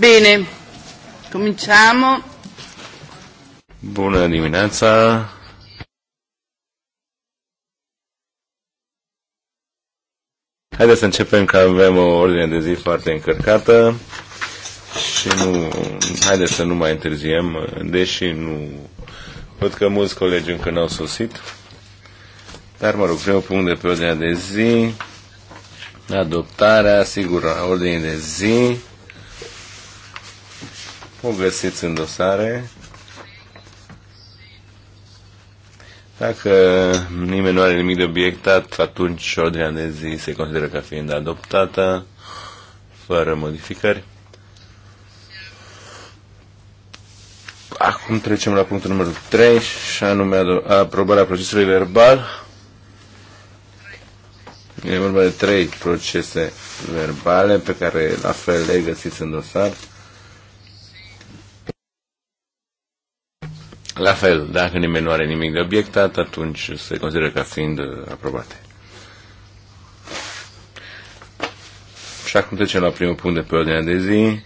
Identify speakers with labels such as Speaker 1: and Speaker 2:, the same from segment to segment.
Speaker 1: Bine, cominciamo.
Speaker 2: Bună dimineața! Haideți să începem că avem o ordine de zi foarte încărcată și nu, haideți să nu mai întârziem, deși nu văd că mulți colegi încă n-au sosit. Dar mă rog, primul punct de pe ordinea de zi, adoptarea, sigur, ordinii de zi o găsiți în dosare. Dacă nimeni nu are nimic de obiectat, atunci ordinea de zi se consideră ca fiind adoptată, fără modificări. Acum trecem la punctul numărul 3, și anume aprobarea procesului verbal. E vorba de trei procese verbale pe care la fel le găsiți în dosar. La fel, dacă nimeni nu are nimic de obiectat, atunci se consideră ca fiind uh, aprobate. Și acum trecem la primul punct de pe ordinea de zi.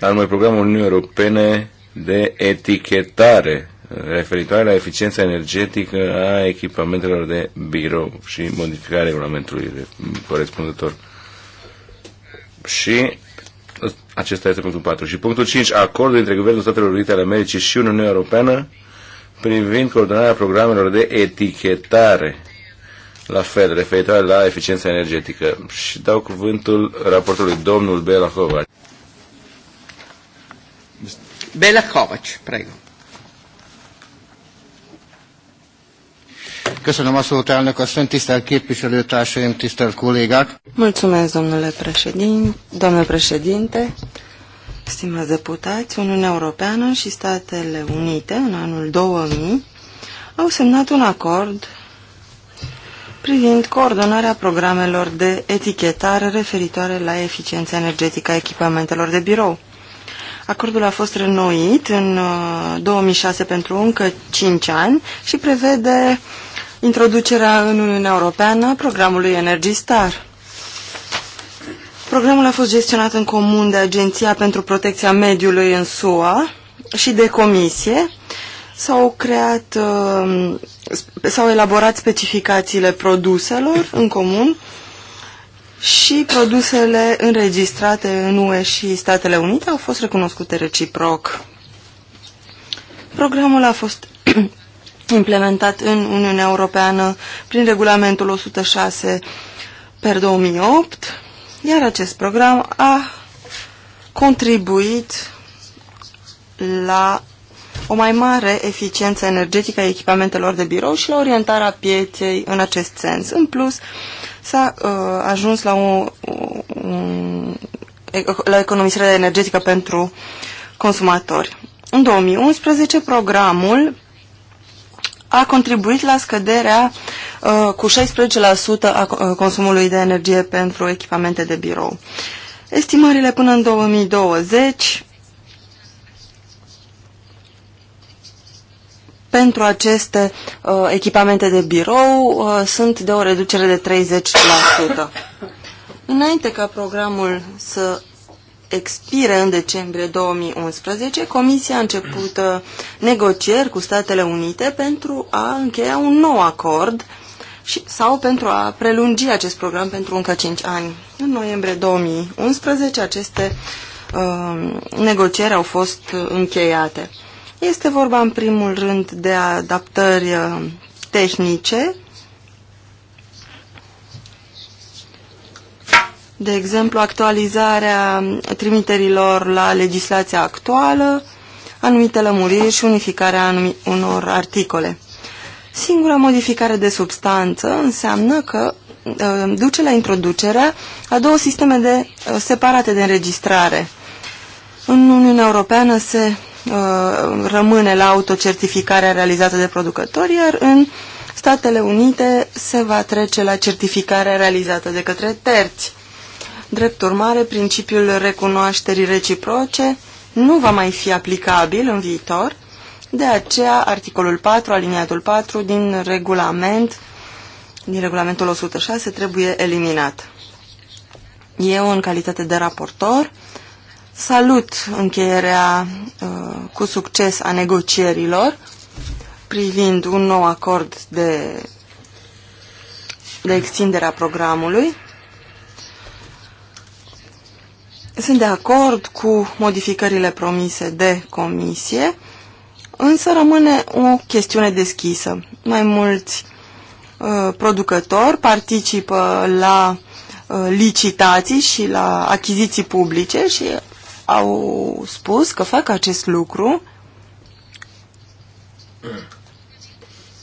Speaker 2: Anume programul Uniunii Europene de etichetare uh, referitoare la eficiența energetică a echipamentelor de birou și modificarea regulamentului corespunzător. Și acesta este punctul 4. Și punctul 5. Acordul între Guvernul Statelor Unite ale Americii și Uniunea Europeană privind coordonarea programelor de etichetare. La fel, referitoare la eficiența energetică. Și dau cuvântul raportului domnul Bela Kovac.
Speaker 3: Bela Kovac, prego.
Speaker 1: Köszönöm a szót, elnök asszony, tisztelt képviselőtársaim, tisztelt kollégák.
Speaker 3: Mulțumesc, domnule președinte, domnule președinte, stimați deputați, Uniunea Europeană și Statele Unite în anul 2000 au semnat un acord privind coordonarea programelor de etichetare referitoare la eficiența energetică a echipamentelor de birou. Acordul a fost renoit în 2006 uh, pentru încă 5 ani și prevede introducerea în Uniunea Europeană a programului Energy Star. Programul a fost gestionat în comun de Agenția pentru Protecția Mediului în SUA și de Comisie. S-au creat, uh, s-au elaborat specificațiile produselor în comun și produsele înregistrate în UE și Statele Unite au fost recunoscute reciproc. Programul a fost implementat în Uniunea Europeană prin regulamentul 106 per 2008, iar acest program a contribuit la o mai mare eficiență energetică a echipamentelor de birou și la orientarea pieței în acest sens. În plus, s-a uh, ajuns la o, un, la economisirea energetică pentru consumatori. În 2011, programul a contribuit la scăderea uh, cu 16% a uh, consumului de energie pentru echipamente de birou. Estimările până în 2020 pentru aceste uh, echipamente de birou uh, sunt de o reducere de 30%. Înainte ca programul să expire în decembrie 2011, Comisia a început uh, negocieri cu Statele Unite pentru a încheia un nou acord și, sau pentru a prelungi acest program pentru încă 5 ani. În noiembrie 2011 aceste uh, negocieri au fost încheiate. Este vorba în primul rând de adaptări uh, tehnice de exemplu, actualizarea trimiterilor la legislația actuală, anumite lămuriri și unificarea anumi unor articole. Singura modificare de substanță înseamnă că uh, duce la introducerea a două sisteme de, uh, separate de înregistrare. În Uniunea Europeană se uh, rămâne la autocertificarea realizată de producători, iar în Statele Unite se va trece la certificarea realizată de către terți. Drept urmare, principiul recunoașterii reciproce nu va mai fi aplicabil în viitor, de aceea articolul 4, aliniatul 4 din regulament, din regulamentul 106 trebuie eliminat. Eu, în calitate de raportor, salut încheierea uh, cu succes a negocierilor privind un nou acord de, de extindere a programului sunt de acord cu modificările promise de comisie, însă rămâne o chestiune deschisă. Mai mulți uh, producători participă la uh, licitații și la achiziții publice și au spus că fac acest lucru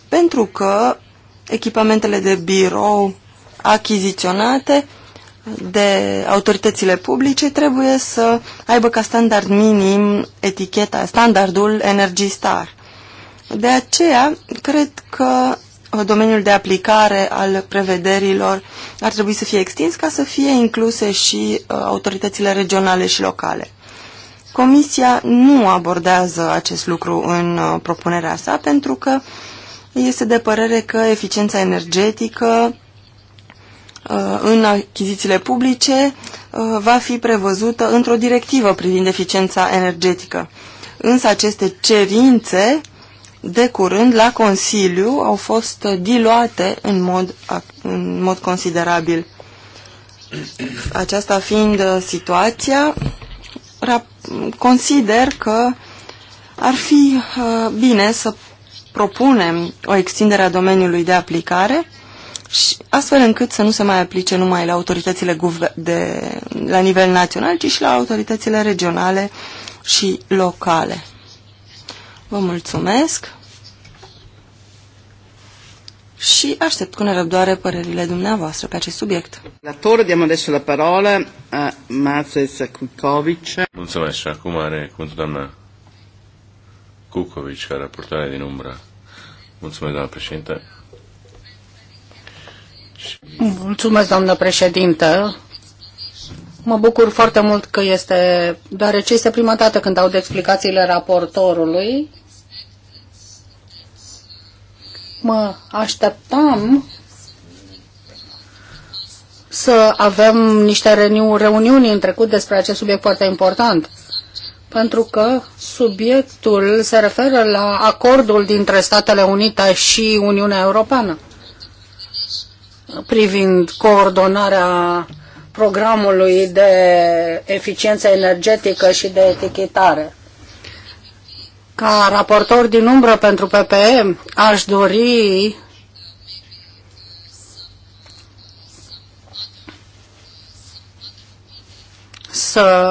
Speaker 3: pentru că echipamentele de birou achiziționate uh, de autoritățile publice trebuie să aibă ca standard minim eticheta, standardul Energy Star. De aceea, cred că uh, domeniul de aplicare al prevederilor ar trebui să fie extins ca să fie incluse și uh, autoritățile regionale și locale. Comisia nu abordează acest lucru în uh, propunerea sa pentru că este de părere că eficiența energetică Uh, în achizițiile publice uh, va fi prevăzută într-o directivă privind eficiența energetică. Însă aceste cerințe, de curând, la Consiliu, au fost diluate în mod, în mod considerabil. Aceasta fiind uh, situația, consider că ar fi bine să propunem o extindere a domeniului de aplicare și astfel încât să nu se mai aplice numai la autoritățile de, la nivel național, ci și la autoritățile regionale și locale. Vă mulțumesc și aștept cu nerăbdoare părerile dumneavoastră pe acest subiect.
Speaker 2: Datore, diamo adesso la parola a Mazes Kukovic. Mulțumesc și acum are cuvântul doamna Kukovic, ca raportare din umbra. Mulțumesc, doamna președinte.
Speaker 1: Mulțumesc, doamnă președintă. Mă bucur foarte mult că este, deoarece este prima dată când aud explicațiile raportorului. Mă așteptam să avem niște reuniuni în trecut despre acest subiect foarte important, pentru că subiectul se referă la acordul dintre Statele Unite și Uniunea Europeană privind coordonarea programului de eficiență energetică și de etichetare. Ca raportor din umbră pentru PPE, aș dori să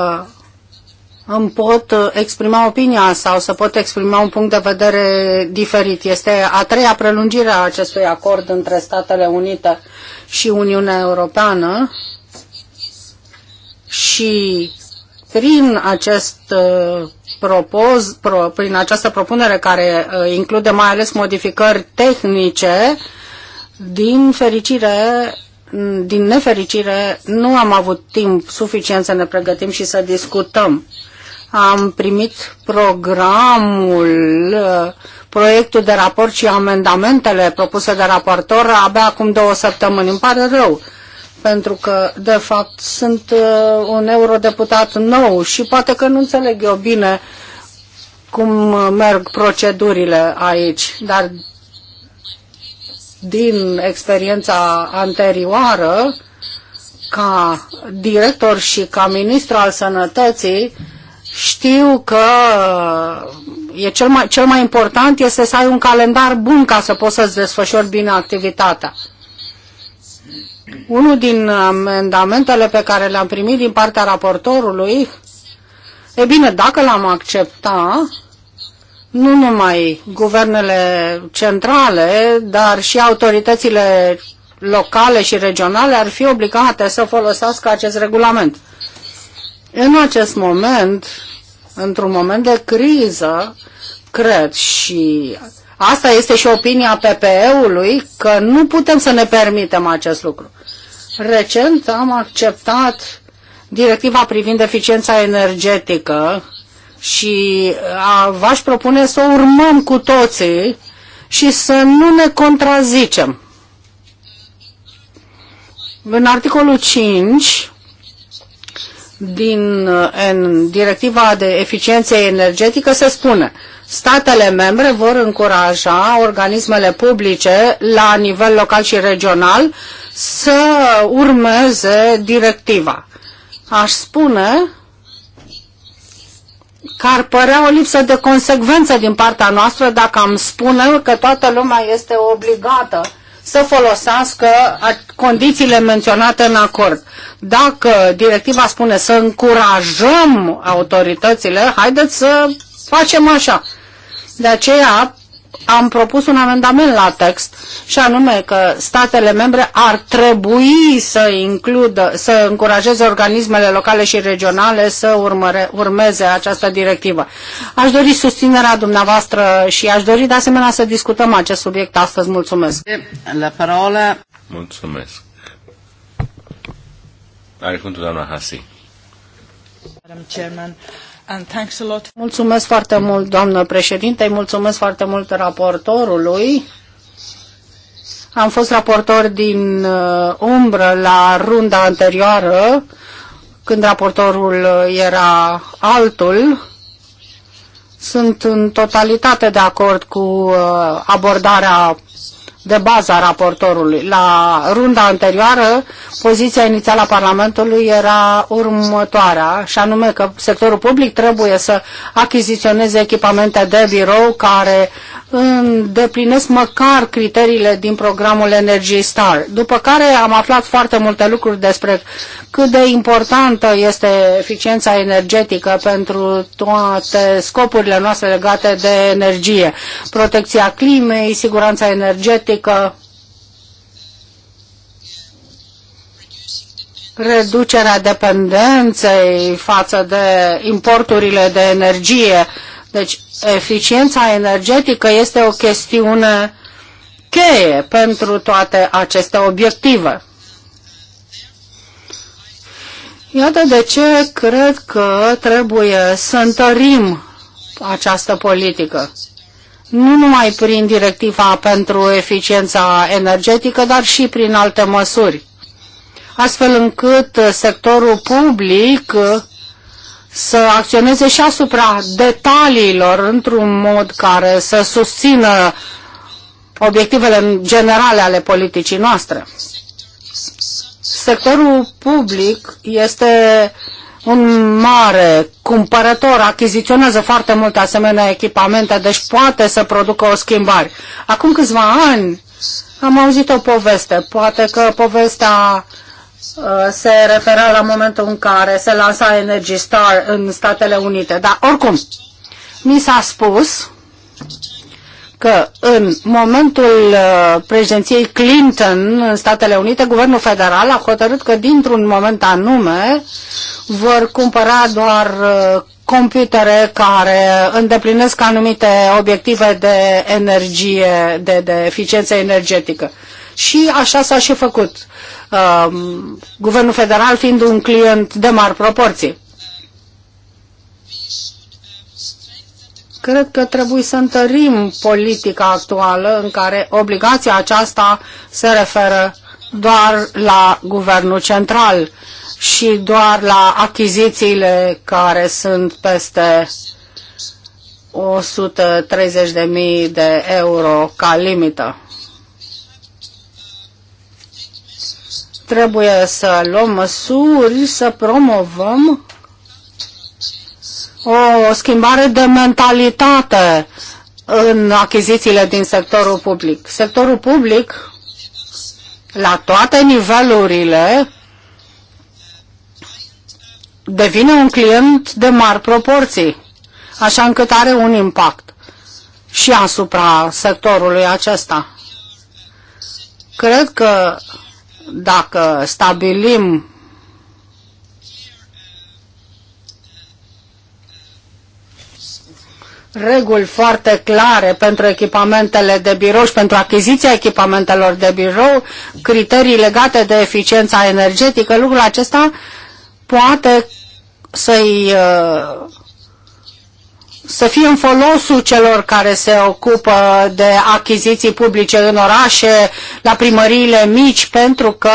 Speaker 1: îmi pot uh, exprima opinia sau să pot exprima un punct de vedere diferit. Este a treia prelungire a acestui acord între Statele Unite și Uniunea Europeană și prin acest uh, propoz, pro, prin această propunere care uh, include mai ales modificări tehnice, din fericire din nefericire, nu am avut timp suficient să ne pregătim și să discutăm am primit programul, proiectul de raport și amendamentele propuse de raportor abia acum două săptămâni. Îmi pare rău, pentru că, de fapt, sunt uh, un eurodeputat nou și poate că nu înțeleg eu bine cum merg procedurile aici, dar din experiența anterioară, ca director și ca ministru al sănătății, știu că e cel, mai, cel mai important este să ai un calendar bun ca să poți să-ți desfășori bine activitatea. Unul din amendamentele pe care le-am primit din partea raportorului, e bine, dacă l-am accepta, nu numai guvernele centrale, dar și autoritățile locale și regionale ar fi obligate să folosească acest regulament. În acest moment, într-un moment de criză, cred și asta este și opinia PPE-ului, că nu putem să ne permitem acest lucru. Recent am acceptat directiva privind eficiența energetică și v-aș propune să o urmăm cu toții și să nu ne contrazicem. În articolul 5 din uh, în directiva de eficiență energetică se spune statele membre vor încuraja organismele publice la nivel local și regional să urmeze directiva. Aș spune că ar părea o lipsă de consecvență din partea noastră dacă am spune că toată lumea este obligată să folosească condițiile menționate în acord. Dacă directiva spune să încurajăm autoritățile, haideți să facem așa. De aceea am propus un amendament la text și anume că statele membre ar trebui să includă, să încurajeze organismele locale și regionale să urmăre, urmeze această directivă. Aș dori susținerea dumneavoastră și aș dori de asemenea să discutăm acest subiect astăzi. Mulțumesc. La parola.
Speaker 2: Mulțumesc. Are cuvântul doamna Hasi.
Speaker 1: Madam Chairman, and thanks a lot. Mulțumesc foarte mult, doamnă președinte, mulțumesc foarte mult raportorului. Am fost raportor din uh, umbră la runda anterioară, când raportorul era altul. Sunt în totalitate de acord cu uh, abordarea de bază a raportorului. La runda anterioară, poziția inițială a Parlamentului era următoarea, și anume că sectorul public trebuie să achiziționeze echipamente de birou care îndeplinesc măcar criteriile din programul Energy Star. După care am aflat foarte multe lucruri despre cât de importantă este eficiența energetică pentru toate scopurile noastre legate de energie. Protecția climei, siguranța energetică, reducerea dependenței față de importurile de energie, deci, eficiența energetică este o chestiune cheie pentru toate aceste obiective. Iată de ce cred că trebuie să întărim această politică. Nu numai prin directiva pentru eficiența energetică, dar și prin alte măsuri. Astfel încât sectorul public să acționeze și asupra detaliilor într-un mod care să susțină obiectivele generale ale politicii noastre. Sectorul public este un mare cumpărător, achiziționează foarte mult asemenea echipamente, deci poate să producă o schimbare. Acum câțiva ani am auzit o poveste, poate că povestea uh, Uh, se refera la momentul în care se lansa Energy Star în Statele Unite. Dar oricum, mi s-a spus că în momentul uh, președinției Clinton în Statele Unite, guvernul federal a hotărât că dintr-un moment anume vor cumpăra doar uh, computere care îndeplinesc anumite obiective de energie, de, de eficiență energetică. Și așa s-a și făcut, um, guvernul federal fiind un client de mari proporții. Cred că trebuie să întărim politica actuală în care obligația aceasta se referă doar la guvernul central și doar la achizițiile care sunt peste 130.000 de euro ca limită. trebuie să luăm măsuri, să promovăm o schimbare de mentalitate în achizițiile din sectorul public. Sectorul public, la toate nivelurile, devine un client de mari proporții, așa încât are un impact și asupra sectorului acesta. Cred că dacă stabilim reguli foarte clare pentru echipamentele de birou și pentru achiziția echipamentelor de birou, criterii legate de eficiența energetică, lucrul acesta poate să-i uh, să fie în folosul celor care se ocupă de achiziții publice în orașe, la primăriile mici, pentru că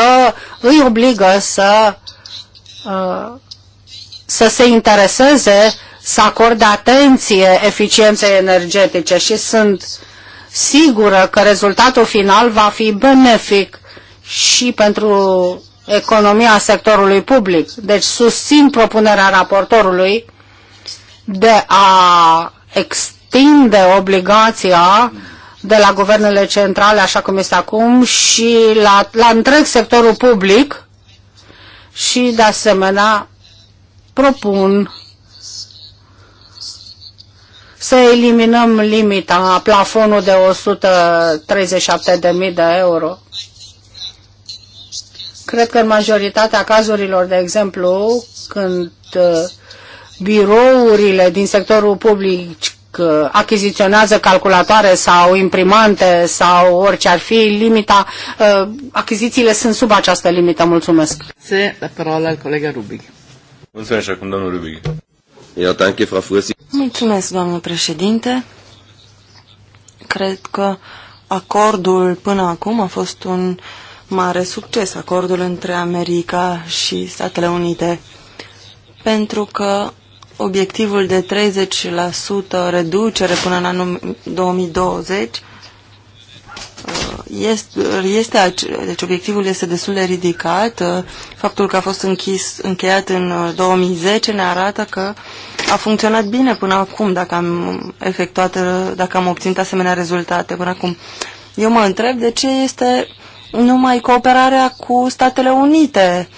Speaker 1: îi obligă să, uh, să se intereseze, să acorde atenție eficienței energetice și sunt sigură că rezultatul final va fi benefic și pentru economia sectorului public. Deci susțin propunerea raportorului de a extinde obligația de la guvernele centrale, așa cum este acum, și la, la întreg sectorul public și, de asemenea, propun să eliminăm limita, plafonul de 137.000 de euro. Cred că în majoritatea cazurilor, de exemplu, când uh, birourile din sectorul public uh, achiziționează calculatoare sau imprimante sau orice ar fi limita, uh, achizițiile sunt sub această limită. Mulțumesc. Se la parola al colega Rubic.
Speaker 2: Mulțumesc acum, domnul Rubic. Eu danke, Frau Fursi.
Speaker 1: Mulțumesc, doamnă
Speaker 3: președinte. Cred că acordul până acum a fost un mare succes, acordul între America și Statele Unite, pentru că obiectivul de 30% reducere până în anul 2020 uh, este, este, deci obiectivul este destul de ridicat. Uh, faptul că a fost închis, încheiat în 2010 uh, ne arată că a funcționat bine până acum, dacă am efectuat, dacă am obținut asemenea rezultate până acum. Eu mă întreb de ce este numai cooperarea cu Statele Unite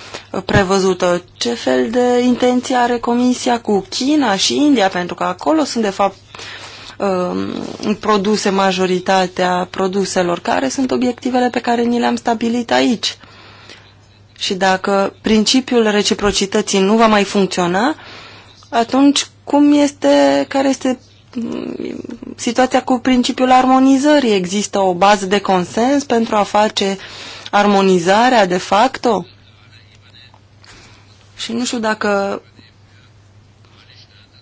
Speaker 3: prevăzută. Ce fel de intenție are Comisia cu China și India? Pentru că acolo sunt, de fapt, um, produse majoritatea produselor. Care sunt obiectivele pe care ni le-am stabilit aici? Și dacă principiul reciprocității nu va mai funcționa, atunci cum este, care este situația cu principiul armonizării. Există o bază de consens pentru a face armonizarea de facto? Și nu știu dacă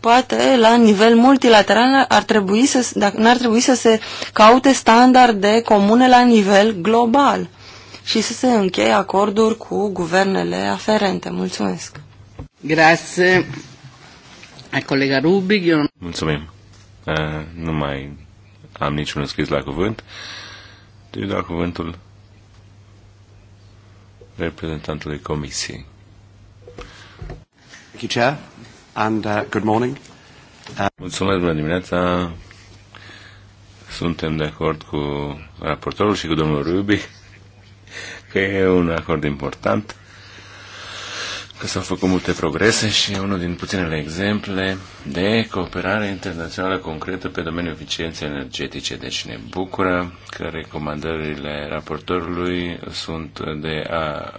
Speaker 3: poate la nivel multilateral ar trebui să, dacă, n-ar trebui să se caute standarde comune la nivel global și să se încheie acorduri cu guvernele aferente. Mulțumesc!
Speaker 1: Grazie a colega Rubic.
Speaker 2: Mulțumim! Nu mai am niciun scris la cuvânt. Deci dau cuvântul reprezentantului Comisiei. Thank you, Chair, and uh, good morning. Uh... Mulțumesc, bună dimineața. Suntem de acord cu raportorul și cu domnul Rubi că e un acord important că s-au făcut multe progrese și e unul din puținele exemple de cooperare internațională concretă pe domeniul eficienței energetice. Deci ne bucură că recomandările raportorului sunt de a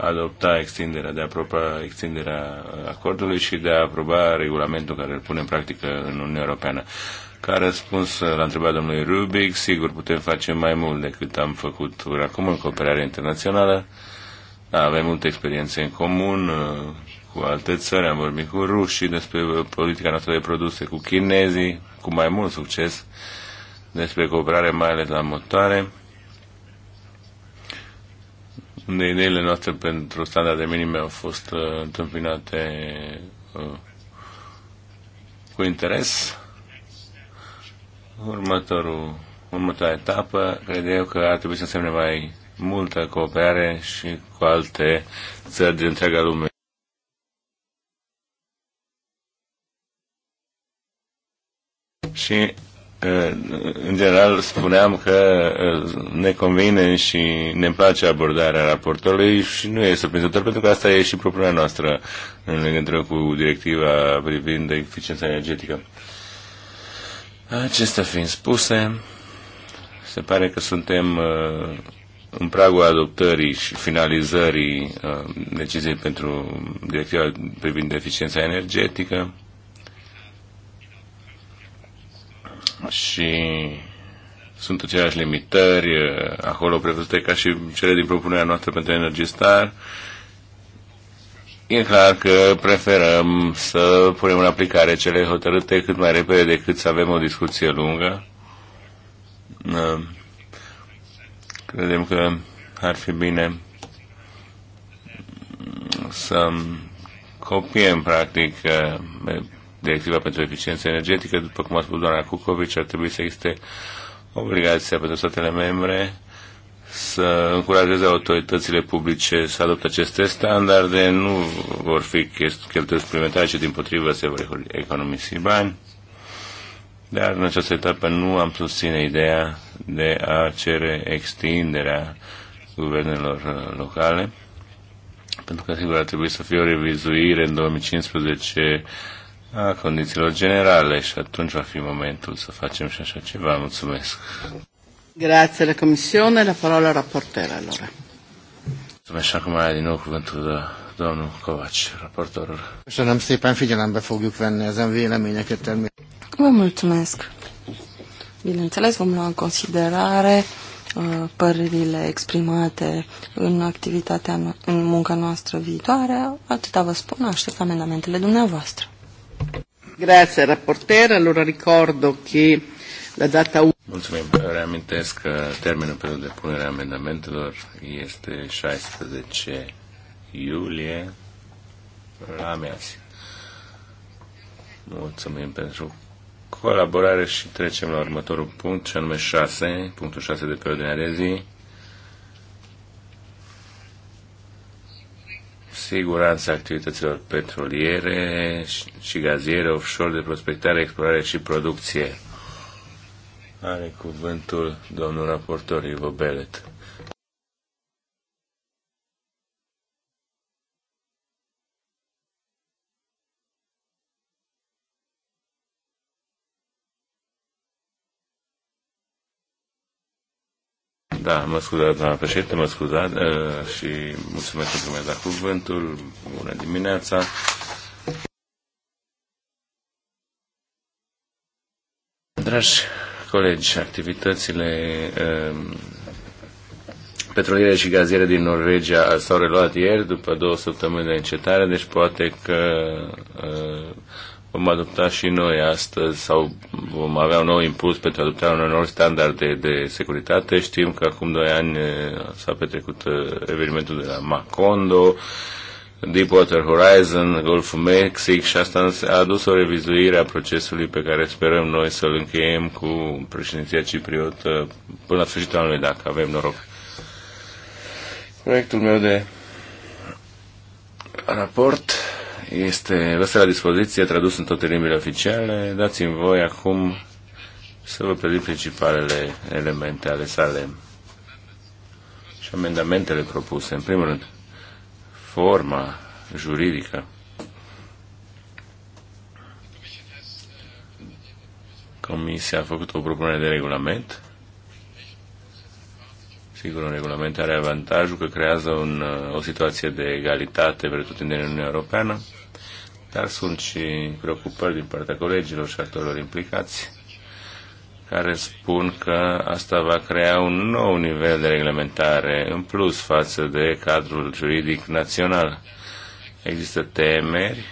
Speaker 2: adopta extinderea, de a aproba extinderea acordului și de a aproba regulamentul care îl pune în practică în Uniunea Europeană. Ca răspuns la întrebarea domnului Rubic, sigur putem face mai mult decât am făcut acum în cooperare internațională avem multe experiențe în comun uh, cu alte țări, am vorbit cu rușii despre uh, politica noastră de produse, cu chinezii, cu mai mult succes, despre cooperare mai ales la motoare, unde ideile noastre pentru standarde minime au fost uh, întâmpinate uh, cu interes. Următorul, următoarea etapă, cred eu că ar trebui să semne mai multă cooperare și cu alte țări din întreaga lume. Și uh, în general spuneam că uh, ne convine și ne place abordarea raportului și nu e surprinzător pentru că asta e și propunerea noastră în legătură cu directiva privind eficiența energetică. Acestea fiind spuse, se pare că suntem uh, în pragul adoptării și finalizării uh, deciziei pentru directiva privind eficiența energetică și sunt aceleași limitări uh, acolo prevăzute ca și cele din propunerea noastră pentru Energistar. E clar că preferăm să punem în aplicare cele hotărâte cât mai repede decât să avem o discuție lungă. Uh, Credem că ar fi bine să copiem, practic, directiva pentru eficiență energetică. După cum a spus doamna Cucovici, ar trebui să existe obligația pentru statele membre să încurajeze autoritățile publice să adopte aceste standarde. Nu vor fi cheltuieli suplimentare, ci din potrivă se vor economisi bani. Dar în această etapă nu am susține ideea de a cere extinderea guvernelor uh, locale, pentru că sigur ar trebui să fie o revizuire în 2015 a condițiilor generale și atunci va fi momentul să facem și așa ceva. Mulțumesc!
Speaker 3: Grazie la Commissione, la parola al rapportore allora.
Speaker 2: Mulțumesc și acum are din nou cuvântul uh, domnul Kovács, raportorul.
Speaker 3: Köszönöm szépen, figyelembe fogjuk venni ezen véleményeket természetesen. Vă mulțumesc. Bineînțeles, vom lua în considerare uh, părerile exprimate în activitatea, în munca noastră viitoare. Atâta vă spun, aștept amendamentele dumneavoastră.
Speaker 1: Grazie, raporter. Allora ricordo
Speaker 2: che la data... 1... Mulțumim. Reamintesc că termenul pentru depunerea amendamentelor este 16 iulie la amiază. Mulțumim pentru colaborare și trecem la următorul punct, ce anume 6, punctul 6 de pe ordinea de zi. Siguranța activităților petroliere și gaziere offshore de prospectare, explorare și producție. Are cuvântul domnul raportor Ivo Belet. Da, mă scuzați, doamna președinte, mă scuzați ă, și mulțumesc pentru că mi-ați dat cuvântul. Bună dimineața! Dragi colegi, activitățile ă, petroliere și gaziere din Norvegia s-au reluat ieri după două săptămâni de încetare, deci poate că uh, vom adopta și noi astăzi sau vom avea un nou impuls pentru adoptarea unor noi standarde de securitate. Știm că acum doi ani s-a petrecut evenimentul de la Macondo, Deepwater Horizon, Golful Mexic și asta a adus o revizuire a procesului pe care sperăm noi să-l încheiem cu președinția cipriotă până la sfârșitul anului, dacă avem noroc. Proiectul meu de raport este, vă la dispoziție, tradus în toate limbile oficiale. Dați-mi voi acum să vă prezint principalele elemente ale sale și amendamentele propuse. În primul rând, forma juridică. Comisia a făcut o propunere de regulament. Sigur, un regulament are avantajul că creează un, o situație de egalitate pentru toți în Uniunea Europeană dar sunt și preocupări din partea colegilor și actorilor implicați care spun că asta va crea un nou nivel de reglementare în plus față de cadrul juridic național. Există temeri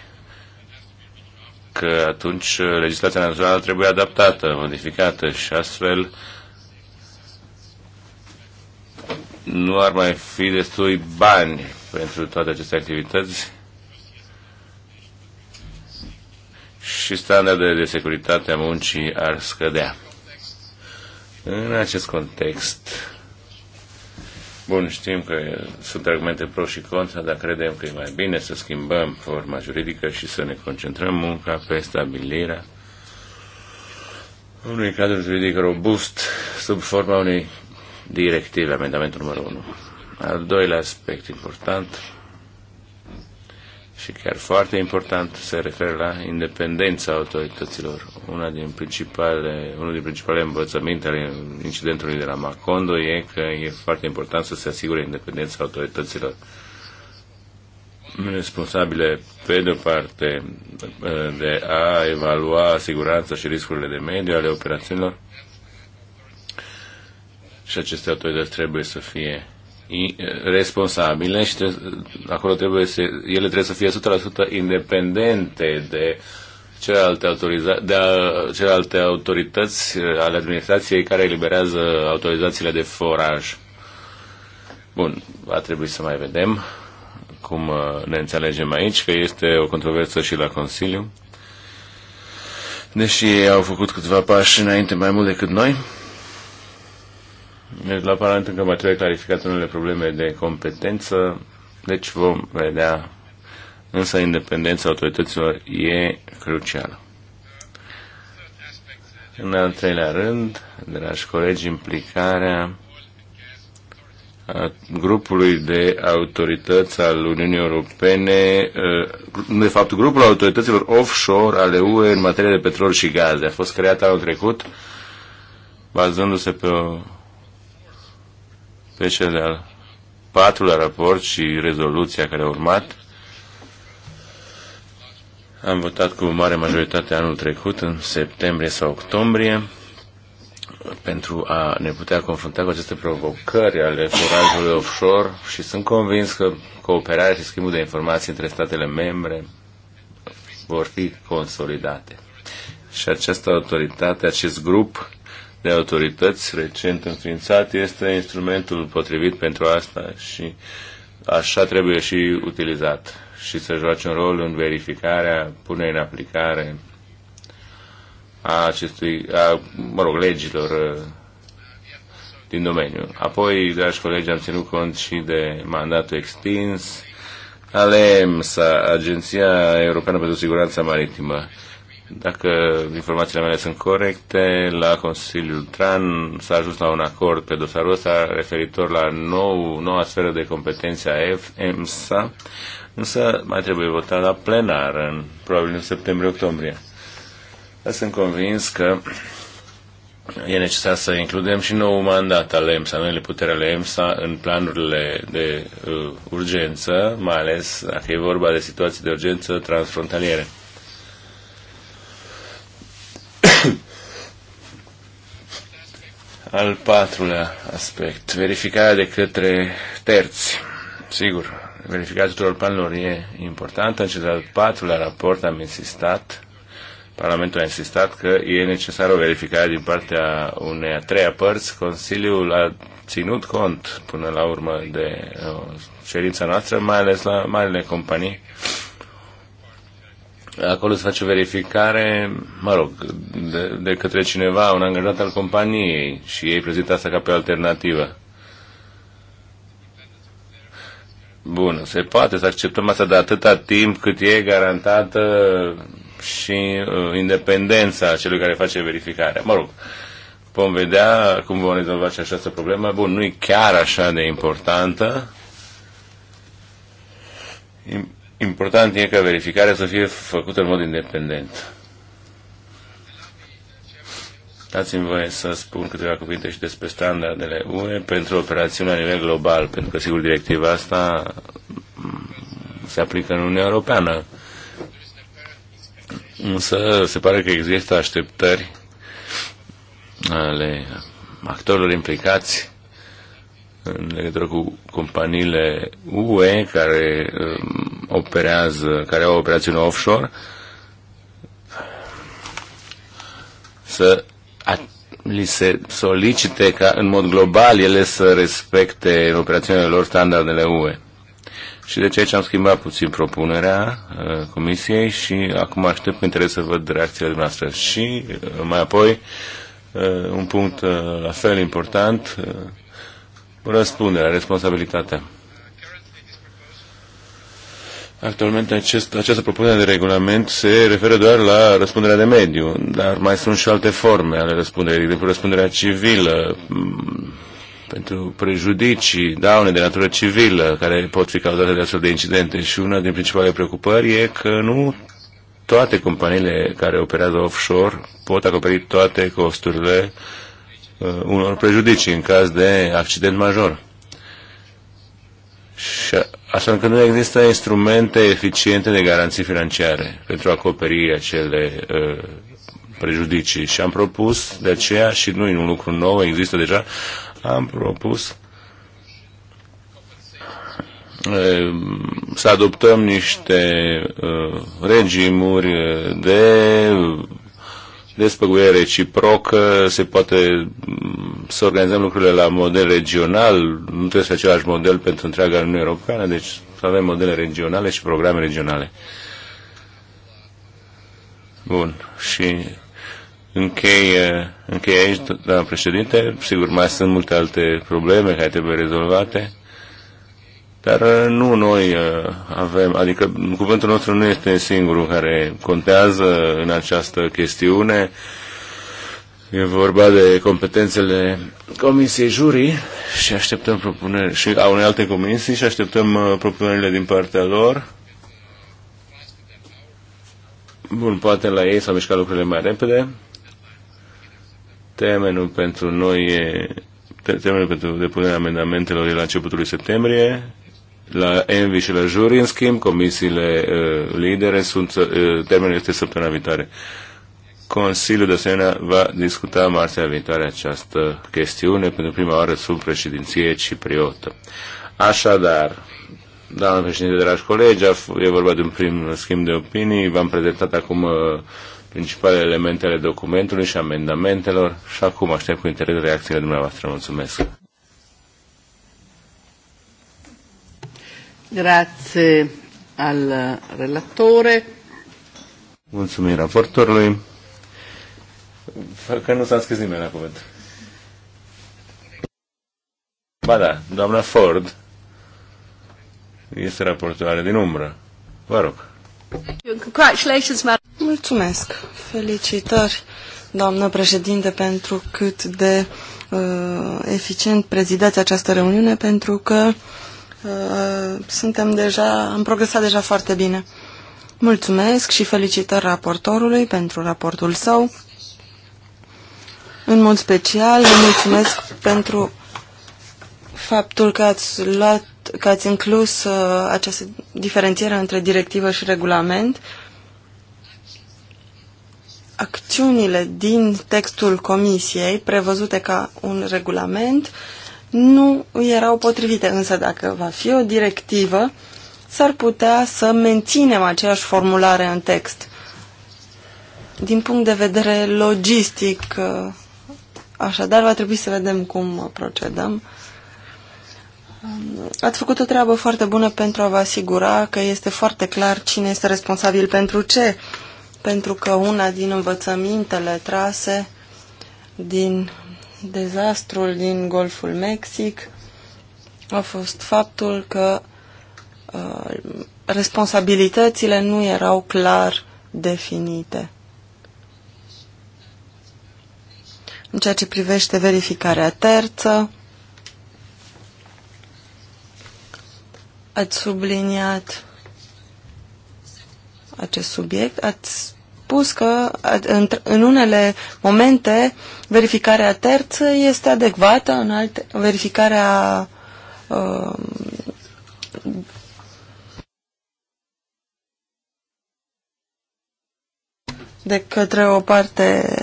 Speaker 2: că atunci legislația națională trebuie adaptată, modificată și astfel nu ar mai fi destui bani pentru toate aceste activități și standardele de securitate a muncii ar scădea. În acest context, bun, știm că sunt argumente pro și contra, dar credem că e mai bine să schimbăm forma juridică și să ne concentrăm munca pe stabilirea unui cadru juridic robust sub forma unei directive, amendamentul numărul 1. Al doilea aspect important și chiar foarte important se referă la independența autorităților. Una din principale, unul din principalele învățăminte ale incidentului de la Macondo e că e foarte important să se asigure independența autorităților responsabile, pe de-o parte, de a evalua siguranța și riscurile de mediu ale operațiunilor și aceste autorități trebuie să fie responsabile și trebuie, acolo trebuie să, ele trebuie să fie 100% independente de celelalte, autoriza- de a, celelalte autorități ale administrației care eliberează autorizațiile de foraj. Bun, va trebui să mai vedem cum uh, ne înțelegem aici, că este o controversă și la Consiliu. Deși ei au făcut câțiva pași înainte mai mult decât noi, deci la Parlament încă mai trebuie clarificat unele probleme de competență, deci vom vedea. Însă independența autorităților e crucială. În al treilea rând, dragi colegi, implicarea grupului de autorități al Uniunii Europene, eh, de fapt grupul autorităților offshore ale UE în materie de petrol și gaze. A fost creat anul trecut bazându-se pe o deci, cel de-al patrulea raport și rezoluția care a urmat, am votat cu mare majoritate anul trecut, în septembrie sau octombrie, pentru a ne putea confrunta cu aceste provocări ale forajului offshore și sunt convins că cooperarea și schimbul de informații între statele membre vor fi consolidate. Și această autoritate, acest grup, de autorități recent înființat este instrumentul potrivit pentru asta și așa trebuie și utilizat și să joace un rol în verificarea, punerea în aplicare a acestui, a, mă rog, legilor uh, din domeniu. Apoi, dragi colegi, am ținut cont și de mandatul extins ale EMSA, Agenția Europeană pentru Siguranța Maritimă. Dacă informațiile mele sunt corecte, la Consiliul TRAN s-a ajuns la un acord pe dosarul ăsta referitor la nou, noua sferă de competență a EMSA, însă mai trebuie votat la plenar, în, probabil în septembrie-octombrie. sunt convins că e necesar să includem și nou mandat al EMSA, noile puteri ale EMSA în planurile de uh, urgență, mai ales dacă e vorba de situații de urgență transfrontaliere. Al patrulea aspect, verificarea de către terți. Sigur, verificarea tuturor planurilor e importantă. În cel al patrulea raport am insistat, Parlamentul a insistat că e necesară o verificare din partea unei a treia părți. Consiliul a ținut cont până la urmă de uh, cerința noastră, mai ales la marile companii acolo se face verificare, mă rog, de, de către cineva, un angajat al companiei și ei prezintă asta ca pe o alternativă. Bun, se poate să acceptăm asta de atâta timp cât e garantată și uh, independența celui care face verificarea. Mă rog, vom vedea cum vom rezolva și această problemă. Bun, nu e chiar așa de importantă. Important e ca verificarea să fie făcută în mod independent. Dați-mi voie să spun câteva cuvinte și despre standardele UE pentru operațiuni la nivel global, pentru că, sigur, directiva asta mm, se aplică în Uniunea Europeană. Însă se pare că există așteptări ale actorilor implicați în legătură cu companiile UE care um, operează, care au operațiuni offshore, să a, li se solicite ca în mod global ele să respecte în operațiunile lor standardele UE. Și de ce aici am schimbat puțin propunerea uh, comisiei și acum aștept cu interes să văd reacțiile noastre. Și uh, mai apoi, uh, un punct uh, la fel important, uh, Răspunderea, responsabilitatea. Actualmente acest, această propunere de regulament se referă doar la răspunderea de mediu, dar mai sunt și alte forme ale răspunderii, de exemplu răspunderea civilă mm, pentru prejudicii, daune de natură civilă care pot fi cauzate de astfel de incidente și una din principalele preocupări e că nu toate companiile care operează offshore pot acoperi toate costurile Uh, unor prejudicii în caz de accident major. Și așa că nu există instrumente eficiente de garanții financiare pentru a acoperi acele uh, prejudicii. Și am propus, de aceea, și nu e un lucru nou, există deja, am propus uh, să adoptăm niște uh, regimuri de despăguire reciprocă, se poate mm, să organizăm lucrurile la model regional, nu trebuie să același model pentru întreaga Uniune Europeană, deci să avem modele regionale și programe regionale. Bun. Și închei, închei aici, doamna președinte. Sigur, mai sunt multe alte probleme care trebuie rezolvate. Dar uh, nu noi uh, avem, adică cuvântul nostru nu este singurul care contează în această chestiune. E vorba de competențele Comisiei Jurii și așteptăm propuneri și a unei alte comisii și așteptăm uh, propunerile din partea lor. Bun, poate la ei s-au mișcat lucrurile mai repede. Temenul pentru noi e temenul pentru depunerea amendamentelor e la începutul lui septembrie. La Envi și la Juri, în schimb, comisiile uh, lidere sunt, uh, termenul este săptămâna viitoare. Consiliul de asemenea va discuta marțea viitoare această chestiune pentru prima oară sub președinție cipriotă. Așadar, doamnă președinte, dragi colegi, e vorba de un prim schimb de opinii. V-am prezentat acum uh, principalele elemente ale documentului și amendamentelor și acum aștept cu interes reacțiile dumneavoastră. Mulțumesc!
Speaker 1: Grazie al relatore.
Speaker 2: Mulțumim raportorului.
Speaker 1: Fără că nu s-a
Speaker 2: scris nimeni la cuvânt. Ba da, doamna Ford este raportoare din umbră. Vă rog.
Speaker 3: Mulțumesc. Felicitări, doamnă președinte, pentru cât de uh, eficient prezidați această reuniune, pentru că uh, Uh, suntem deja, am progresat deja foarte bine. Mulțumesc și felicitări raportorului pentru raportul său. În mod special, vă mulțumesc pentru faptul că ați luat, că ați inclus uh, această diferențiere între directivă și regulament. Acțiunile din textul comisiei prevăzute ca un regulament uh, nu erau potrivite. Însă dacă va fi o directivă, s-ar putea să menținem aceeași formulare în text. Din punct de vedere logistic, uh, așadar va trebui să vedem cum procedăm. Um, ați făcut o treabă foarte bună pentru a vă asigura că este foarte clar cine este responsabil pentru ce, pentru că una din învățămintele trase din dezastrul din Golful Mexic a fost faptul că uh, responsabilitățile nu erau clar definite. În ceea ce privește verificarea terță, ați subliniat acest subiect, ați spus că în unele momente verificarea terță este adecvată, în alte verificarea uh, de către o parte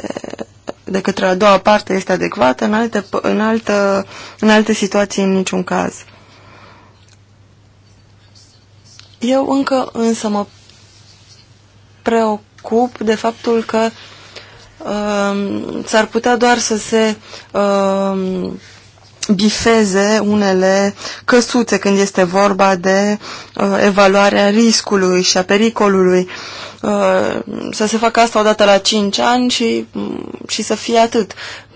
Speaker 3: de către a doua parte este adecvată, în alte, în altă, în alte situații în niciun caz. Eu încă însă mă preocup scup de faptul că uh, s-ar putea doar să se uh, bifeze unele căsuțe când este vorba de uh, evaluarea riscului și a pericolului. Uh, să se facă asta odată la 5 ani și, mm, și să fie atât.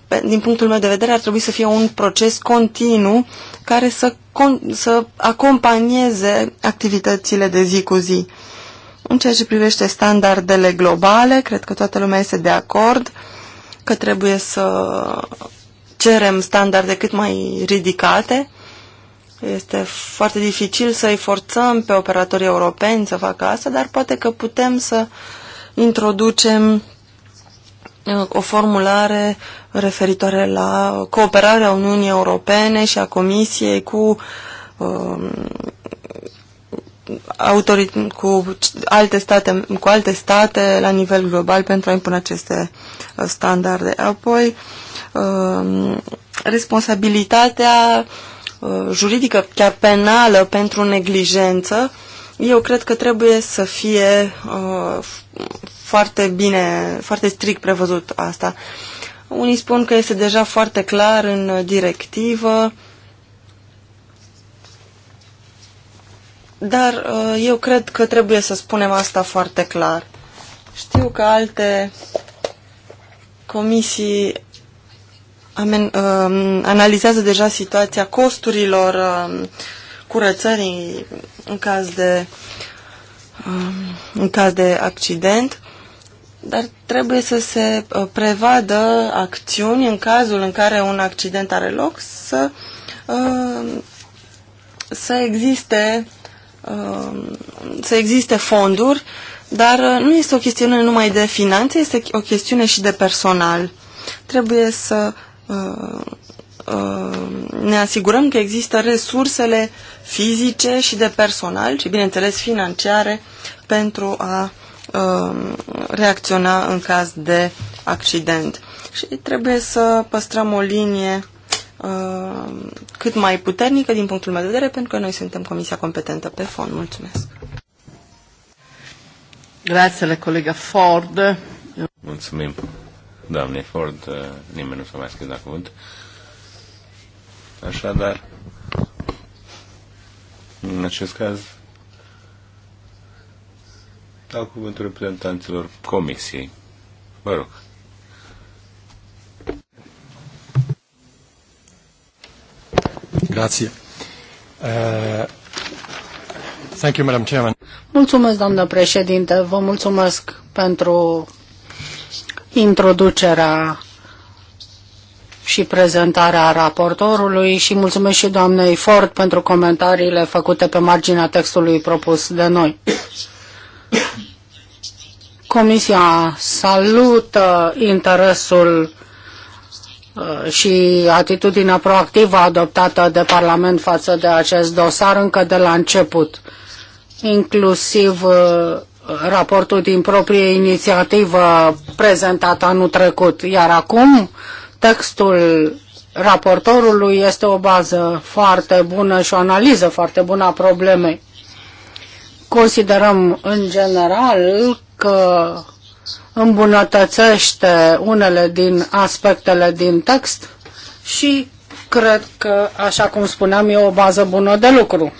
Speaker 3: Pe, din punctul meu de vedere ar trebui să fie un proces continuu care să, con, să acompanieze activitățile de zi cu zi. În ceea ce privește standardele globale, cred că toată lumea este de acord că trebuie să cerem standarde cât mai ridicate. Este foarte dificil să-i forțăm pe operatorii europeni să facă asta, dar poate că putem să introducem uh, o formulare referitoare la cooperarea Uniunii Europene și a Comisiei cu um, autorit- cu alte state, cu alte state la nivel global pentru a impune aceste uh, standarde. Apoi, um, responsabilitatea uh, juridică, chiar penală pentru neglijență, eu cred că trebuie să fie uh, foarte bine, foarte strict prevăzut asta. Unii spun că este deja foarte clar în directivă, Dar uh, eu cred că trebuie să spunem asta foarte clar. Știu că alte comisii amen, um, analizează deja situația costurilor um, curățării în caz de um, în caz de accident, dar trebuie să se uh, prevadă acțiuni în cazul în care un accident are loc să, uh, să existe Uh, să existe fonduri, dar uh, nu este o chestiune numai de finanțe, este o chestiune și de personal. Trebuie să uh, ne asigurăm că există resursele fizice și de personal și, bineînțeles, financiare pentru a reacționa în caz de accident. Și trebuie să păstrăm o linie Uh, cât mai puternică din punctul meu de vedere, pentru că noi suntem comisia competentă pe fond. Mulțumesc.
Speaker 1: Grazie la colega Ford.
Speaker 2: Mulțumim, doamne Ford. Uh, nimeni nu s-a mai scris la cuvânt. Așadar, în acest caz, dau cuvântul reprezentanților comisiei. Mă rog. Grazie.
Speaker 1: Uh, thank you, Madam Chairman. Mulțumesc, doamnă președinte. Vă mulțumesc pentru introducerea și prezentarea raportorului și mulțumesc și doamnei Ford pentru comentariile făcute pe marginea textului propus de noi. Comisia salută interesul Uh, și atitudinea proactivă adoptată de Parlament față de acest dosar încă de la început, inclusiv uh, raportul din proprie inițiativă prezentat anul trecut. Iar acum textul raportorului este o bază foarte bună și o analiză foarte bună a problemei. Considerăm în general că îmbunătățește unele din aspectele din text și cred că, așa cum spuneam, e o bază bună de lucru.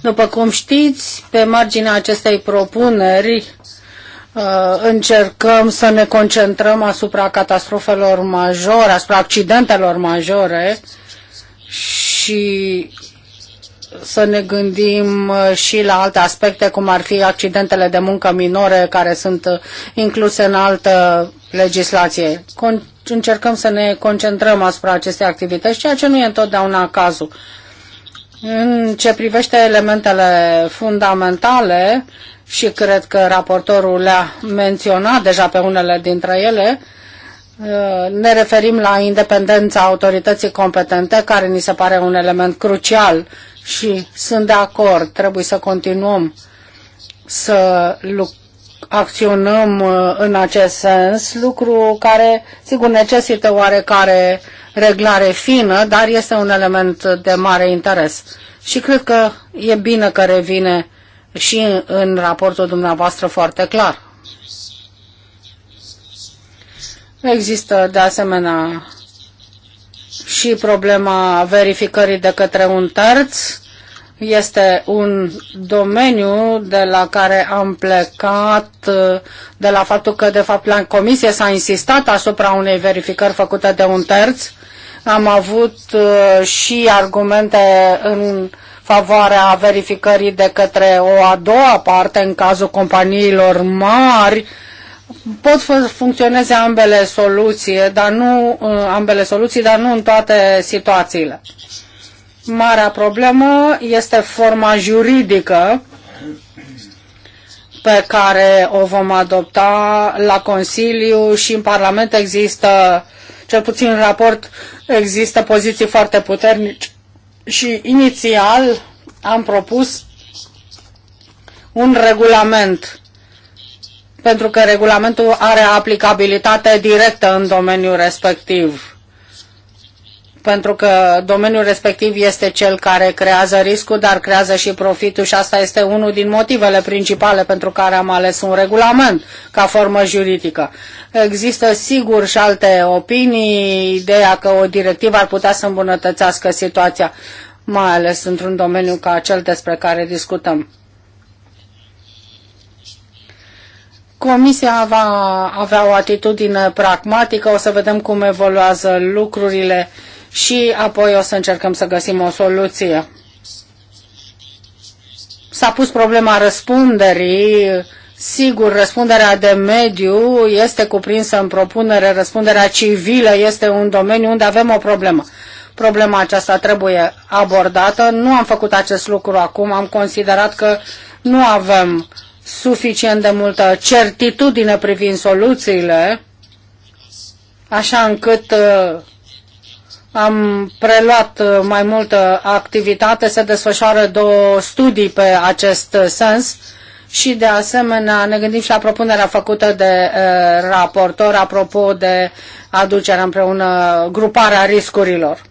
Speaker 1: După cum știți, pe marginea acestei propuneri uh, încercăm să ne concentrăm asupra catastrofelor majore, asupra accidentelor majore și să ne gândim uh, și la alte aspecte, cum ar fi accidentele de muncă minore care sunt uh, incluse în altă legislație. Con- încercăm să ne concentrăm asupra acestei activități, ceea ce nu e întotdeauna cazul. În ce privește elementele fundamentale, și cred că raportorul le-a menționat deja pe unele dintre ele, uh, ne referim la independența autorității competente, care ni se pare un element crucial și sunt de acord, trebuie să continuăm să acționăm uh, în acest sens, lucru care, sigur, necesită oarecare reglare fină, dar este un element de mare interes. Și cred că e bine că revine și în raportul dumneavoastră foarte clar. Există, de asemenea, și problema verificării de către un terț este un domeniu de la care am plecat de la faptul că, de fapt, la comisie s-a insistat asupra unei verificări făcute de un terț. Am avut uh, și argumente în favoarea verificării de către o a doua parte în cazul companiilor mari, pot funcționeze ambele soluții, dar nu uh, ambele soluții, dar nu în toate situațiile. Marea problemă este forma juridică pe care o vom adopta la Consiliu și în Parlament există, cel puțin în raport, există poziții foarte puternici. Și inițial am propus un regulament pentru că regulamentul are aplicabilitate directă în domeniul respectiv pentru că domeniul respectiv este cel care creează riscul, dar creează și profitul și asta este unul din motivele principale pentru care am ales un regulament ca formă juridică. Există sigur și alte opinii, ideea că o directivă ar putea să îmbunătățească situația, mai ales într-un domeniu ca cel despre care discutăm. Comisia va avea o atitudine pragmatică, o să vedem cum evoluează lucrurile și apoi o să încercăm să găsim o soluție. S-a pus problema răspunderii. Sigur, răspunderea de mediu este cuprinsă în propunere, răspunderea civilă este un domeniu unde avem o problemă. Problema aceasta trebuie abordată. Nu am făcut acest lucru acum, am considerat că nu avem suficient de multă certitudine privind soluțiile, așa încât uh, am preluat uh, mai multă activitate, se desfășoară două studii pe acest sens și de asemenea ne gândim și la propunerea făcută de uh, raportor apropo de aducerea împreună, gruparea riscurilor.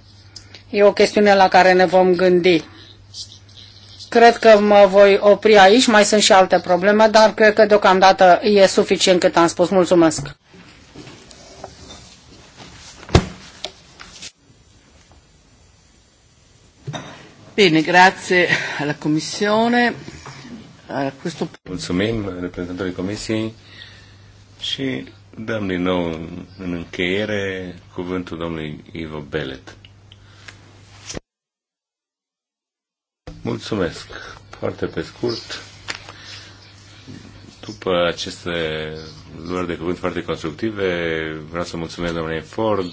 Speaker 1: E o chestiune la care ne vom gândi. Cred că mă voi opri aici, mai sunt și alte probleme, dar cred că deocamdată e suficient cât am spus. Mulțumesc!
Speaker 3: Bine, grazie alla Commissione.
Speaker 2: A questo... Mulțumim reprezentantului Comisiei și dăm din nou în încheiere cuvântul domnului Ivo Belet. Mulțumesc. Foarte pe scurt, după aceste luări de cuvânt foarte constructive, vreau să mulțumesc domnului Ford.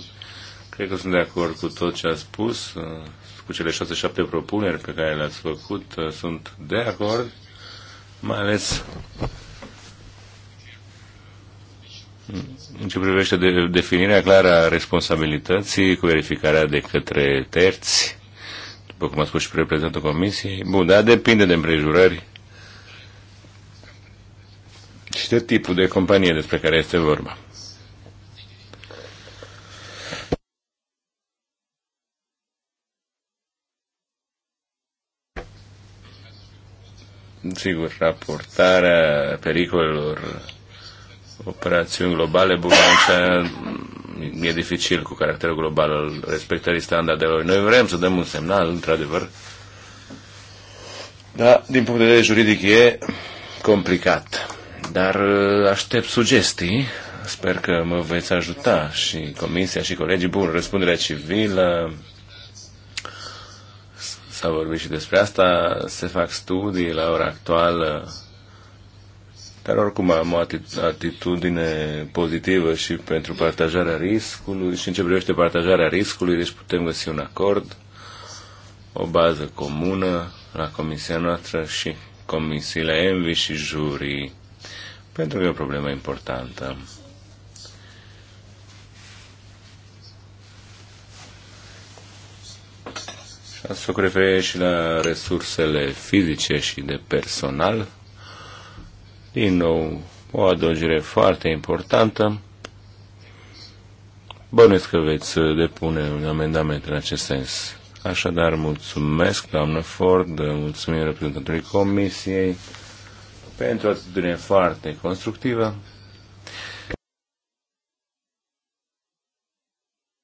Speaker 2: Cred că sunt de acord cu tot ce a spus, cu cele șase-șapte propuneri pe care le-ați făcut. Sunt de acord, mai ales în ce privește de, definirea clară a responsabilității cu verificarea de către terți după cum a spus și reprezentantul Comisiei. Bun, dar depinde de împrejurări și de tipul de companie despre care este vorba. Sigur, raportarea pericolelor operațiuni globale, Bubancea e dificil cu caracterul global al respectării standardelor. Noi vrem să dăm un semnal, într-adevăr, da, din punct de vedere juridic e complicat, dar uh, aștept sugestii. Sper că mă veți ajuta și comisia și colegii. Bun, răspunderea civilă, s-a vorbit și despre asta, se fac studii la ora actuală dar oricum am o atitudine pozitivă și pentru partajarea riscului și în ce privește partajarea riscului, deci putem găsi un acord, o bază comună la comisia noastră și comisiile Envi și jurii, pentru că e o problemă importantă. Asta făcut referire și la resursele fizice și de personal. Din nou, o adăugire foarte importantă. Bănuiesc că veți uh, depune un amendament în acest sens. Așadar, mulțumesc, doamnă Ford, uh, mulțumim reprezentantului Comisiei pentru o atitudine foarte constructivă.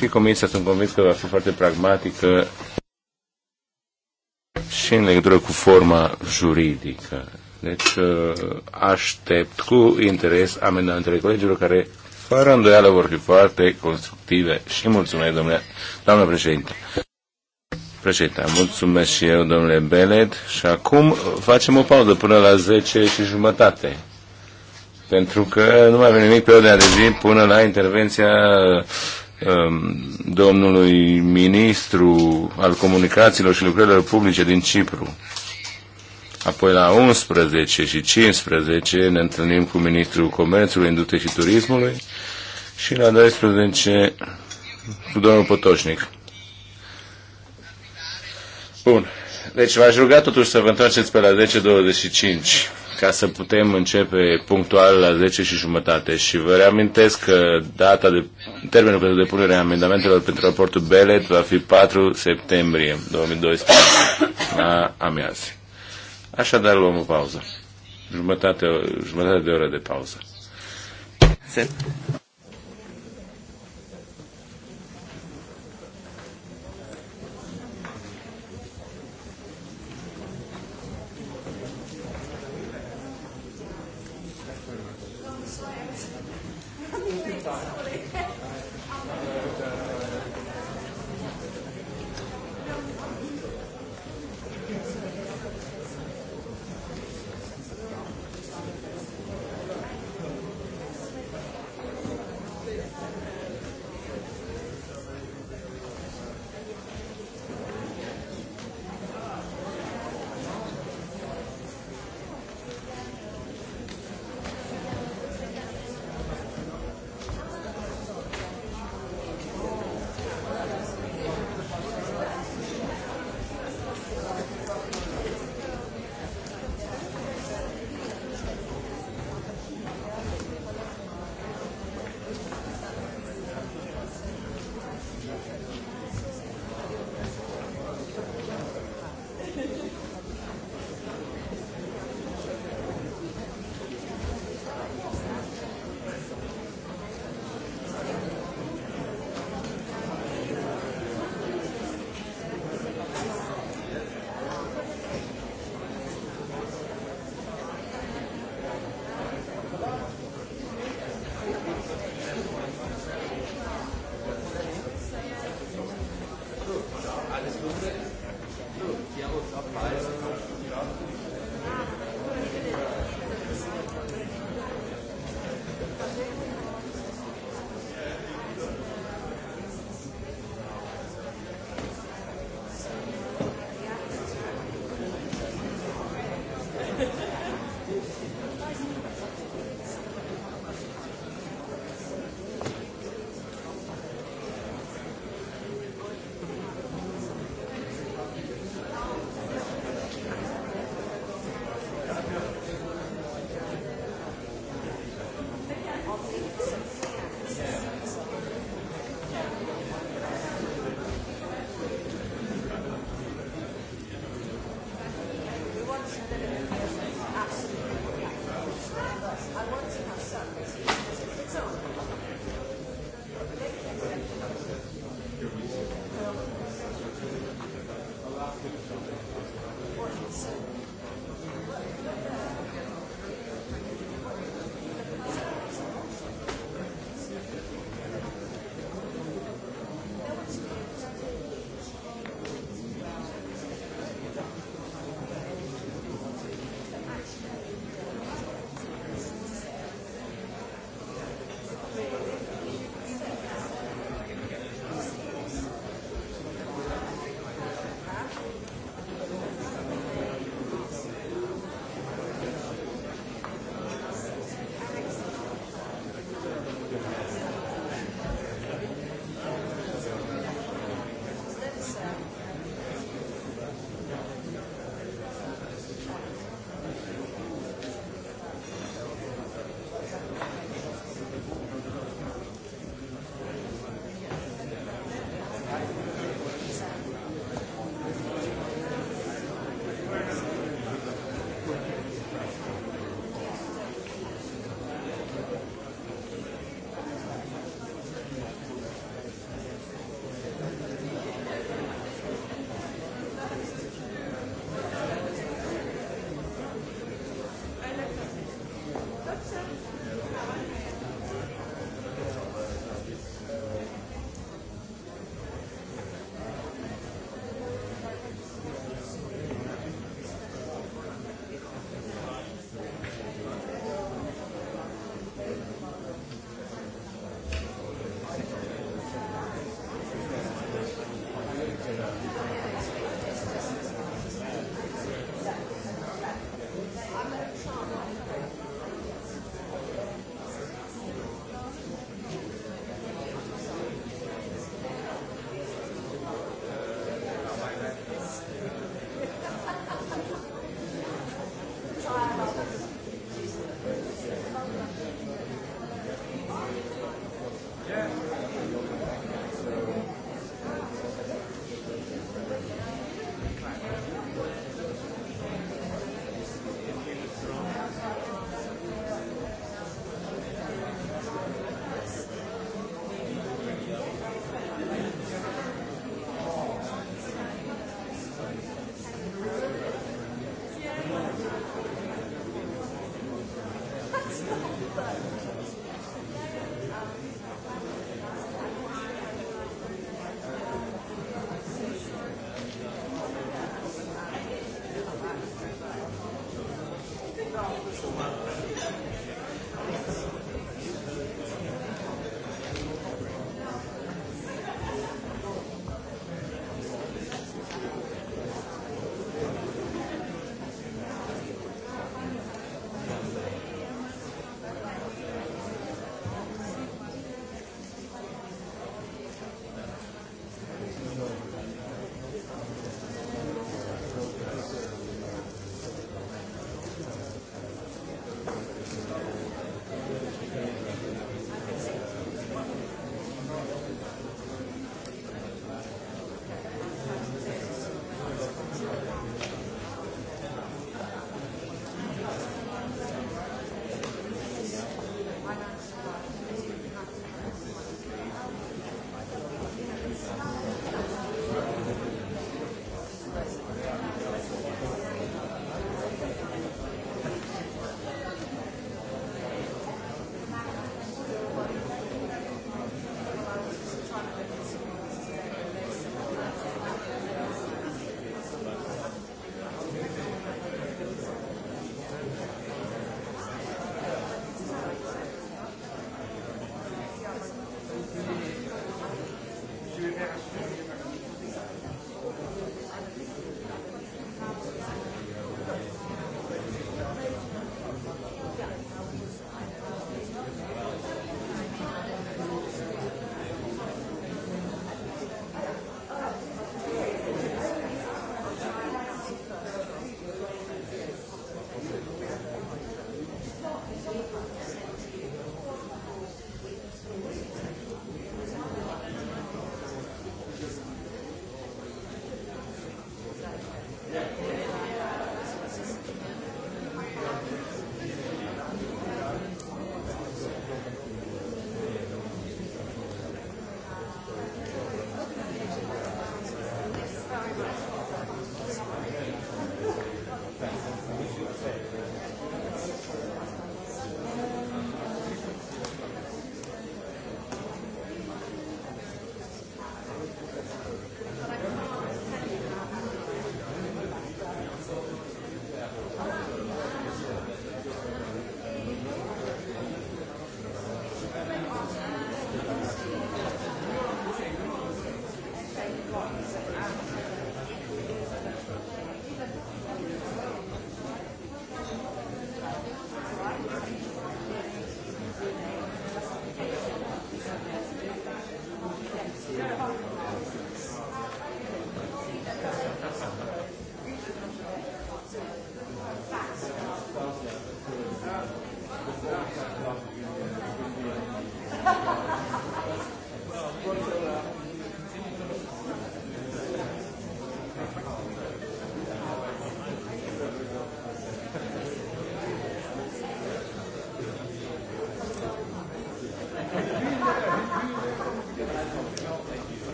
Speaker 2: Și Comisia sunt convins că va fi foarte pragmatică și în legătură cu forma juridică. Deci uh, aștept cu interes amendamentele colegilor care fără îndoială vor fi foarte constructive și mulțumesc, domnule, doamnă președinte. Președinte, mulțumesc și eu, domnule Belet, și acum facem o pauză până la 10 și jumătate. Pentru că nu mai avem nimic pe ordinea de zi până la intervenția um, domnului ministru al comunicațiilor și lucrărilor publice din Cipru. Apoi la 11 și 15 ne întâlnim cu Ministrul Comerțului, Industriei și Turismului și la 12 cu domnul Potoșnic. Bun. Deci v-aș ruga totuși să vă întoarceți pe la 10.25 ca să putem începe punctual la 10 și jumătate. Și vă reamintesc că data de termenul pentru depunerea amendamentelor pentru raportul Belet va fi 4 septembrie 2012 la amiază. Așadar luăm o pauză. Jumătate, jumătate de oră de pauză. Sim.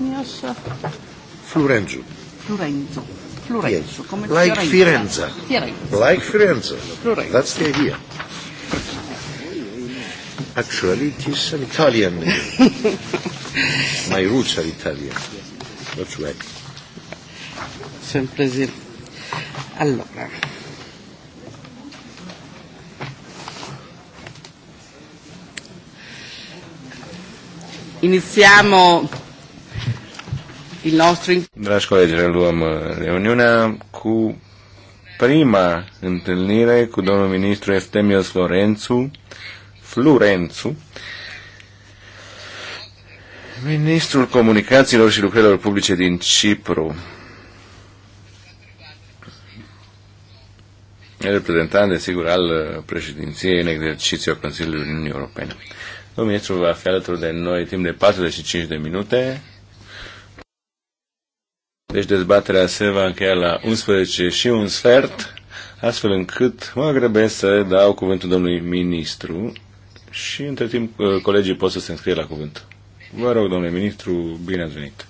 Speaker 2: Vilnius? Florenzo.
Speaker 3: Florenzo. Florenzo. Come like Firenze.
Speaker 2: Firenze. Like Firenze. Florenzo. That's the idea. Actually, it is an Italian name. My roots are Italian. That's right.
Speaker 1: It's a pleasure. Allora.
Speaker 3: Iniziamo
Speaker 2: Dragi colegi, reluăm uh, reuniunea cu prima întâlnire cu domnul ministru Estemios Florențu, Florențu, ministrul comunicațiilor și lucrărilor publice din Cipru. reprezentant, desigur, al uh, președinției în exercițiu Consiliului Uniunii Europene. Domnul ministru va fi alături de noi timp de 45 de minute deci dezbaterea se va încheia la 11 și un sfert, astfel încât mă grăbesc să dau cuvântul domnului ministru și între timp uh, colegii pot să se înscrie la cuvânt. Vă rog, domnule ministru, bine ați venit!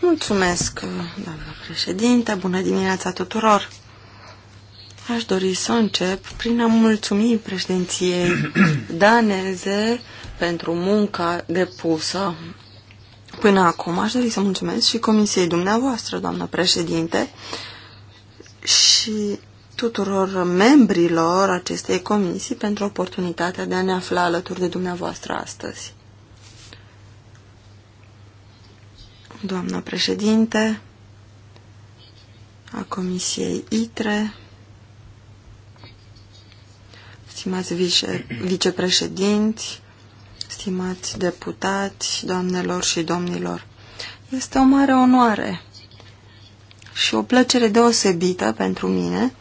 Speaker 3: Mulțumesc, doamnă președinte. Bună dimineața tuturor. Aș dori să încep prin a mulțumi președinției daneze pentru munca depusă până acum. Aș dori să mulțumesc și comisiei dumneavoastră, doamnă președinte, și tuturor membrilor acestei comisii pentru oportunitatea de a ne afla alături de dumneavoastră astăzi. Doamna președinte a Comisiei ITRE, stimați vice, vicepreședinți, stimați deputați, doamnelor și domnilor. Este o mare onoare și o plăcere deosebită pentru mine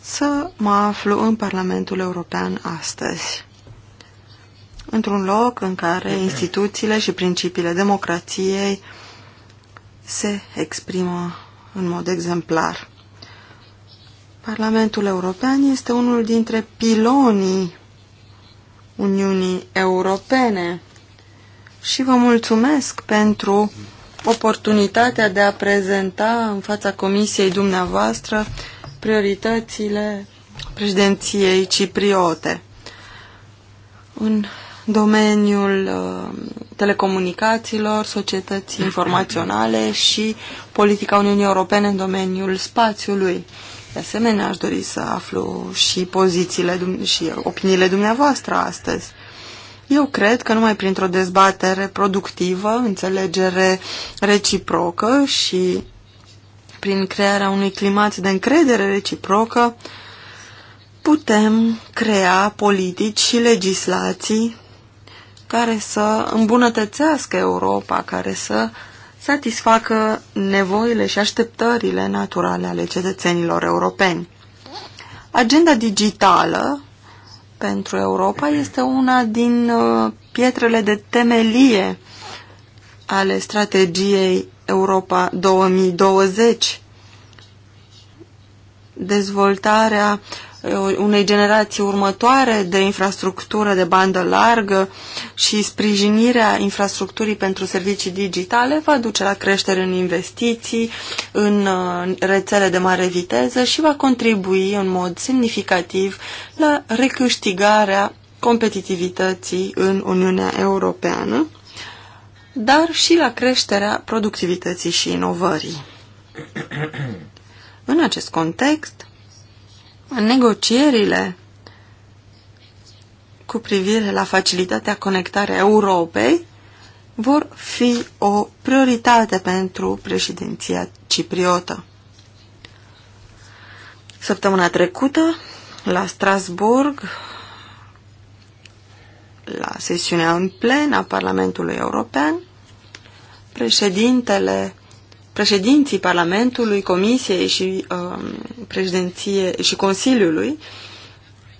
Speaker 3: să mă aflu în Parlamentul European astăzi. Într-un loc în care instituțiile și principiile democrației se exprimă în mod exemplar. Parlamentul European este unul dintre pilonii Uniunii Europene și vă mulțumesc pentru oportunitatea de a prezenta în fața Comisiei dumneavoastră prioritățile președinției cipriote. În domeniul uh, telecomunicațiilor, societății informaționale și politica Uniunii Europene în domeniul spațiului. De asemenea, aș dori să aflu și pozițiile și opiniile dumneavoastră astăzi. Eu cred că numai printr-o dezbatere productivă, înțelegere reciprocă și prin crearea unui climat de încredere reciprocă, putem crea politici și legislații care să îmbunătățească Europa, care să satisfacă nevoile și așteptările naturale ale cetățenilor europeni. Agenda digitală pentru Europa este una din uh, pietrele de temelie ale strategiei Europa 2020. Dezvoltarea uh, Uh, unei generații următoare de infrastructură de bandă largă și sprijinirea infrastructurii pentru servicii digitale va duce la creștere în investiții, în uh, rețele de mare viteză și va contribui în mod semnificativ la recâștigarea competitivității în Uniunea Europeană, dar și la creșterea productivității și inovării. În acest context, negocierile cu privire la facilitatea conectarea Europei vor fi o prioritate pentru președinția cipriotă. Săptămâna trecută, la Strasburg, la sesiunea în plen a Parlamentului European, președintele președinții Parlamentului, Comisiei și, uh, președinție și Consiliului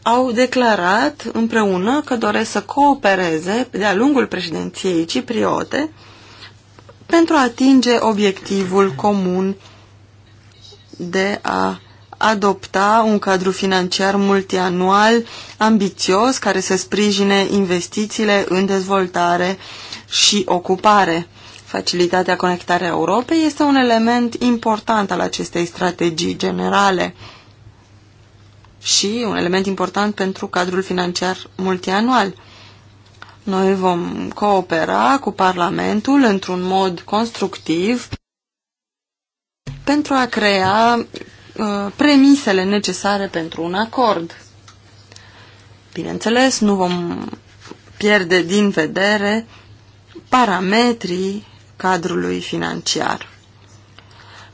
Speaker 3: au declarat împreună că doresc să coopereze de-a lungul președinției cipriote pentru a atinge obiectivul comun de a adopta un cadru financiar multianual ambițios care să sprijine investițiile în dezvoltare și ocupare. Facilitatea Conectarea Europei este un element important al acestei strategii generale și un element important pentru cadrul financiar multianual. Noi vom coopera cu Parlamentul într-un mod constructiv pentru a crea uh, premisele necesare pentru un acord. Bineînțeles, nu vom pierde din vedere parametrii cadrului financiar.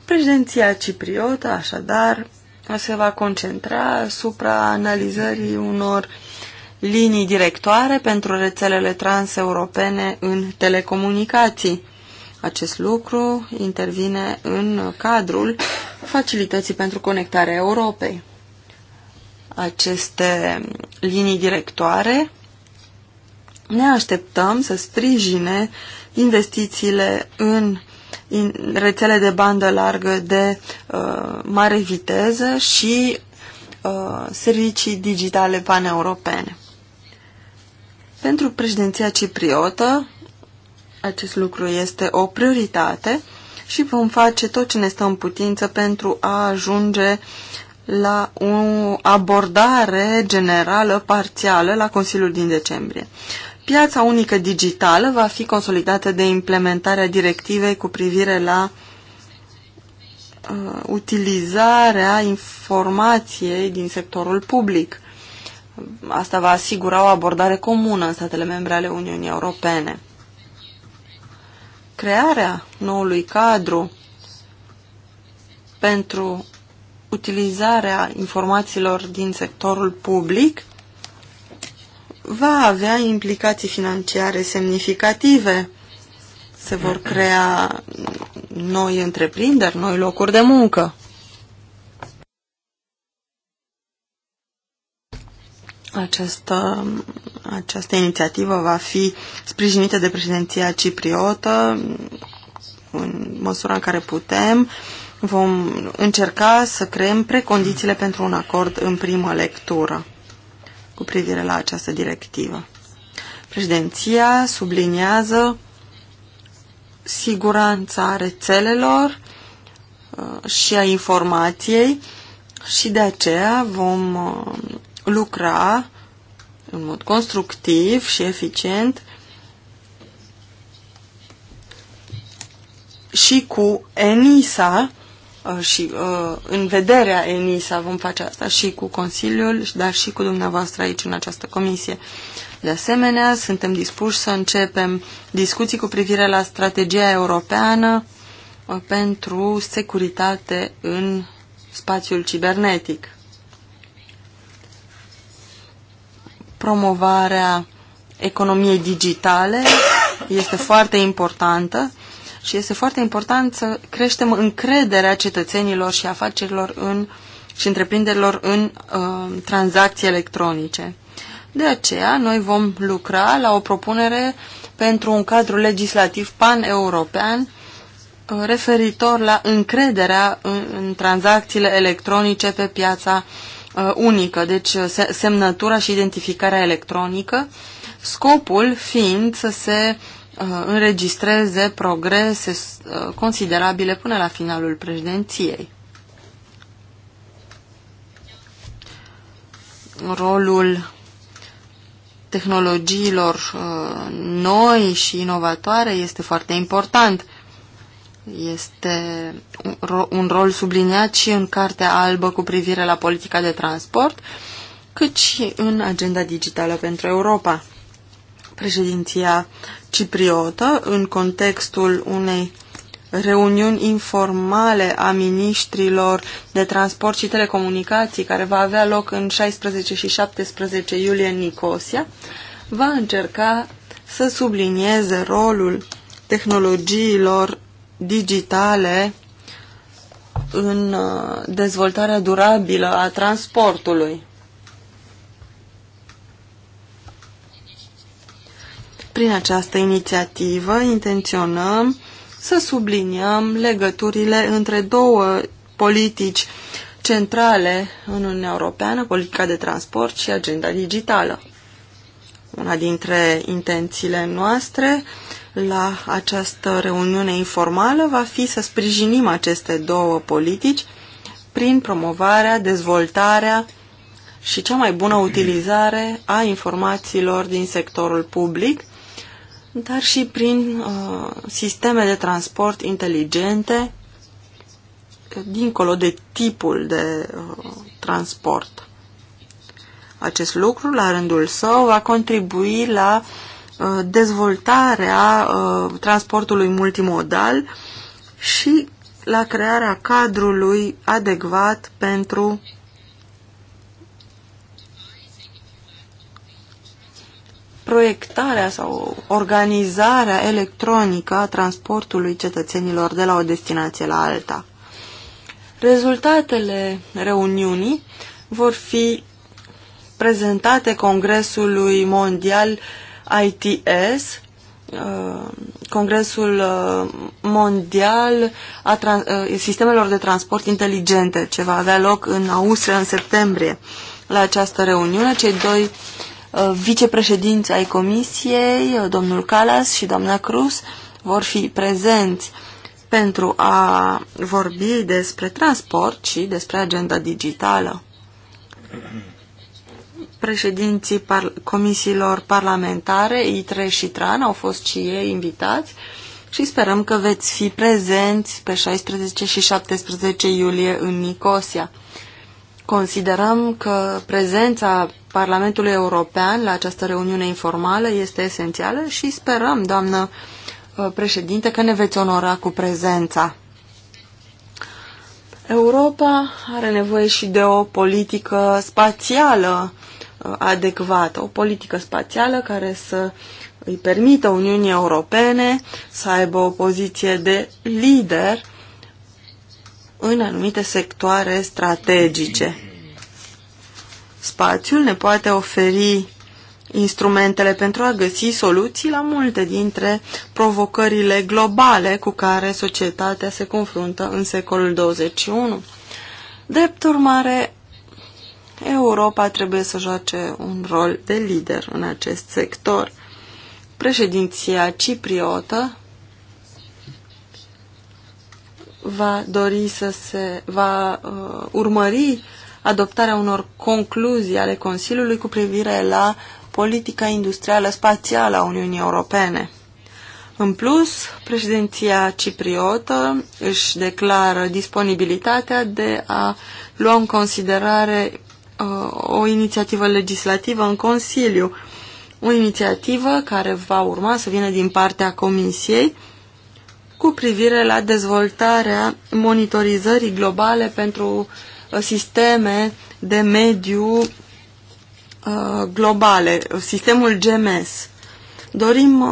Speaker 3: Președinția cipriotă, așadar, se va concentra asupra analizării unor linii directoare pentru rețelele transeuropene în telecomunicații. Acest lucru intervine în cadrul facilității pentru conectarea Europei. Aceste linii directoare ne așteptăm să sprijine investițiile în rețele de bandă largă de uh, mare viteză și uh, servicii digitale paneuropene. Pentru președinția cipriotă, acest lucru este o prioritate și vom face tot ce ne stă în putință pentru a ajunge la o abordare generală parțială la Consiliul din decembrie. Piața unică digitală va fi consolidată de implementarea directivei cu privire la uh, utilizarea informației din sectorul public. Asta va asigura o abordare comună în statele membre ale Uniunii Europene. Crearea noului cadru pentru utilizarea informațiilor din sectorul public va avea implicații financiare semnificative. Se vor crea noi întreprinderi, noi locuri de muncă. Această, această inițiativă va fi sprijinită de președinția cipriotă în măsura în care putem. Vom încerca să creăm precondițiile pentru un acord în primă lectură cu privire la această directivă. Președinția subliniază siguranța rețelelor uh, și a informației și de aceea vom uh, lucra în mod constructiv și eficient și cu ENISA Uh, și uh, în vederea ENISA vom face asta și cu Consiliul, dar și cu dumneavoastră aici în această comisie. De asemenea, suntem dispuși să începem discuții cu privire la strategia europeană uh, pentru securitate în spațiul cibernetic. Promovarea economiei digitale este foarte importantă și este foarte important să creștem încrederea cetățenilor și afacerilor în, și întreprinderilor în uh, tranzacții electronice. De aceea, noi vom lucra la o propunere pentru un cadru legislativ pan-european uh, referitor la încrederea în, în tranzacțiile electronice pe piața uh, unică, deci uh, semnătura și identificarea electronică, scopul fiind să se Uh, înregistreze progrese uh, considerabile până la finalul președinției. Rolul tehnologiilor uh, noi și inovatoare este foarte important. Este un rol subliniat și în Cartea Albă cu privire la politica de transport, cât și în Agenda Digitală pentru Europa președinția cipriotă în contextul unei reuniuni informale a ministrilor de transport și telecomunicații care va avea loc în 16 și 17 iulie în Nicosia, va încerca să sublinieze rolul tehnologiilor digitale în uh, dezvoltarea durabilă a transportului. Prin această inițiativă intenționăm să subliniem legăturile între două politici centrale în Uniunea Europeană, politica de transport și agenda digitală. Una dintre intențiile noastre la această reuniune informală va fi să sprijinim aceste două politici prin promovarea, dezvoltarea și cea mai bună utilizare a informațiilor din sectorul public dar și prin uh, sisteme de transport inteligente, dincolo de tipul de uh, transport. Acest lucru, la rândul său, va contribui la uh, dezvoltarea uh, transportului multimodal și la crearea cadrului adecvat pentru proiectarea sau organizarea electronică a transportului cetățenilor de la o destinație la alta. Rezultatele reuniunii vor fi prezentate Congresului Mondial ITS, uh, Congresul uh, Mondial a uh, Sistemelor de Transport Inteligente, ce va avea loc în Austria în septembrie. La această reuniune, cei doi Uh, vicepreședinți ai comisiei, uh, domnul Calas și doamna Cruz, vor fi prezenți pentru a vorbi despre transport și despre agenda digitală. Președinții par comisiilor parlamentare, ITRE și TRAN, au fost și ei invitați și sperăm că veți fi prezenți pe 16 și 17 iulie în Nicosia. Considerăm că prezența Parlamentului European la această reuniune informală este esențială și sperăm, doamnă uh, președinte, că ne veți onora cu prezența. Europa are nevoie și de o politică spațială uh, adecvată, o politică spațială care să îi permită Uniunii Europene să aibă o poziție de lider în anumite sectoare strategice. Spațiul ne poate oferi instrumentele pentru a găsi soluții la multe dintre provocările globale cu care societatea se confruntă în secolul 21. Drept urmare, Europa trebuie să joace un rol de lider în acest sector. Președinția cipriotă va dori să se va uh, urmări adoptarea unor concluzii ale Consiliului cu privire la politica industrială spațială a Uniunii Europene. În plus, președinția cipriotă își declară disponibilitatea de a lua în considerare uh, o inițiativă legislativă în Consiliu, o inițiativă care va urma să vină din partea Comisiei cu privire la dezvoltarea monitorizării globale pentru uh, Uh, sisteme de mediu uh, globale, uh, sistemul GMS. Dorim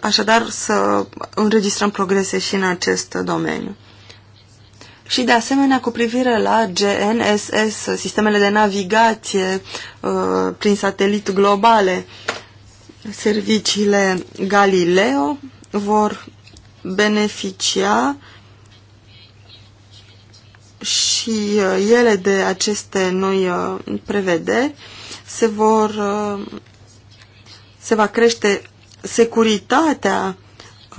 Speaker 3: așadar să înregistrăm progrese și în acest domeniu. Și de asemenea cu privire la GNSS, sistemele de navigație prin satelit globale, serviciile Galileo vor beneficia și uh, ele de aceste noi uh, prevederi se vor uh, se va crește securitatea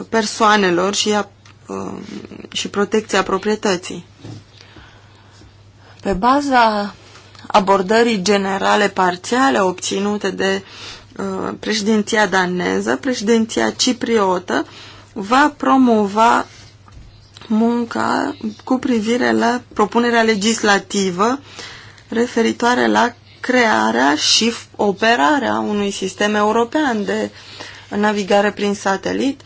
Speaker 3: persoanelor și, a, și protecția proprietății. Pe baza abordării generale parțiale obținute de președinția daneză, președinția cipriotă va promova munca cu privire la propunerea legislativă referitoare la crearea și operarea unui sistem european de navigare prin satelit,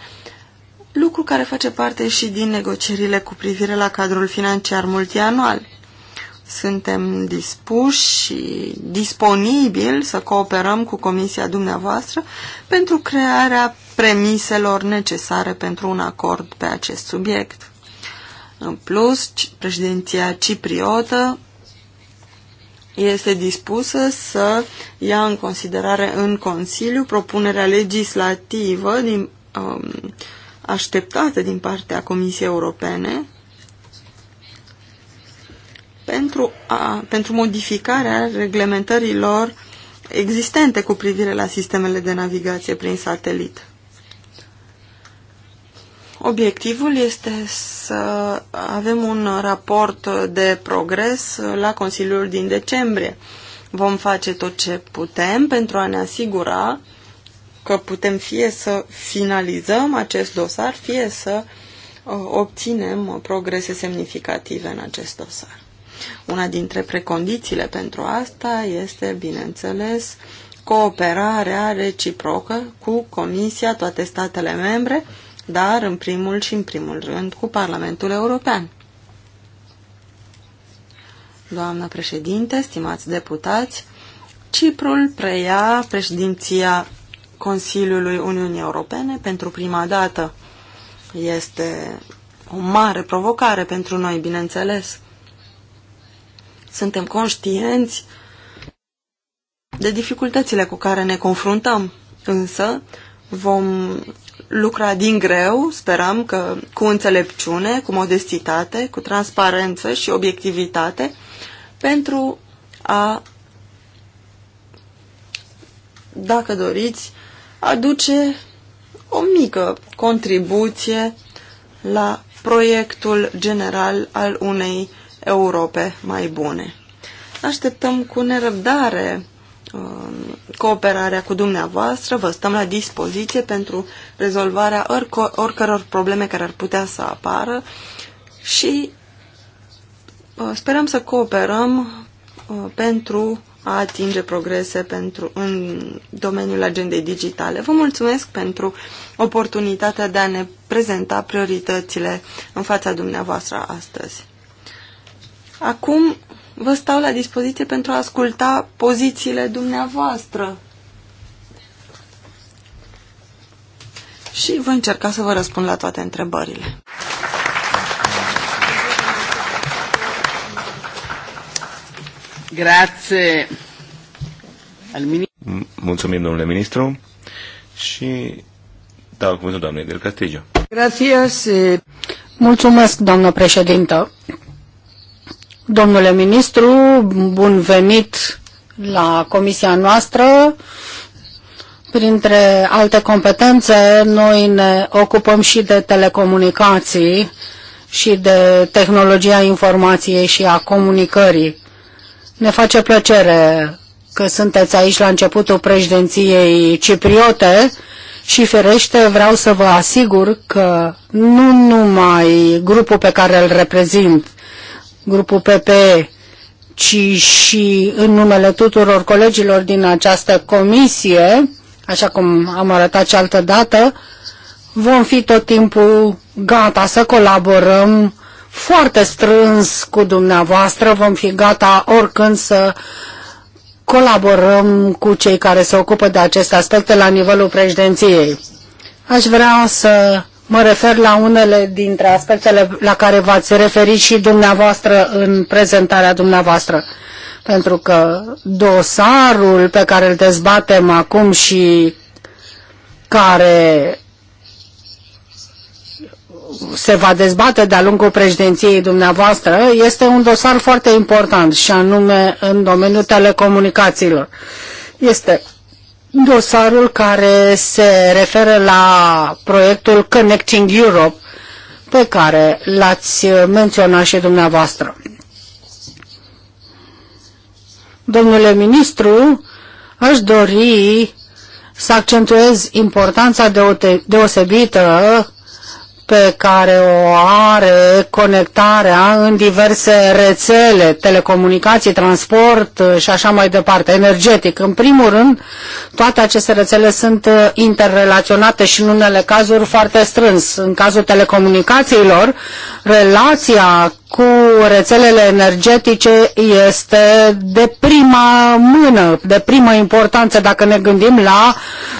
Speaker 3: lucru care face parte și din negocierile cu privire la cadrul financiar multianual. Suntem dispuși și disponibili să cooperăm cu comisia dumneavoastră pentru crearea premiselor necesare pentru un acord pe acest subiect. În plus, președinția cipriotă este dispusă să ia în considerare în Consiliu propunerea legislativă din, um, așteptată din partea Comisiei Europene pentru, a, pentru modificarea reglementărilor existente cu privire la sistemele de navigație prin satelit. Obiectivul este să avem un raport de progres la Consiliul din decembrie. Vom face tot ce putem pentru a ne asigura că putem fie să finalizăm acest dosar, fie să uh, obținem progrese semnificative în acest dosar. Una dintre precondițiile pentru asta este, bineînțeles, cooperarea reciprocă cu Comisia, toate statele membre, dar în primul și în primul rând cu Parlamentul European. doamna președinte, stimați deputați, Ciprul preia președinția Consiliului Uniunii Europene pentru prima dată. Este o mare provocare pentru noi, bineînțeles. Suntem conștienți de dificultățile cu care ne confruntăm, însă vom lucra din greu, sperăm că cu înțelepciune, cu modestitate, cu transparență și obiectivitate pentru a, dacă doriți, aduce o mică contribuție la proiectul general al unei Europe mai bune. Așteptăm cu nerăbdare Um, cooperarea cu dumneavoastră. Vă stăm la dispoziție pentru rezolvarea oricăror probleme care ar putea să apară și uh, sperăm să cooperăm uh, pentru a atinge progrese pentru, în domeniul agendei digitale. Vă mulțumesc pentru oportunitatea de a ne prezenta prioritățile în fața dumneavoastră astăzi. Acum Vă stau la dispoziție pentru a asculta pozițiile dumneavoastră. Și voi încerca să vă răspund la toate întrebările.
Speaker 2: Grazie. Mulțumim, domnule ministru. Și dau cuvântul doamnei del Castillo.
Speaker 1: Gracias. Eh. Mulțumesc, doamnă președintă. Domnule ministru, bun venit la comisia noastră. Printre alte competențe, noi ne ocupăm și de telecomunicații și de tehnologia informației și a comunicării. Ne face plăcere că sunteți aici la începutul președinției cipriote și ferește vreau să vă asigur că nu numai grupul pe care îl reprezint, grupul PPE, ci și în numele tuturor colegilor din această comisie, așa cum am arătat și altă dată, vom fi tot timpul gata să colaborăm foarte strâns cu dumneavoastră, vom fi gata oricând să colaborăm cu cei care se ocupă de aceste aspecte la nivelul președinției. Aș vrea să Mă refer la unele dintre aspectele la care v-ați referit și dumneavoastră în prezentarea dumneavoastră. Pentru că dosarul pe care îl dezbatem acum și care se va dezbate de-a lungul președinției dumneavoastră este un dosar foarte important și anume în domeniul telecomunicațiilor. Este dosarul care se referă la proiectul Connecting Europe pe care l-ați menționat și dumneavoastră. Domnule ministru, aș dori să accentuez importanța deosebită pe care o are conectarea în diverse rețele, telecomunicații, transport uh, și așa mai departe, energetic. În primul rând, toate aceste rețele sunt uh, interrelaționate și în unele cazuri foarte strâns. În cazul telecomunicațiilor, relația cu rețelele energetice este de prima mână, de primă importanță dacă ne gândim la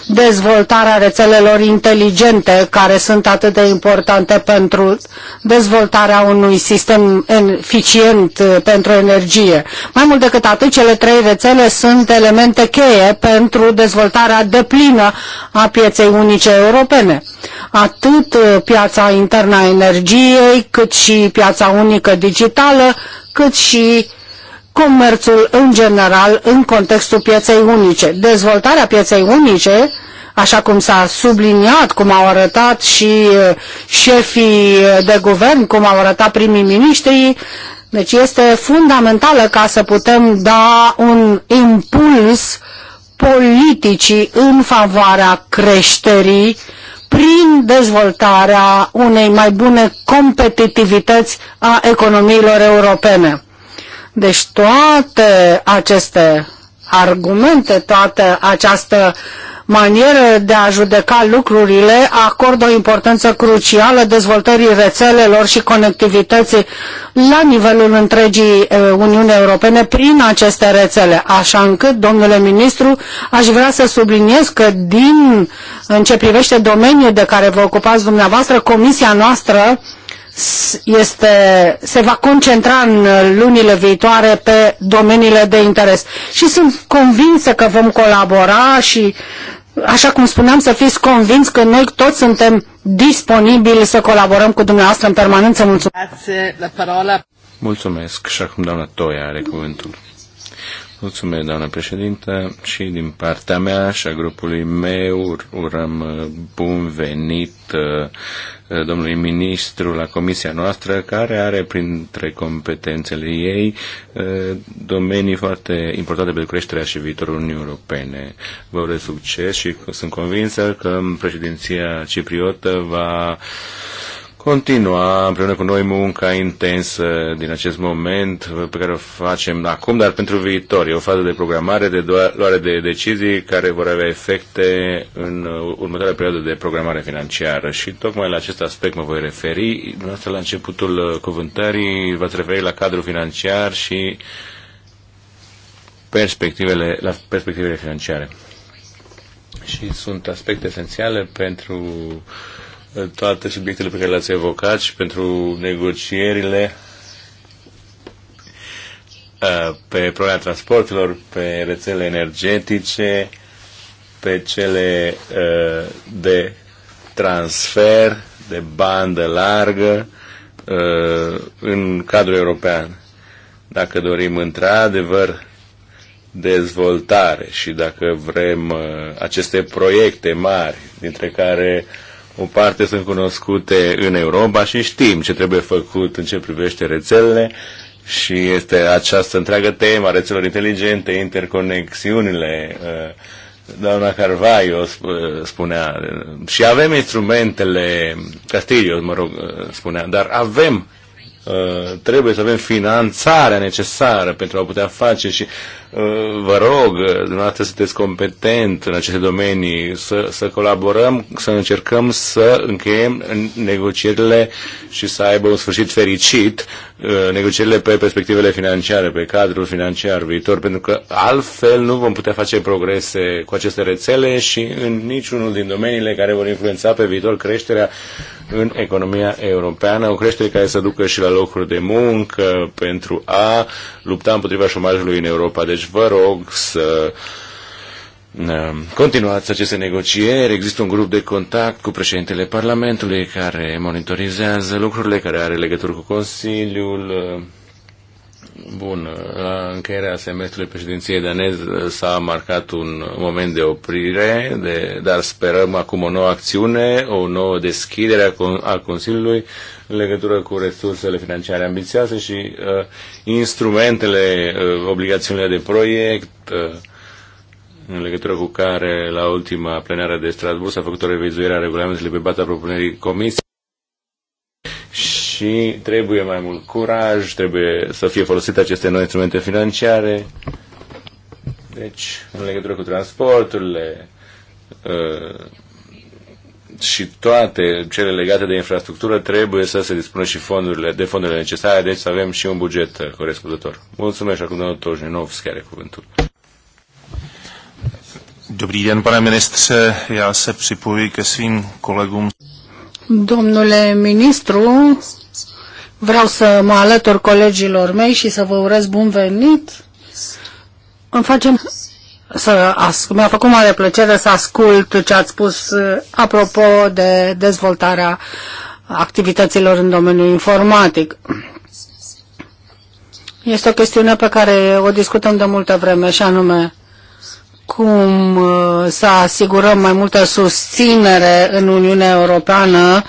Speaker 1: dezvoltarea rețelelor inteligente care sunt atât de importante pentru dezvoltarea unui sistem eficient uh, pentru energie. Mai mult decât atât, cele trei rețele sunt elemente cheie pentru dezvoltarea deplină a pieței unice europene atât uh, piața internă a energiei, cât și piața unică digitală, cât și comerțul în general în contextul pieței unice. Dezvoltarea pieței unice așa cum s-a subliniat, cum au arătat și uh, șefii de guvern, cum au arătat primii miniștri. Deci este fundamentală ca să putem da un impuls politicii în favoarea creșterii prin dezvoltarea unei mai bune competitivități a economiilor europene. Deci toate aceste argumente, toată această manieră de a judeca lucrurile acordă o importanță crucială dezvoltării rețelelor și conectivității la nivelul întregii Uniunii Europene prin aceste rețele. Așa încât, domnule ministru, aș vrea să subliniez că din în ce privește domeniul de care vă ocupați dumneavoastră, comisia noastră uh, este, se va concentra în uh, lunile viitoare pe domeniile de interes. Și sunt convinsă că vom colabora și, așa cum spuneam, să fiți convins că noi toți suntem disponibili să colaborăm cu dumneavoastră în permanență. Mulțumesc!
Speaker 2: Mulțumesc și acum doamna Toia are cuvântul. Mulțumesc, doamnă președinte, și din partea mea și a grupului meu urăm uh, bun venit uh, domnului ministru la comisia noastră, care are printre competențele ei uh, domenii foarte importante pentru creșterea și viitorul Uniunii Europene. Vă urez succes și sunt convinsă că președinția cipriotă va continua împreună cu noi munca intensă din acest moment pe care o facem acum, dar pentru viitor. E o fază de programare, de luare de decizii care vor avea efecte în următoarea perioadă de programare financiară. Și tocmai la acest aspect mă voi referi. Dumneavoastră, la începutul cuvântării, v-ați referit la cadrul financiar și perspectivele, la perspectivele financiare. Și sunt aspecte esențiale pentru uh, toate subiectele pe care le-ați evocat și pentru negocierile uh, pe problema transporturilor, pe rețele energetice, pe cele uh, de transfer, de bandă largă uh, în cadrul european. Dacă dorim într-adevăr dezvoltare și dacă vrem aceste proiecte mari, dintre care uh, o parte sunt cunoscute în Europa și știm ce trebuie făcut în ce privește rețelele și este această întreagă temă a rețelor inteligente, interconexiunile. Eh, doamna Carvaio eh, spunea, eh, și avem instrumentele, Castillo, mă rog, spunea, dar avem trebuie să avem finanțarea necesară pentru a putea face și Uh, vă rog, uh, dumneavoastră sunteți competent în aceste domenii, să, să colaborăm, să încercăm să încheiem negocierile și să aibă un sfârșit fericit uh, negocierile pe perspectivele financiare, pe cadrul financiar viitor, pentru că altfel nu vom putea face progrese cu aceste rețele și în niciunul din domeniile care vor influența pe viitor creșterea în economia europeană, o creștere care să ducă și la locuri de muncă pentru a lupta împotriva șomajului în Europa. Deci deci vă rog să continuați aceste negocieri. Există un grup de contact cu președintele Parlamentului care monitorizează lucrurile, care are legătură cu Consiliul. Bun, la încheierea semestrului președinției danez s-a marcat un moment de oprire, de, dar sperăm acum o nouă acțiune, o nouă deschidere a, a Consiliului în legătură cu resursele financiare ambițioase și uh, instrumentele, uh, obligațiunile de proiect, uh, în legătură cu care la ultima plenară de Strasbourg s-a făcut o revizuire a regulamentului pe baza propunerii comisiei și trebuie mai mult curaj, trebuie să fie folosite aceste noi instrumente financiare. Deci, în legătură cu transporturile, uh, și toate cele legate de infrastructură trebuie să se dispună și fondurile, de fondurile necesare, deci să avem și un buget corespunzător. Mulțumesc și acum domnul Tojnenovski are cuvântul. Dobrý den, pane ministře, já se připojuji ke svým kolegům.
Speaker 1: Domnule ministru, vreau să mă alătur colegilor mei și să vă urez bun venit. Îmi facem să mi-a făcut mare plăcere să ascult ce ați spus uh, apropo de dezvoltarea activităților în domeniul informatic. Este o chestiune pe care o discutăm de multă vreme și anume cum uh, să asigurăm mai multă susținere în Uniunea Europeană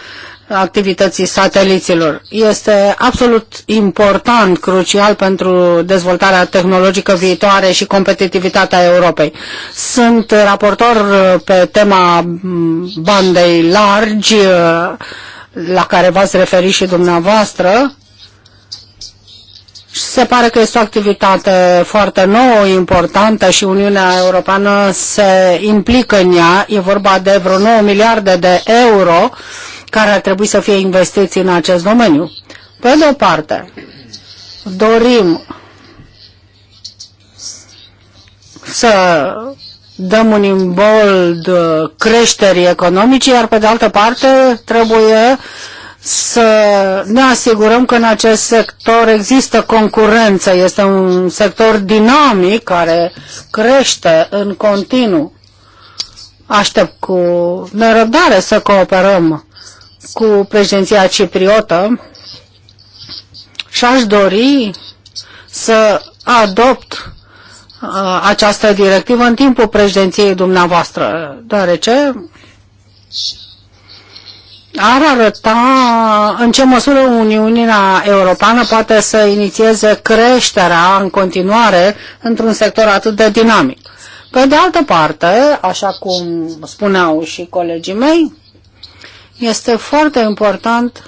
Speaker 1: activității sateliților. Este absolut important, crucial pentru dezvoltarea tehnologică viitoare și competitivitatea Europei. Sunt raportor uh, pe tema mm, bandei largi, uh, la care v-ați referit și dumneavoastră. Se pare că este o activitate foarte nouă, importantă și Uniunea Europeană se implică în ea. E vorba de vreo 9 miliarde de euro care ar trebui să fie investiți în acest domeniu. Pe de o parte, dorim să dăm un imbold creșterii economice, iar pe de altă parte trebuie să ne asigurăm că în acest sector există concurență. Este un sector dinamic care crește în continuu. Aștept cu nerăbdare să cooperăm cu președinția cipriotă și aș dori să adopt uh, această directivă în timpul președinției dumneavoastră, deoarece ar arăta în ce măsură Uniunea Europeană poate să inițieze creșterea în continuare într-un sector atât de dinamic. Pe de altă parte, așa cum spuneau și colegii mei, este foarte important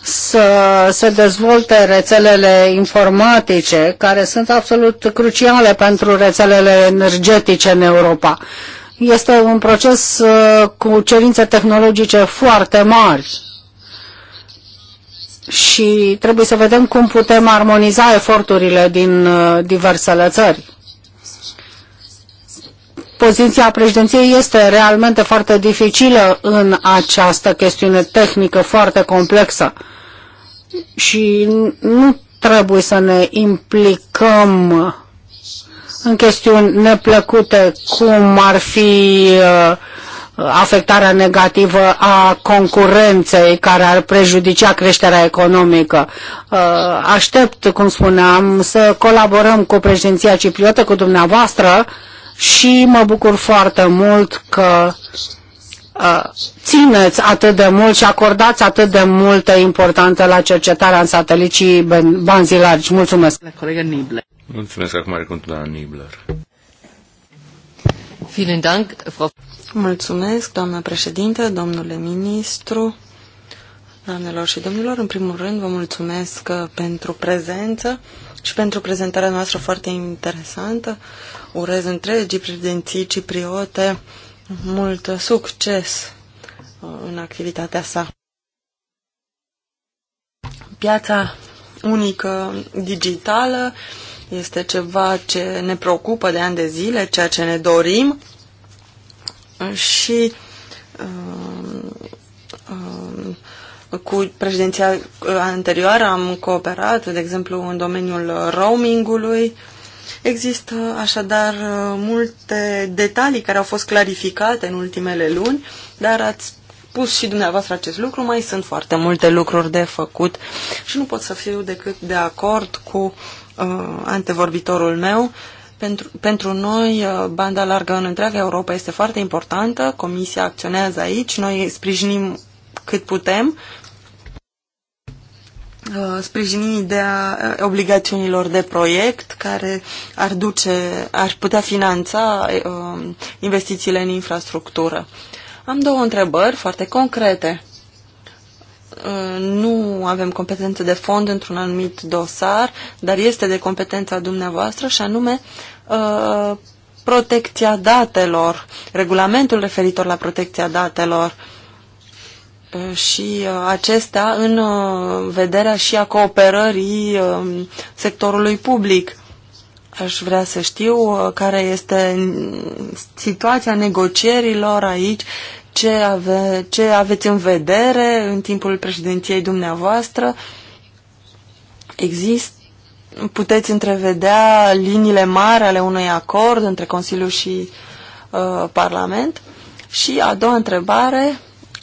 Speaker 1: să se dezvolte rețelele informatice, care sunt absolut cruciale pentru rețelele energetice în Europa. Este un proces uh, cu cerințe tehnologice foarte mari și trebuie să vedem cum putem armoniza eforturile din uh, diversele țări. Poziția președinției este realmente foarte dificilă în această chestiune tehnică foarte complexă și nu trebuie să ne implicăm în chestiuni neplăcute, cum ar fi uh, afectarea negativă a concurenței care ar prejudicia creșterea economică. Uh, aștept, cum spuneam, să colaborăm cu președinția cipriotă, cu dumneavoastră, și mă bucur foarte mult că uh, țineți atât de mult și acordați atât de multă importanță la cercetarea în satelicii banzi largi. Mulțumesc! colegă
Speaker 2: Mulțumesc acum are contul la Nibler.
Speaker 1: Mulțumesc, doamnă președinte,
Speaker 3: domnule ministru, doamnelor și domnilor. În primul rând, vă mulțumesc uh, pentru prezență și pentru prezentarea noastră foarte interesantă. Urez întregii prezidenții cipriote mult succes uh, în activitatea sa. Piața unică digitală este ceva ce ne preocupă de ani de zile, ceea ce ne dorim și uh, cu președinția uh, anterioară am cooperat, de exemplu, în domeniul roamingului. Există așadar uh, multe detalii care au fost clarificate în ultimele luni, dar ați pus și dumneavoastră acest lucru, mai sunt foarte multe lucruri de făcut și nu pot să fiu decât de acord cu uh, antevorbitorul meu. Pentru, pentru noi, uh, banda largă în întreaga Europa este foarte importantă, Comisia acționează aici, noi sprijinim cât putem Uh, sprijini ideea uh, obligațiunilor de proiect care ar, duce, ar putea finanța uh, investițiile în infrastructură. Am două întrebări foarte concrete. Nu avem competențe de fond într-un anumit dosar, dar este de competența dumneavoastră și anume protecția datelor, regulamentul referitor la protecția datelor Uh, și uh, acestea în uh, vederea și a cooperării um, sectorului public. Aș vrea să știu care este situația negocierilor aici, ce, ave, ce aveți în vedere în timpul președinției dumneavoastră. Există puteți întrevedea liniile mari ale unui acord între Consiliu și uh, Parlament? Și a doua întrebare,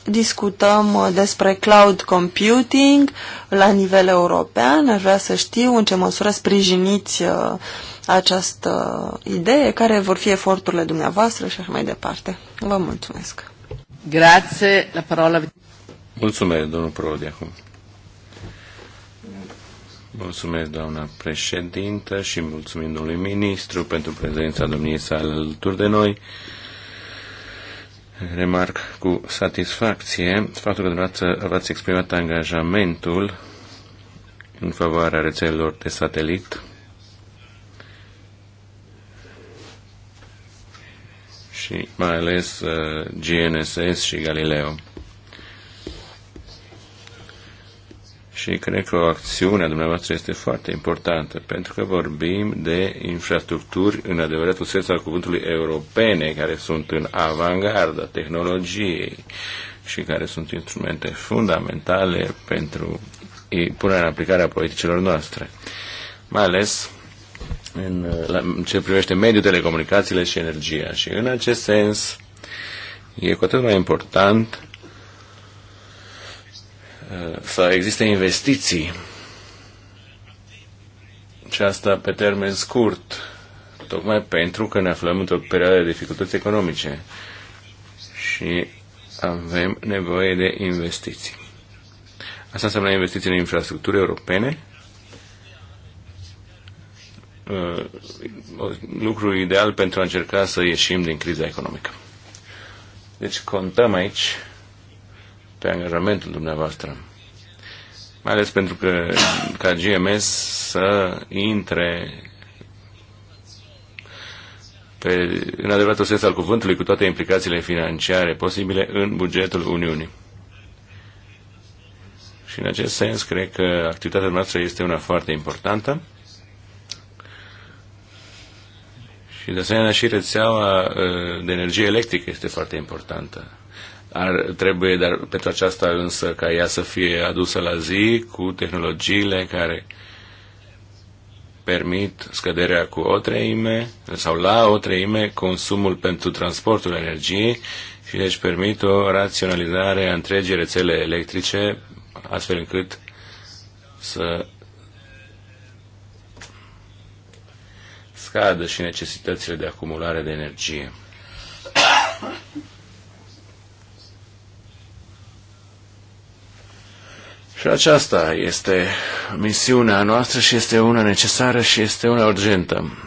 Speaker 3: discutăm uh, despre cloud computing la nivel european. Aș vrea să știu în ce măsură sprijiniți uh, această idee, care vor fi eforturile dumneavoastră și așa mai departe. Vă mulțumesc. Grazie, la parola.
Speaker 2: Mulțumesc, domnul Prodi, acum. Mulțumesc, doamna președintă, și mulțumim domnului ministru pentru prezența domniei sale alături de noi remarc cu satisfacție faptul că dumneavoastră v-ați exprimat angajamentul în favoarea rețelelor de satelit și mai ales uh, GNSS și Galileo. și cred că acțiunea dumneavoastră este foarte importantă, pentru că vorbim de infrastructuri în adevăratul sens al cuvântului europene, care sunt în avangarda tehnologiei și care sunt instrumente fundamentale pentru punerea în aplicare a politicilor noastre. Mai ales în, la, în ce privește mediul, telecomunicațiile și energia. Și în acest sens e cu atât mai important să existe investiții și asta pe termen scurt, tocmai pentru că ne aflăm într-o perioadă de dificultăți economice și avem nevoie de investiții. Asta înseamnă investiții în infrastructuri europene, uh, lucru ideal pentru a încerca să ieșim din criza economică. Deci contăm aici pe angajamentul dumneavoastră. Mai ales pentru că ca GMS să intre pe, în adevăratul sens al cuvântului, cu toate implicațiile financiare posibile în bugetul Uniunii. Și în acest sens, cred că activitatea noastră este una foarte importantă. Și de asemenea și rețeaua uh, de energie electrică este foarte importantă. Ar, trebuie dar pentru aceasta însă ca ea să fie adusă la zi cu tehnologiile care permit scăderea cu o treime sau la o treime consumul pentru transportul energiei și deci permit o raționalizare a întregii rețele electrice astfel încât să scadă și necesitățile de acumulare de energie. Și aceasta este misiunea noastră și este una necesară și este una urgentă,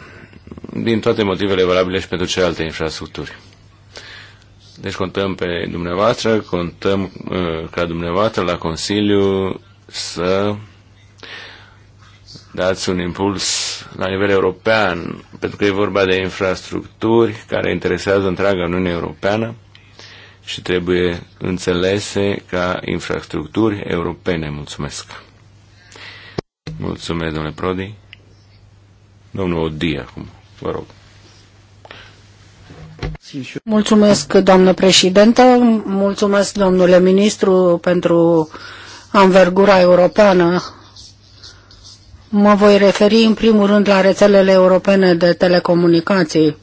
Speaker 2: din toate motivele valabile și pentru celelalte infrastructuri. Deci contăm pe dumneavoastră, contăm uh, ca dumneavoastră la Consiliu să dați un impuls la nivel european, pentru că e vorba de infrastructuri care interesează întreaga Uniune Europeană și trebuie înțelese ca infrastructuri europene. Mulțumesc! Mulțumesc, domnule Prodi. Domnul Odi acum, vă rog.
Speaker 1: Mulțumesc, doamnă președintă, mulțumesc, domnule ministru, pentru anvergura europeană. Mă voi referi, în primul rând, la rețelele europene de telecomunicații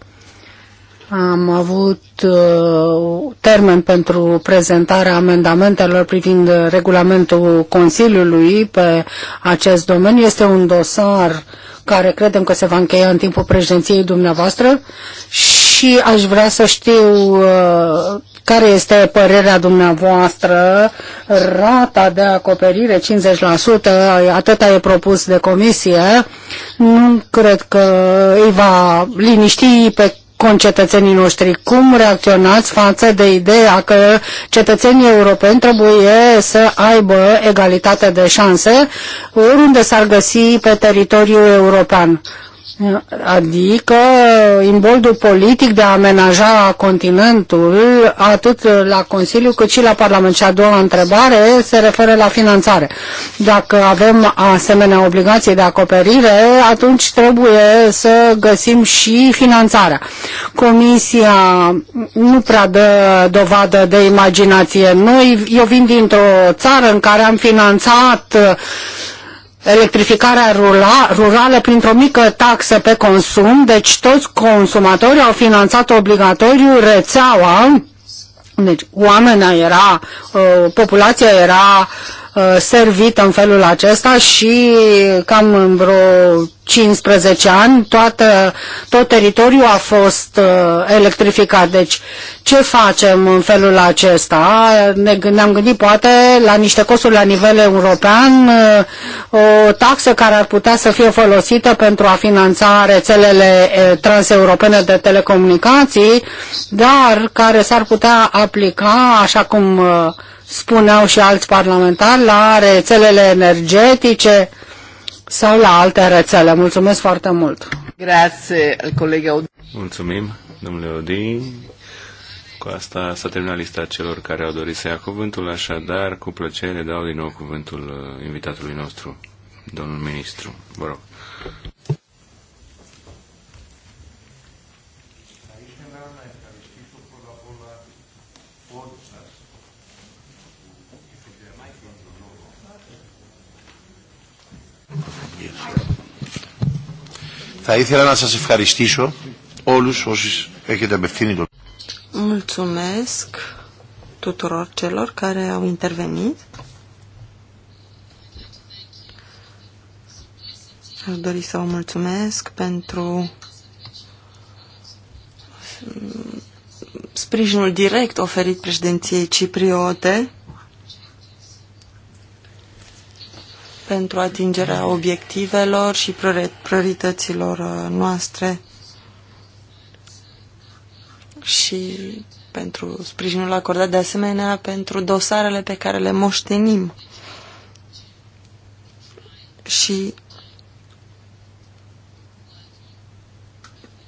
Speaker 1: am avut uh, termen pentru prezentarea amendamentelor privind regulamentul Consiliului pe acest domeniu. Este un dosar care credem că se va încheia în timpul președinției dumneavoastră și aș vrea să știu uh, care este părerea dumneavoastră? Rata de acoperire 50%, atâta e propus de comisie, nu cred că îi va liniști pe concetățenii noștri. Cum reacționați față de ideea că cetățenii europeni trebuie să aibă egalitate de șanse oriunde s-ar găsi pe teritoriul european? adică imboldul politic de a amenaja continentul atât la Consiliu cât și la Parlament. Și a doua întrebare se referă la finanțare. Dacă avem asemenea obligație de acoperire, atunci trebuie să găsim și finanțarea. Comisia nu prea dă dovadă de imaginație. Noi, eu vin dintr-o țară în care am finanțat uh, electrificarea rula, rurală printr-o mică taxă pe consum, deci toți consumatorii au finanțat obligatoriu rețeaua, deci oamenii era, uh, populația era Uh, servit în felul acesta și cam în vreo 15 ani toată, tot teritoriul a fost uh, electrificat. Deci ce facem în felul acesta? Ne, ne-am gândit poate la niște costuri la nivel european, uh, o taxă care ar putea să fie folosită pentru a finanța rețelele transeuropene de telecomunicații, dar care s-ar putea aplica, așa cum spuneau și alți parlamentari, la rețelele energetice sau la alte rețele. Mulțumesc foarte mult! Grazie al
Speaker 2: Mulțumim, domnule Odi. Cu asta s-a terminat lista celor care au dorit să ia cuvântul, așadar, cu plăcere dau din nou cuvântul uh, invitatului nostru, domnul ministru. Vă rog. Θα ήθελα να σας ευχαριστήσω όλους όσοι έχετε απευθύνει το...
Speaker 3: Mulțumesc tuturor celor care au intervenit. Aș dori să vă mulțumesc pentru mm, sprijinul direct oferit președinției cipriote pentru atingerea obiectivelor și priorităților uh, noastre și pentru sprijinul acordat de asemenea pentru dosarele pe care le moștenim și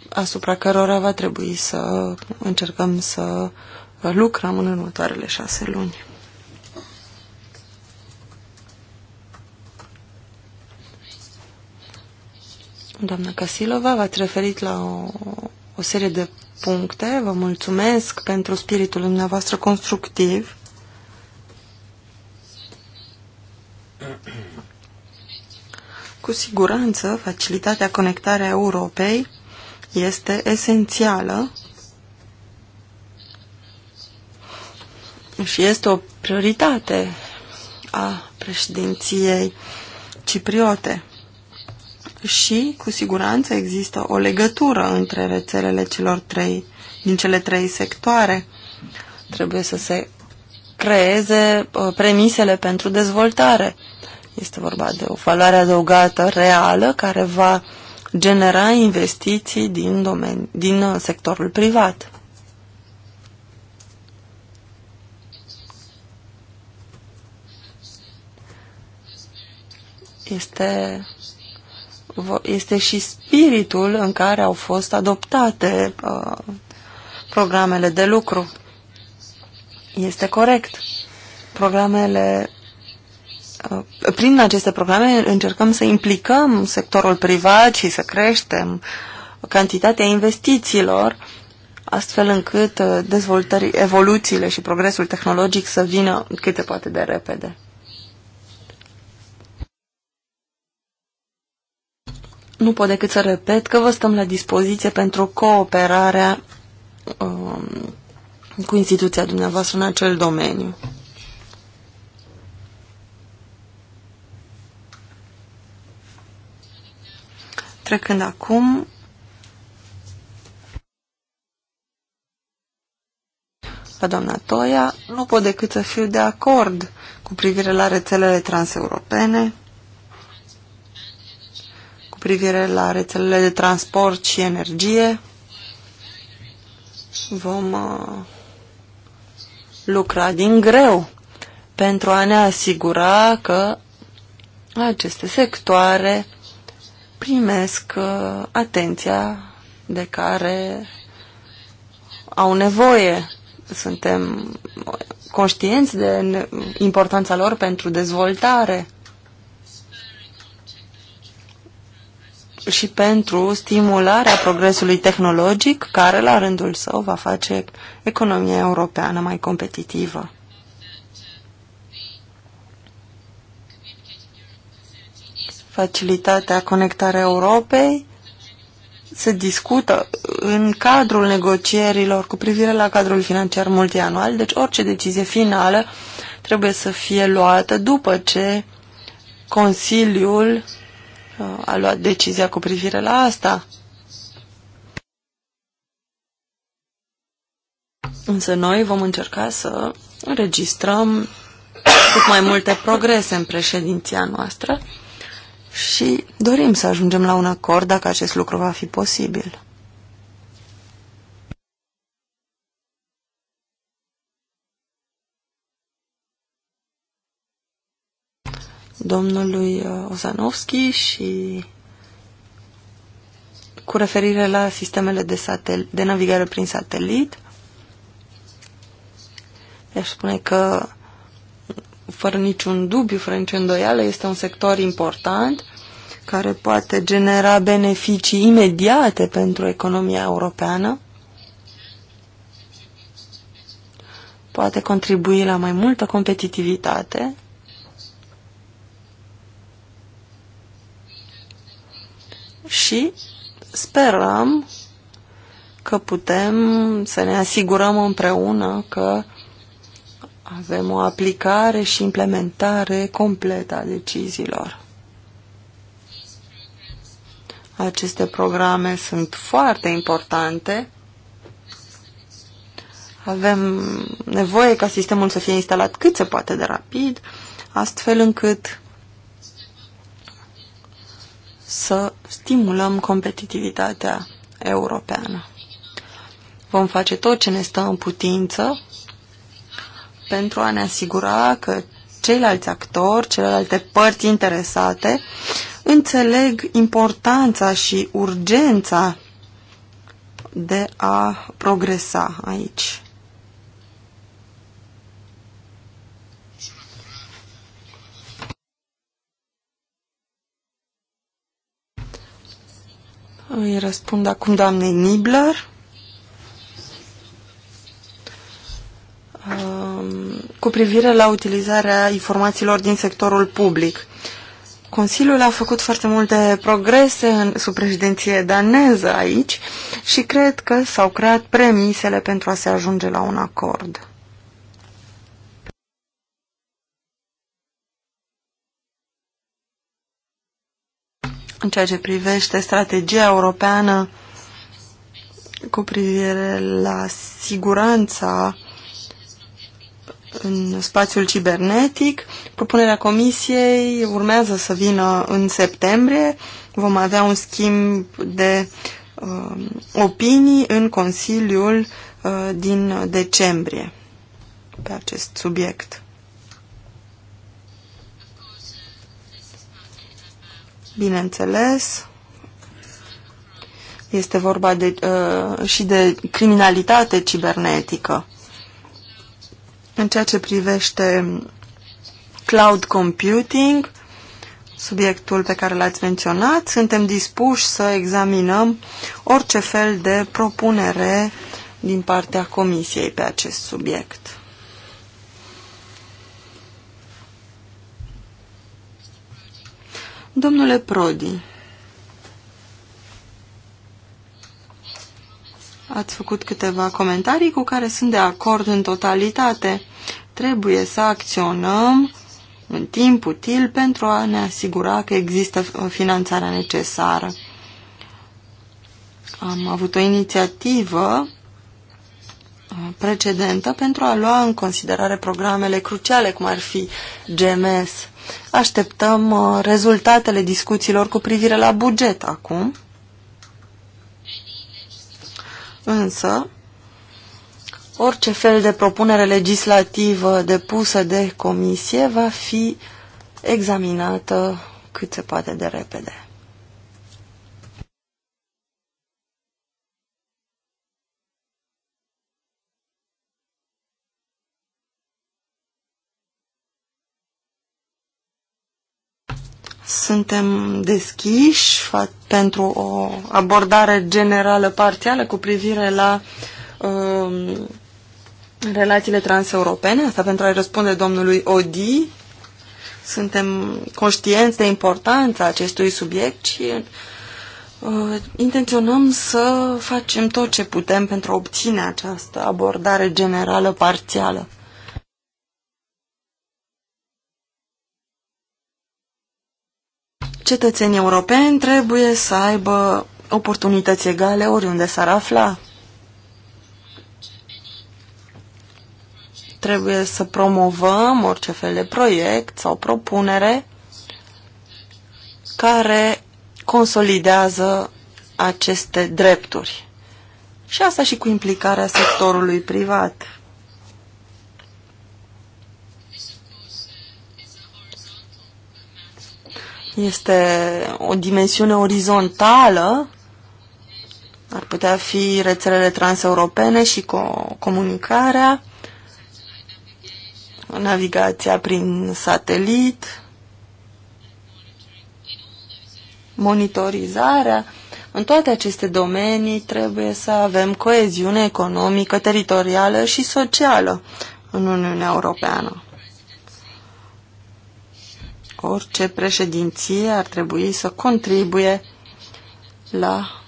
Speaker 3: asupra cărora va trebui să încercăm să lucrăm în următoarele șase luni. Doamna Casilova, v-ați referit la o, o serie de puncte. Vă mulțumesc pentru spiritul dumneavoastră constructiv. Cu siguranță, facilitatea conectarea Europei este esențială și este o prioritate a președinției cipriote și, cu siguranță, există o legătură între rețelele celor trei, din cele trei sectoare. Trebuie să se creeze uh, premisele pentru dezvoltare. Este vorba de o valoare adăugată reală care va genera investiții din, domeni, din uh, sectorul privat. Este este și spiritul în care au fost adoptate uh, programele de lucru. Este corect. Programele uh, prin aceste programe încercăm să implicăm sectorul privat și să creștem cantitatea investițiilor astfel încât uh, dezvoltări, evoluțiile și progresul tehnologic să vină cât poate de repede. Nu pot decât să repet că vă stăm la dispoziție pentru cooperarea um, cu instituția dumneavoastră în acel domeniu. Trecând acum la doamna Toia, nu pot decât să fiu de acord cu privire la rețelele transeuropene privire la rețelele de transport și energie. Vom uh, lucra din greu pentru a ne asigura că aceste sectoare primesc uh, atenția de care au nevoie. Suntem conștienți de importanța lor pentru dezvoltare. și pentru stimularea progresului tehnologic, care la rândul său va face economia europeană mai competitivă. Facilitatea Conectarea Europei se discută în cadrul negocierilor cu privire la cadrul financiar multianual, deci orice decizie finală trebuie să fie luată după ce Consiliul a luat decizia cu privire la asta. Însă noi vom încerca să înregistrăm cât mai multe progrese în președinția noastră și dorim să ajungem la un acord dacă acest lucru va fi posibil. domnului uh, Ozanovski și cu referire la sistemele de, satel de navigare prin satelit. I-aș spune că fără niciun dubiu, fără nicio îndoială, este un sector important care poate genera beneficii imediate pentru economia europeană, poate contribui la mai multă competitivitate și sperăm că putem să ne asigurăm împreună că avem o aplicare și implementare completă a deciziilor. Aceste programe sunt foarte importante. Avem nevoie ca sistemul să fie instalat cât se poate de rapid, astfel încât să stimulăm competitivitatea europeană. Vom face tot ce ne stă în putință pentru a ne asigura că ceilalți actori, celelalte părți interesate, înțeleg importanța și urgența de a progresa aici. Îi răspund acum doamnei Nibler. Um, cu privire la utilizarea informațiilor din sectorul public. Consiliul a făcut foarte multe progrese în, sub președinție daneză aici și cred că s-au creat premisele pentru a se ajunge la un acord. în ceea ce privește strategia europeană cu privire la siguranța în spațiul cibernetic. Propunerea comisiei urmează să vină în septembrie. Vom avea un schimb de uh, opinii în Consiliul uh, din decembrie pe acest subiect. bineînțeles. Este vorba de, uh, și de criminalitate cibernetică. În ceea ce privește cloud computing, subiectul pe care l-ați menționat, suntem dispuși să examinăm orice fel de propunere din partea Comisiei pe acest subiect. Domnule Prodi, ați făcut câteva comentarii cu care sunt de acord în totalitate. Trebuie să acționăm în timp util pentru a ne asigura că există finanțarea necesară. Am avut o inițiativă uh, precedentă pentru a lua în considerare programele cruciale, cum ar fi GMS. Așteptăm uh, rezultatele discuțiilor cu privire la buget acum. Însă, orice fel de propunere legislativă depusă de comisie va fi examinată cât se poate de
Speaker 1: repede. Suntem
Speaker 3: deschiși pentru o abordare generală parțială cu privire la um, relațiile transeuropene, asta pentru a-i răspunde domnului Odi. Suntem conștienți de importanța acestui subiect și uh, intenționăm să facem tot ce putem pentru a obține această abordare generală parțială. cetățenii europeni trebuie să aibă oportunități egale oriunde s-ar afla. Trebuie să promovăm orice fel de proiect sau propunere care consolidează aceste drepturi. Și asta și cu implicarea sectorului privat. Este o dimensiune orizontală, ar putea fi rețelele transeuropene și co comunicarea, navigația prin satelit, monitorizarea. În toate aceste domenii trebuie să avem coeziune economică, teritorială și socială în Uniunea Europeană orice președinție ar trebui să contribuie la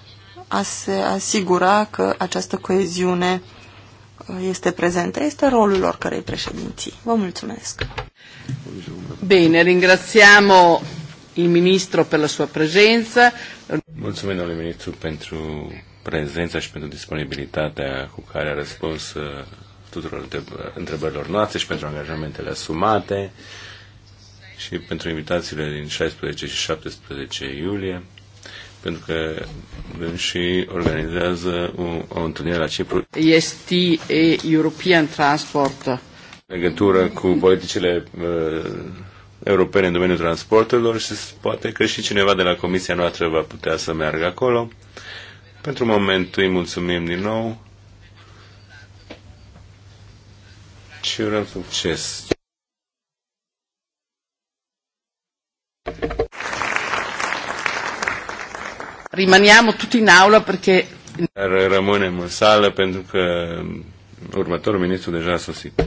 Speaker 3: a se asigura că această coeziune uh, este prezentă. Este rolul lor cărei președinții. Vă mulțumesc.
Speaker 1: Bine, ringraziamo il ministro per
Speaker 3: la sua prezență.
Speaker 2: Mulțumim, domnule ministru, pentru prezența și pentru disponibilitatea cu care a răspuns uh, tuturor întrebărilor noastre și pentru angajamentele asumate și pentru invitațiile din 16 și 17 iulie, pentru că și organizează o, o întâlnire la Cipru. Este e European Transport. legătură cu politicile uh, europene în domeniul transporturilor și poate că și cineva de la comisia noastră va putea să meargă acolo. Pentru moment îi mulțumim din nou și urăm succes.
Speaker 1: Rimaniamo tutti in aula perché...
Speaker 2: Rămânem în sală pentru că următorul ministru deja a sosit.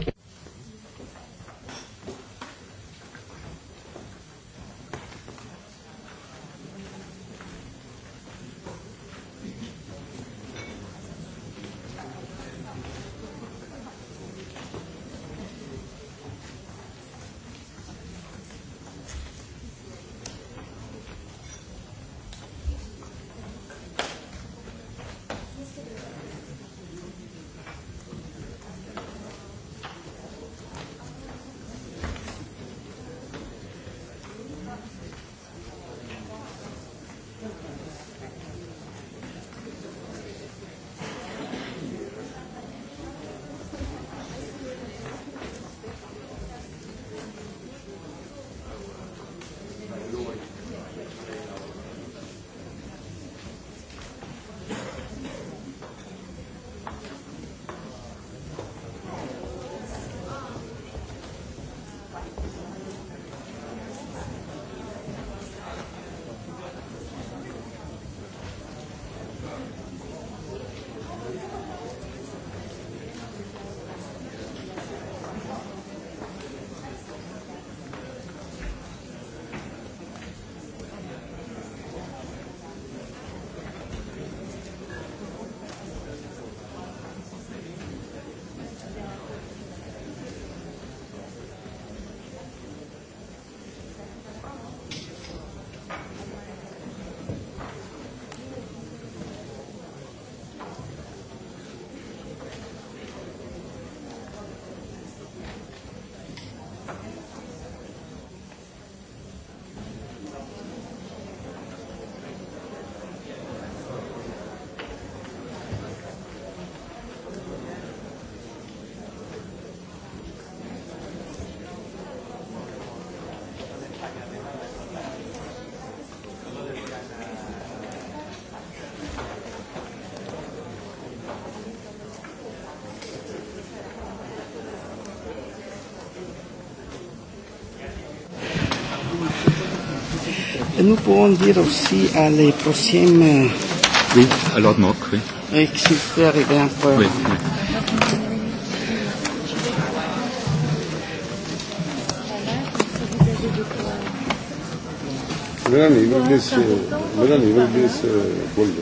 Speaker 3: nous pouvons dire aussi à les prochaines...
Speaker 2: Oui, à Lord Mock, oui.
Speaker 3: Oui, s'il peut arriver un peu. Oui, oui.
Speaker 2: Melanie, you will please, uh, Melanie, you will please uh,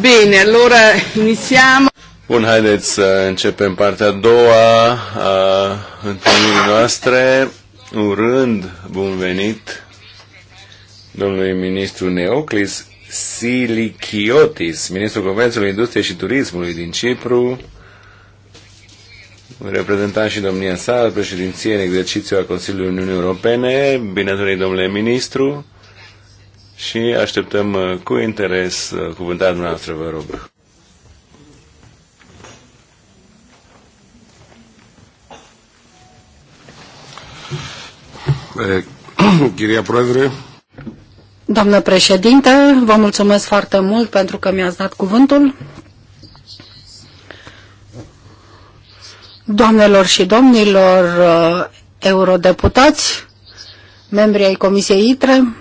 Speaker 3: Bine, allora iniziamo.
Speaker 2: Bun, haideți să începem partea a doua a întâlnirii noastre, urând bun venit domnului ministru Neoclis Silichiotis, ministrul Comerțului, Industriei și Turismului din Cipru, reprezentant și domnia sa, președinție în exercițiu a Consiliului Uniunii Europene. Bine ați venit, domnule ministru, și așteptăm uh, cu interes uh, cuvântarea noastră, vă rog. Eh,
Speaker 1: Doamnă președinte, vă mulțumesc foarte mult pentru că mi-ați dat cuvântul. Doamnelor și domnilor eh, eurodeputați, membrii ai Comisiei ITRE,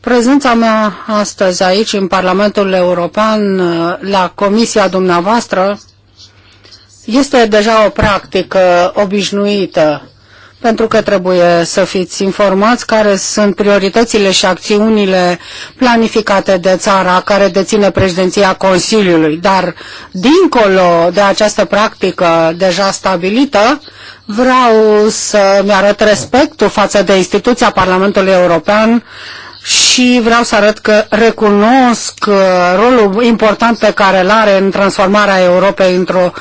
Speaker 1: prezența mea astăzi aici în Parlamentul European eh, la Comisia dumneavoastră este deja o practică obișnuită pentru că trebuie să fiți informați care sunt prioritățile și acțiunile planificate de țara care deține președinția Consiliului. Dar, dincolo de această practică deja stabilită, vreau să-mi arăt respectul față de instituția Parlamentului European și vreau să arăt că recunosc uh, rolul important pe care îl are în transformarea Europei într-un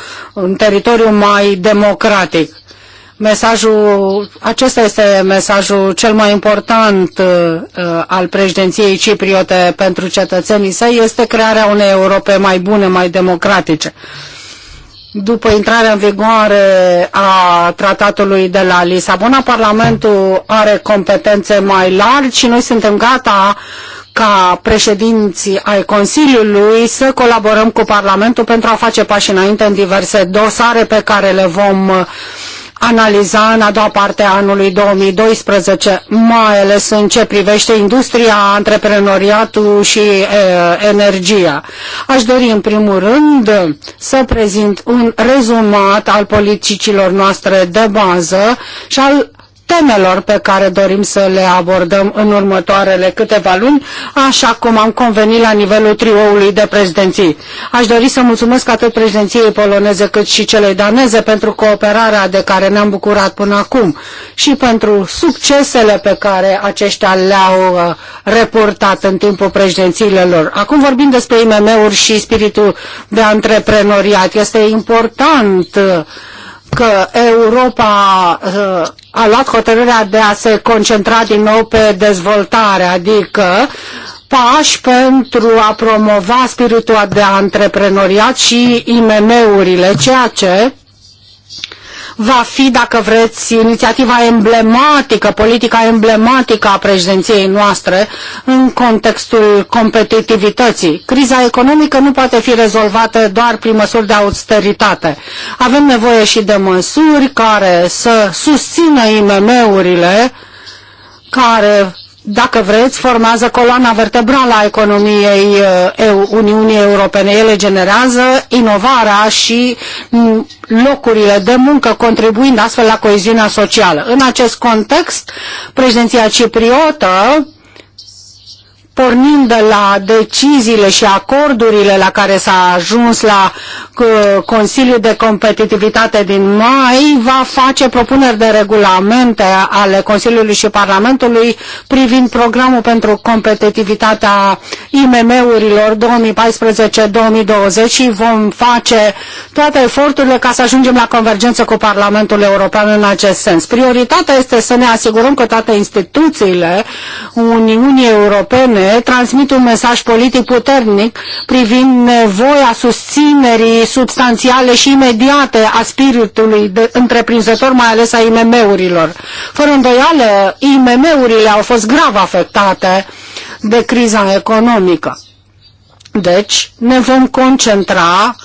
Speaker 1: teritoriu mai democratic Mesajul, acesta este mesajul cel mai important uh, uh, al președinției cipriote pentru cetățenii săi, este crearea unei Europe mai bune, mai democratice. După intrarea în vigoare a tratatului de la Lisabona, Parlamentul are competențe mai largi și noi suntem gata ca președinții ai Consiliului să colaborăm cu Parlamentul pentru a face pași înainte în diverse dosare pe care le vom uh, analiza în a doua parte a anului 2012, mai ales în ce privește industria, antreprenoriatul și e, energia. Aș dori în primul rând să prezint un rezumat al politicilor noastre de bază și al temelor pe care dorim să le abordăm în următoarele câteva luni, așa cum am convenit la nivelul trioului de prezidenții. Aș dori să mulțumesc atât prezidenției poloneze cât și celei daneze pentru cooperarea de care ne-am bucurat până acum și pentru succesele pe care aceștia le-au uh, reportat în timpul prezidențiilor. Acum vorbim despre IMM-uri și spiritul de antreprenoriat. Este important uh, că Europa uh, a luat hotărârea de a se concentra din nou pe dezvoltare, adică pași pentru a promova spiritul de antreprenoriat și IMM-urile, ceea ce va fi, dacă vreți, inițiativa emblematică, politica emblematică a președinției noastre în contextul competitivității. Criza economică nu poate fi rezolvată doar prin măsuri de austeritate. Avem nevoie și de măsuri care să susțină IMM-urile care dacă vreți, formează coloana vertebrală a economiei eh, Uniunii Europene. Ele generează inovarea și mm, locurile de muncă, contribuind astfel la coeziunea socială. În acest context, președinția cipriotă pornind de la deciziile și acordurile la care s-a ajuns la uh, Consiliul de Competitivitate din mai, va face propuneri de regulamente ale Consiliului și Parlamentului privind programul pentru competitivitatea IMM-urilor 2014-2020 și vom face toate eforturile ca să ajungem la convergență cu Parlamentul European în acest sens. Prioritatea este să ne asigurăm că toate instituțiile Uniunii Europene membre transmit un mesaj politic puternic privind nevoia susținerii substanțiale și imediate a spiritului de întreprinzător, mai ales a IMM-urilor. Fără îndoială, IMM-urile au fost grav afectate de criza economică. Deci ne vom concentra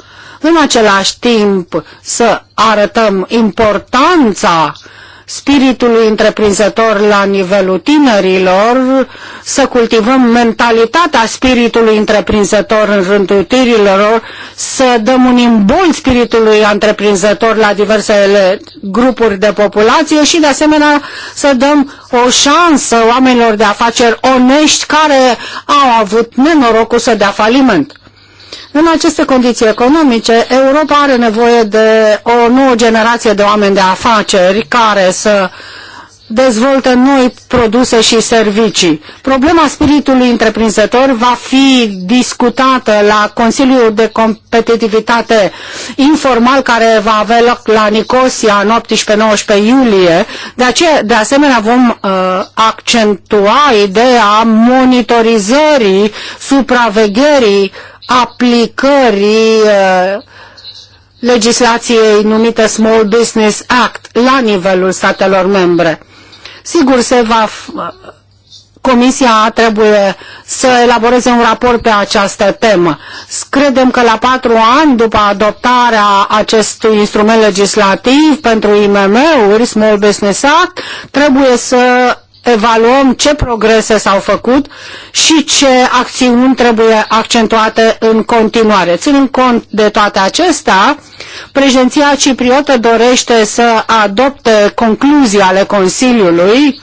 Speaker 1: în același timp să arătăm importanța uh, spiritului întreprinzător la nivelul tinerilor, să cultivăm mentalitatea spiritului întreprinzător în rândul tinerilor, să dăm un imbun spiritului întreprinzător la diversele grupuri de populație și de asemenea să dăm o șansă oamenilor de afaceri onești care au avut nenorocul să dea faliment. În aceste condiții economice, Europa are nevoie de o nouă generație de oameni de afaceri care să dezvoltă noi produse și servicii. Problema spiritului întreprinzător va fi discutată la Consiliul de Competitivitate Informal care va avea loc la Nicosia în 18-19 iulie. De, aceea, de asemenea vom uh, accentua ideea monitorizării, supravegherii uh, aplicării uh, legislației numită Small Business Act la nivelul statelor membre. Sigur, se va Comisia trebuie să elaboreze un raport pe această temă. Credem că la patru ani după adoptarea acestui instrument legislativ pentru IMM-uri, Small Business Act, trebuie să evaluăm ce progrese s-au făcut și ce acțiuni trebuie accentuate în continuare. Ținând cont de toate acestea, președinția cipriotă dorește să adopte concluzii ale Consiliului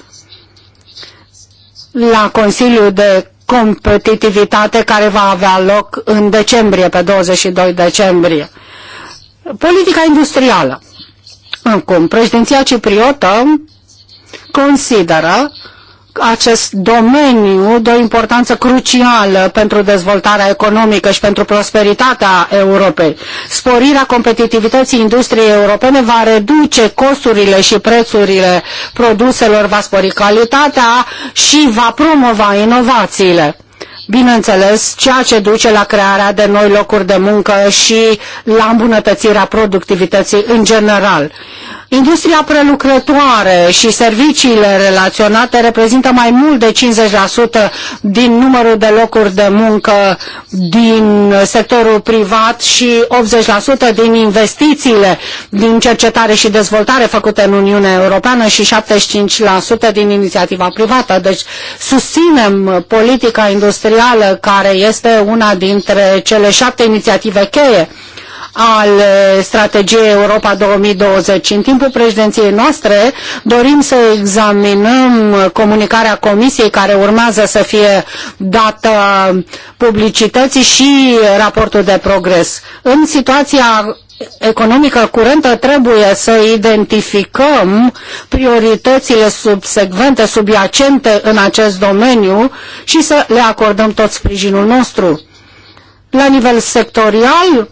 Speaker 1: la Consiliul de Competitivitate care va avea loc în decembrie, pe 22 decembrie. Politica industrială. Acum, președinția cipriotă consideră acest domeniu de o importanță crucială pentru dezvoltarea economică și pentru prosperitatea Europei. Sporirea competitivității industriei europene va reduce costurile și prețurile produselor, va spori calitatea și va promova inovațiile bineînțeles, ceea ce duce la crearea de noi locuri de muncă și la îmbunătățirea productivității în general. Industria prelucrătoare și serviciile relaționate reprezintă mai mult de 50% din numărul de locuri de muncă din sectorul privat și 80% din investițiile din cercetare și dezvoltare făcute în Uniunea Europeană și 75% din inițiativa privată. Deci susținem politica industrială care este una dintre cele șapte inițiative cheie al eh, strategiei Europa 2020. În timpul președinției noastre dorim să examinăm comunicarea Comisiei care urmează să fie dată publicității și raportul de progres. În situația economică curentă trebuie să identificăm prioritățile subsecvente, subiacente în acest domeniu și să le acordăm tot sprijinul nostru. La nivel sectorial,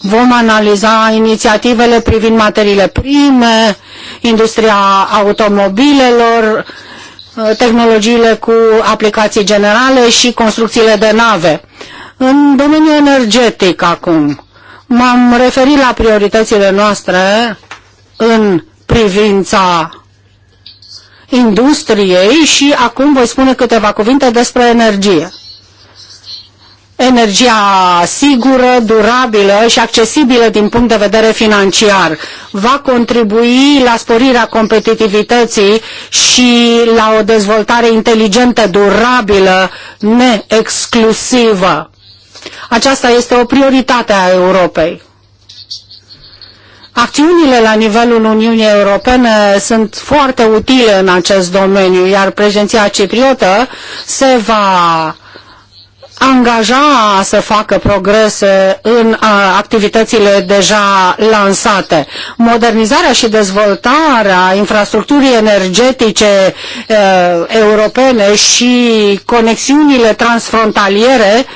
Speaker 1: Vom analiza inițiativele privind materiile prime, industria automobilelor, tehnologiile cu aplicații generale și construcțiile de nave. În domeniul energetic acum, m-am referit la prioritățile noastre în privința industriei și acum voi spune câteva cuvinte despre energie energia sigură, durabilă și accesibilă din punct de vedere financiar. Va contribui la sporirea competitivității și la o dezvoltare inteligentă, durabilă, neexclusivă. Aceasta este o prioritate a Europei. Acțiunile la nivelul Uniunii Europene sunt foarte utile în acest domeniu, iar prezenția cipriotă se va angaja să facă progrese în activitățile deja lansate. Modernizarea și dezvoltarea infrastructurii energetice europene și conexiunile transfrontaliere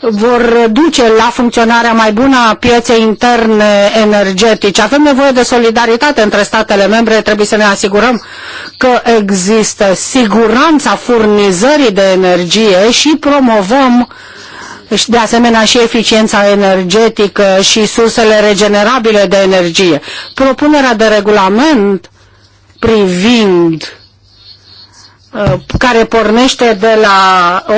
Speaker 1: vor duce la funcționarea mai bună a pieței interne energetice. Avem nevoie de solidaritate între statele membre, trebuie să ne asigurăm că există siguranța furnizării de energie și promovăm și de asemenea și eficiența energetică și sursele regenerabile de energie. Propunerea de regulament privind Uh, care pornește de la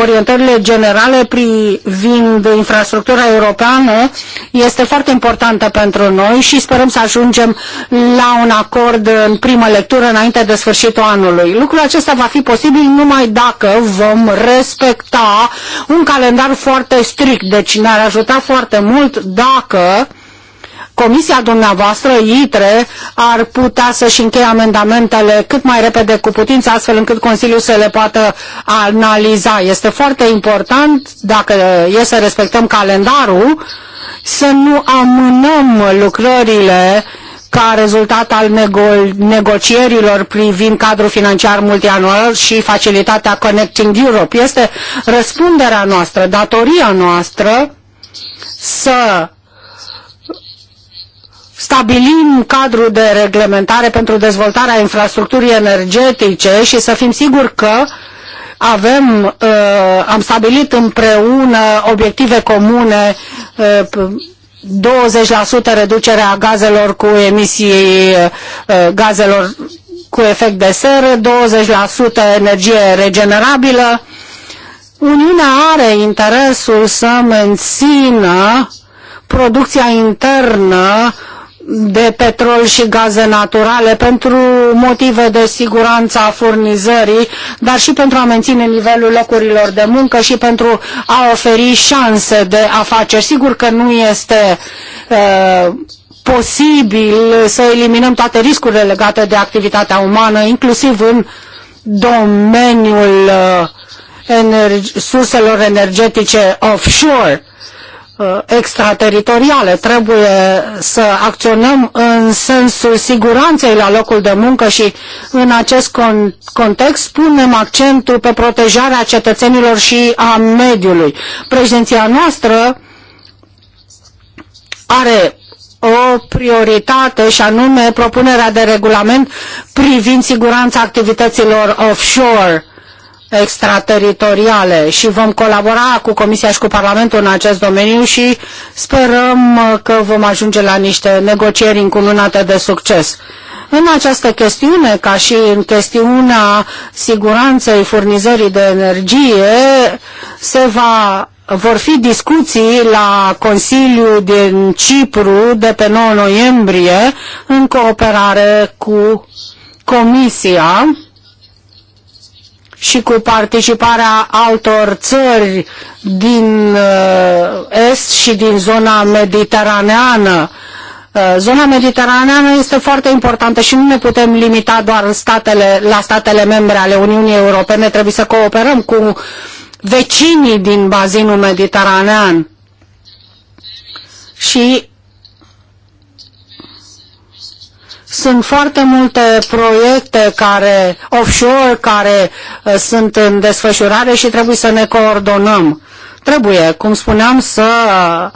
Speaker 1: orientările generale privind infrastructura europeană este foarte importantă pentru noi și sperăm să ajungem la un acord în primă lectură înainte de sfârșitul anului. Lucrul acesta va fi posibil numai dacă vom respecta un calendar foarte strict, deci ne-ar ajuta foarte mult dacă uh, comisia dumneavoastră, ITRE, ar putea să-și încheie amendamentele cât mai repede cu putință, astfel încât Consiliul să le poată analiza. Este foarte important, dacă e să respectăm calendarul, să nu amânăm lucrările ca rezultat al nego- negocierilor privind cadrul financiar multianual și facilitatea Connecting Europe. Este răspunderea noastră, datoria noastră să stabilim cadrul de reglementare pentru dezvoltarea infrastructurii energetice și să fim siguri că avem, uh, am stabilit împreună obiective comune 20% uh, reducerea gazelor cu emisii uh, gazelor cu efect de seră, 20% energie regenerabilă. Uniunea are interesul să mențină producția internă de petrol și gaze naturale pentru motive de siguranță a furnizării, dar și pentru a menține nivelul locurilor de muncă și pentru a oferi șanse de afaceri. Sigur că nu este uh, posibil să eliminăm toate riscurile legate de activitatea umană, inclusiv în domeniul uh, energi surselor energetice offshore Uh, extrateritoriale. Trebuie să acționăm în sensul siguranței la locul de muncă și în acest con context punem accentul pe protejarea cetățenilor și a mediului. Președinția noastră are o prioritate și anume propunerea de regulament privind siguranța activităților offshore extrateritoriale și vom colabora cu Comisia și cu Parlamentul în acest domeniu și sperăm uh, că vom ajunge la niște negocieri încununate de succes. În această chestiune, ca și în chestiunea siguranței furnizării de energie, se va vor fi discuții la Consiliu din Cipru de pe 9 noiembrie în cooperare cu Comisia și cu participarea altor țări din uh, est și din zona mediteraneană. Uh, zona mediteraneană este foarte importantă și nu ne putem limita doar statele, la statele membre ale Uniunii Europene, trebuie să cooperăm cu vecinii din bazinul mediteranean. Și Sunt foarte multe proiecte care offshore care uh, sunt în desfășurare și trebuie să ne coordonăm. Trebuie, cum spuneam, să uh,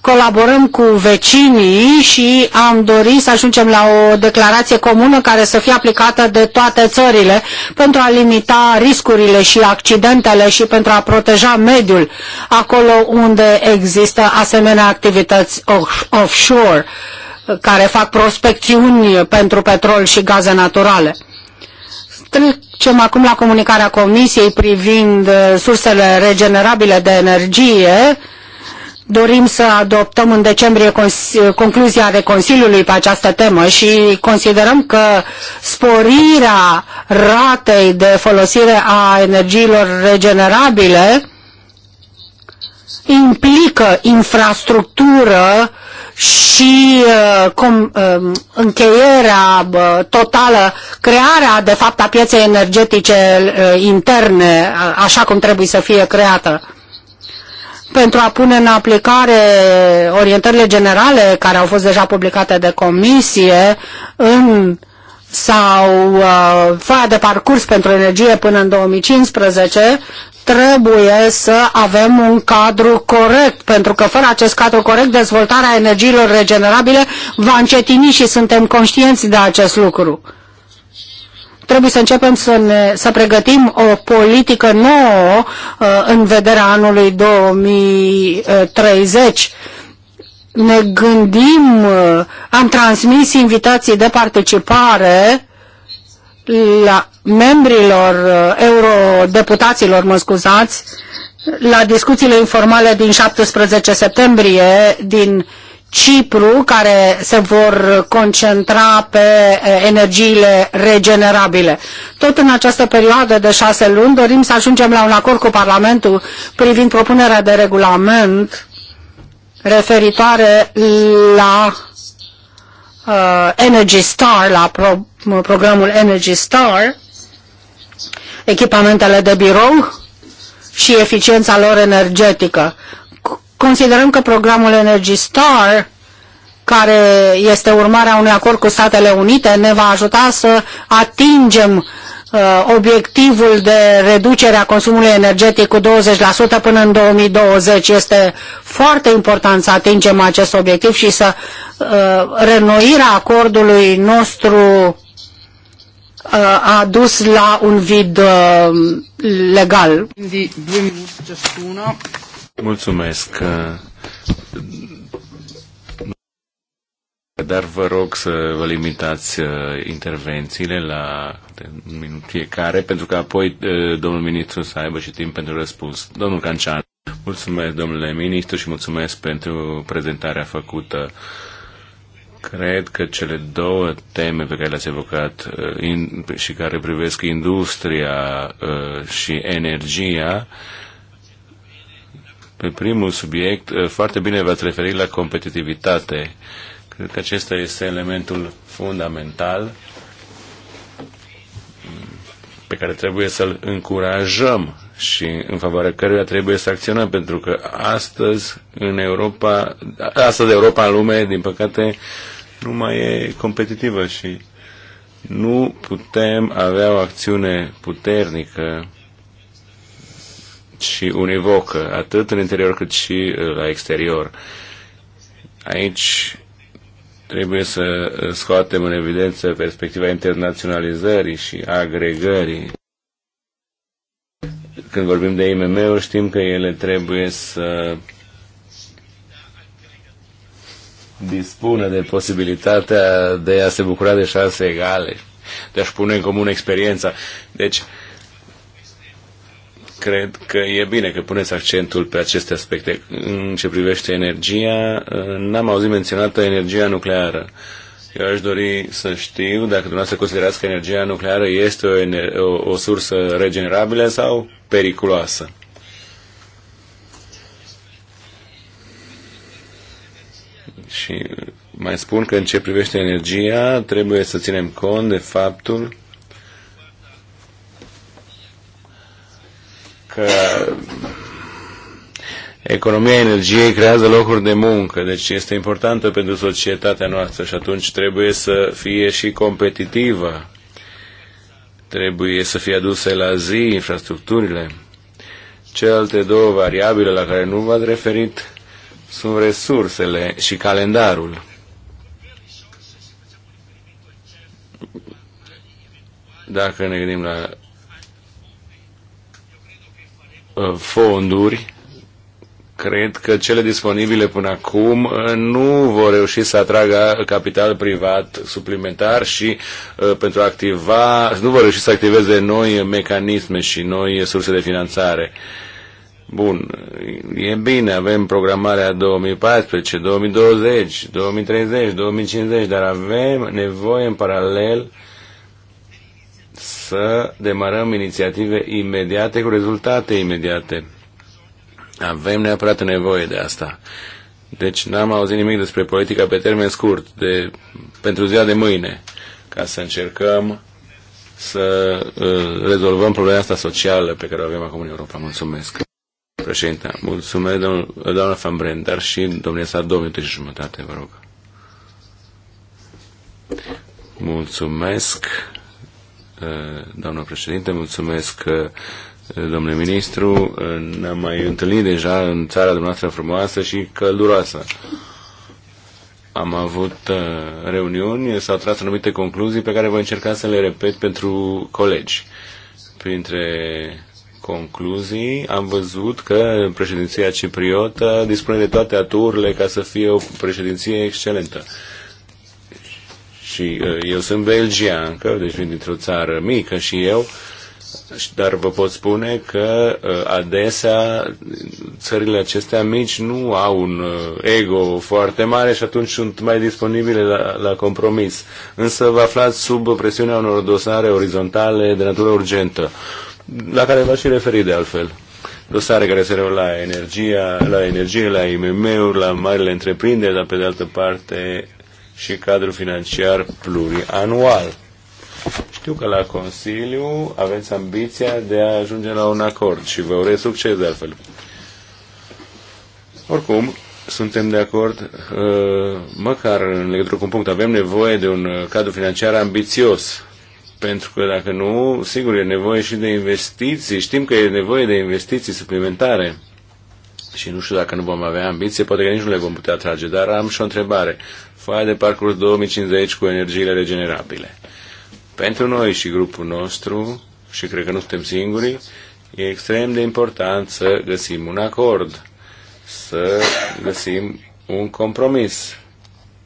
Speaker 1: colaborăm cu vecinii și am dorit să ajungem la o declarație comună care să fie aplicată de toate țările pentru a limita riscurile și accidentele și pentru a proteja mediul acolo unde există asemenea activități offshore care fac prospecțiuni pentru petrol și gaze naturale. Trecem acum la comunicarea Comisiei privind uh, sursele regenerabile de energie. Dorim să adoptăm în decembrie concluzia de Consiliului pe această temă și considerăm că sporirea ratei de folosire a energiilor regenerabile implică infrastructură și uh, um, încheierea totală, crearea de fapt a pieței energetice uh, interne, uh, așa cum trebuie să fie creată pentru a pune în aplicare orientările generale care au fost deja publicate de comisie în sau uh, foaia de parcurs pentru energie până în 2015 trebuie să avem un cadru corect, pentru că fără acest cadru corect, dezvoltarea energiilor regenerabile va încetini și suntem conștienți de acest lucru. Trebuie să începem să, ne, să pregătim o politică nouă uh, în vederea anului 2030 ne gândim, uh, am transmis invitații de participare la membrilor, uh, eurodeputaților, mă scuzați, la discuțiile informale din 17 septembrie din Cipru, care se vor concentra pe uh, energiile regenerabile. Tot în această perioadă de șase luni dorim să ajungem la un acord cu Parlamentul privind propunerea de regulament referitoare la uh, Energy Star, la pro programul Energy Star, echipamentele de birou și eficiența lor energetică. Considerăm că programul Energy Star care este urmarea unui acord cu Statele Unite, ne va ajuta să atingem uh, obiectivul de reducere a consumului energetic cu 20% până în 2020. Este foarte important să atingem acest obiectiv și să uh, renoirea acordului nostru Uh, a dus la un vid uh, legal.
Speaker 2: Mulțumesc. Dar vă rog să vă limitați uh, intervențiile la un minut fiecare, pentru că apoi domnul ministru să aibă și timp pentru răspuns. Domnul Cancean, mulțumesc domnule ministru și mulțumesc pentru prezentarea făcută. Cred că cele două teme pe care le-ați evocat uh, in, și care privesc industria uh, și energia, pe primul subiect, uh, foarte bine v-ați referit la competitivitate. Cred că acesta este elementul fundamental pe care trebuie să-l încurajăm și în favoarea căruia trebuie să acționăm, pentru că astăzi în Europa, astăzi Europa în lume, din păcate, nu mai e competitivă și nu putem avea o acțiune puternică și univocă, atât în interior cât și uh, la exterior. Aici trebuie să scoatem în evidență perspectiva internaționalizării și agregării când vorbim de IMM-uri, știm că ele trebuie să dispună de posibilitatea de a se bucura de șanse egale, de a-și pune în comun experiența. Deci, cred că e bine că puneți accentul pe aceste aspecte. În ce privește energia, n-am auzit menționată energia nucleară. Uh, eu aș dori să știu dacă dumneavoastră considerați că energia nucleară este o, o, o sursă regenerabilă sau periculoasă. Și mai spun că în ce privește energia, trebuie să ținem cont de faptul că economia energiei creează locuri de muncă, deci este importantă pentru societatea noastră și atunci trebuie să fie și competitivă. Trebuie să fie aduse la zi infrastructurile. Celelalte două variabile la care nu v-ați referit sunt resursele și calendarul. Dacă ne gândim la uh, fonduri, cred că cele disponibile până acum uh, nu vor reuși să atragă capital privat suplimentar și uh, pentru a activa, nu vor reuși să activeze noi mecanisme și noi surse de finanțare. Bun, e bine, avem programarea 2014, 2020, 2030, 2050, dar avem nevoie în paralel să demarăm inițiative imediate cu rezultate imediate avem neapărat nevoie de asta. Deci n-am auzit nimic despre politica pe termen scurt, de, pentru ziua de mâine, ca să încercăm să uh, rezolvăm problema asta socială pe care o avem acum în Europa. Mulțumesc, președinte. Mulțumesc, domnul, doamna Fambren, dar și domnule sa două minute și jumătate, vă rog. Mulțumesc, uh, doamna președinte, mulțumesc uh, domnule ministru, ne-am mai întâlnit deja în țara dumneavoastră frumoasă și călduroasă. Am avut uh, reuniuni, s-au tras anumite concluzii pe care voi încerca să le repet pentru colegi. Printre concluzii, am văzut că președinția cipriotă dispune de toate aturile ca să fie o președinție excelentă. Și uh, eu sunt belgian, deci vin dintr-o țară mică și eu dar vă pot spune că uh, adesea țările acestea mici nu au un uh, ego foarte mare și atunci sunt mai disponibile la, la compromis. Însă vă aflați sub presiunea unor dosare orizontale de natură urgentă, la care v-aș și referi de altfel. Dosare care se referă la energia, la energie, la IMM-uri, la marile întreprinderi, dar pe de altă parte și cadrul financiar plurianual știu că la Consiliu aveți ambiția de a ajunge la un acord și vă urez succes de altfel. Oricum, suntem de acord, uh, măcar în legătură cu un punct, avem nevoie de un cadru financiar ambițios, pentru că dacă nu, sigur, e nevoie și de investiții, știm că e nevoie de investiții suplimentare și nu știu dacă nu vom avea ambiție, poate că nici nu le vom putea trage, dar am și o întrebare. Foaia de parcurs 2050 cu energiile regenerabile. Pentru noi și grupul nostru, și cred că nu suntem singuri, e extrem de important să găsim un acord, să găsim un compromis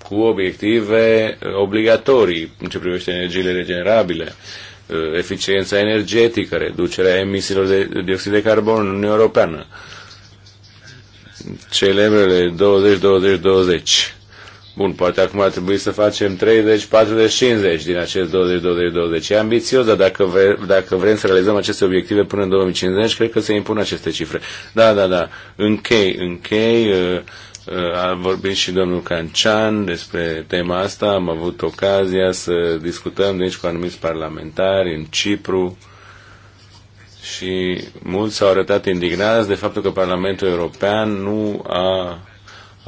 Speaker 2: cu obiective uh, obligatorii în ce privește energiile regenerabile, uh, eficiența energetică, reducerea emisiilor de dioxid de carbon în Uniunea Europeană, celebrele 20-20-20. Bun, poate acum ar trebui să facem 30, 40, 50 din acest 20, 20, 20. E ambițios, dar dacă, vre, dacă vrem să realizăm aceste obiective până în 2050, cred că se impun aceste cifre. Da, da, da. Închei, închei. Uh, uh, a vorbit și domnul Cancian despre tema asta. Am avut ocazia să discutăm deci cu anumiți parlamentari în Cipru și mulți s-au arătat indignați de faptul că Parlamentul European nu a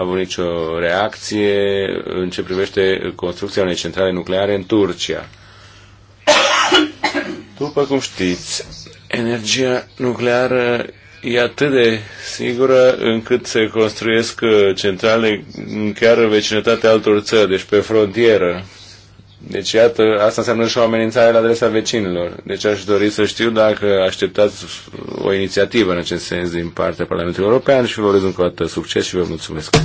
Speaker 2: avut nicio reacție în ce privește construcția unei centrale nucleare în Turcia. După cum știți, energia nucleară e atât de sigură încât se construiesc uh, centrale chiar în vecinătatea altor țări, deci pe frontieră. Deci, iată, asta înseamnă și o amenințare la adresa vecinilor. Deci aș dori să știu dacă așteptați o inițiativă în acest sens din partea Parlamentului European și vă urez încă o dată succes și vă mulțumesc.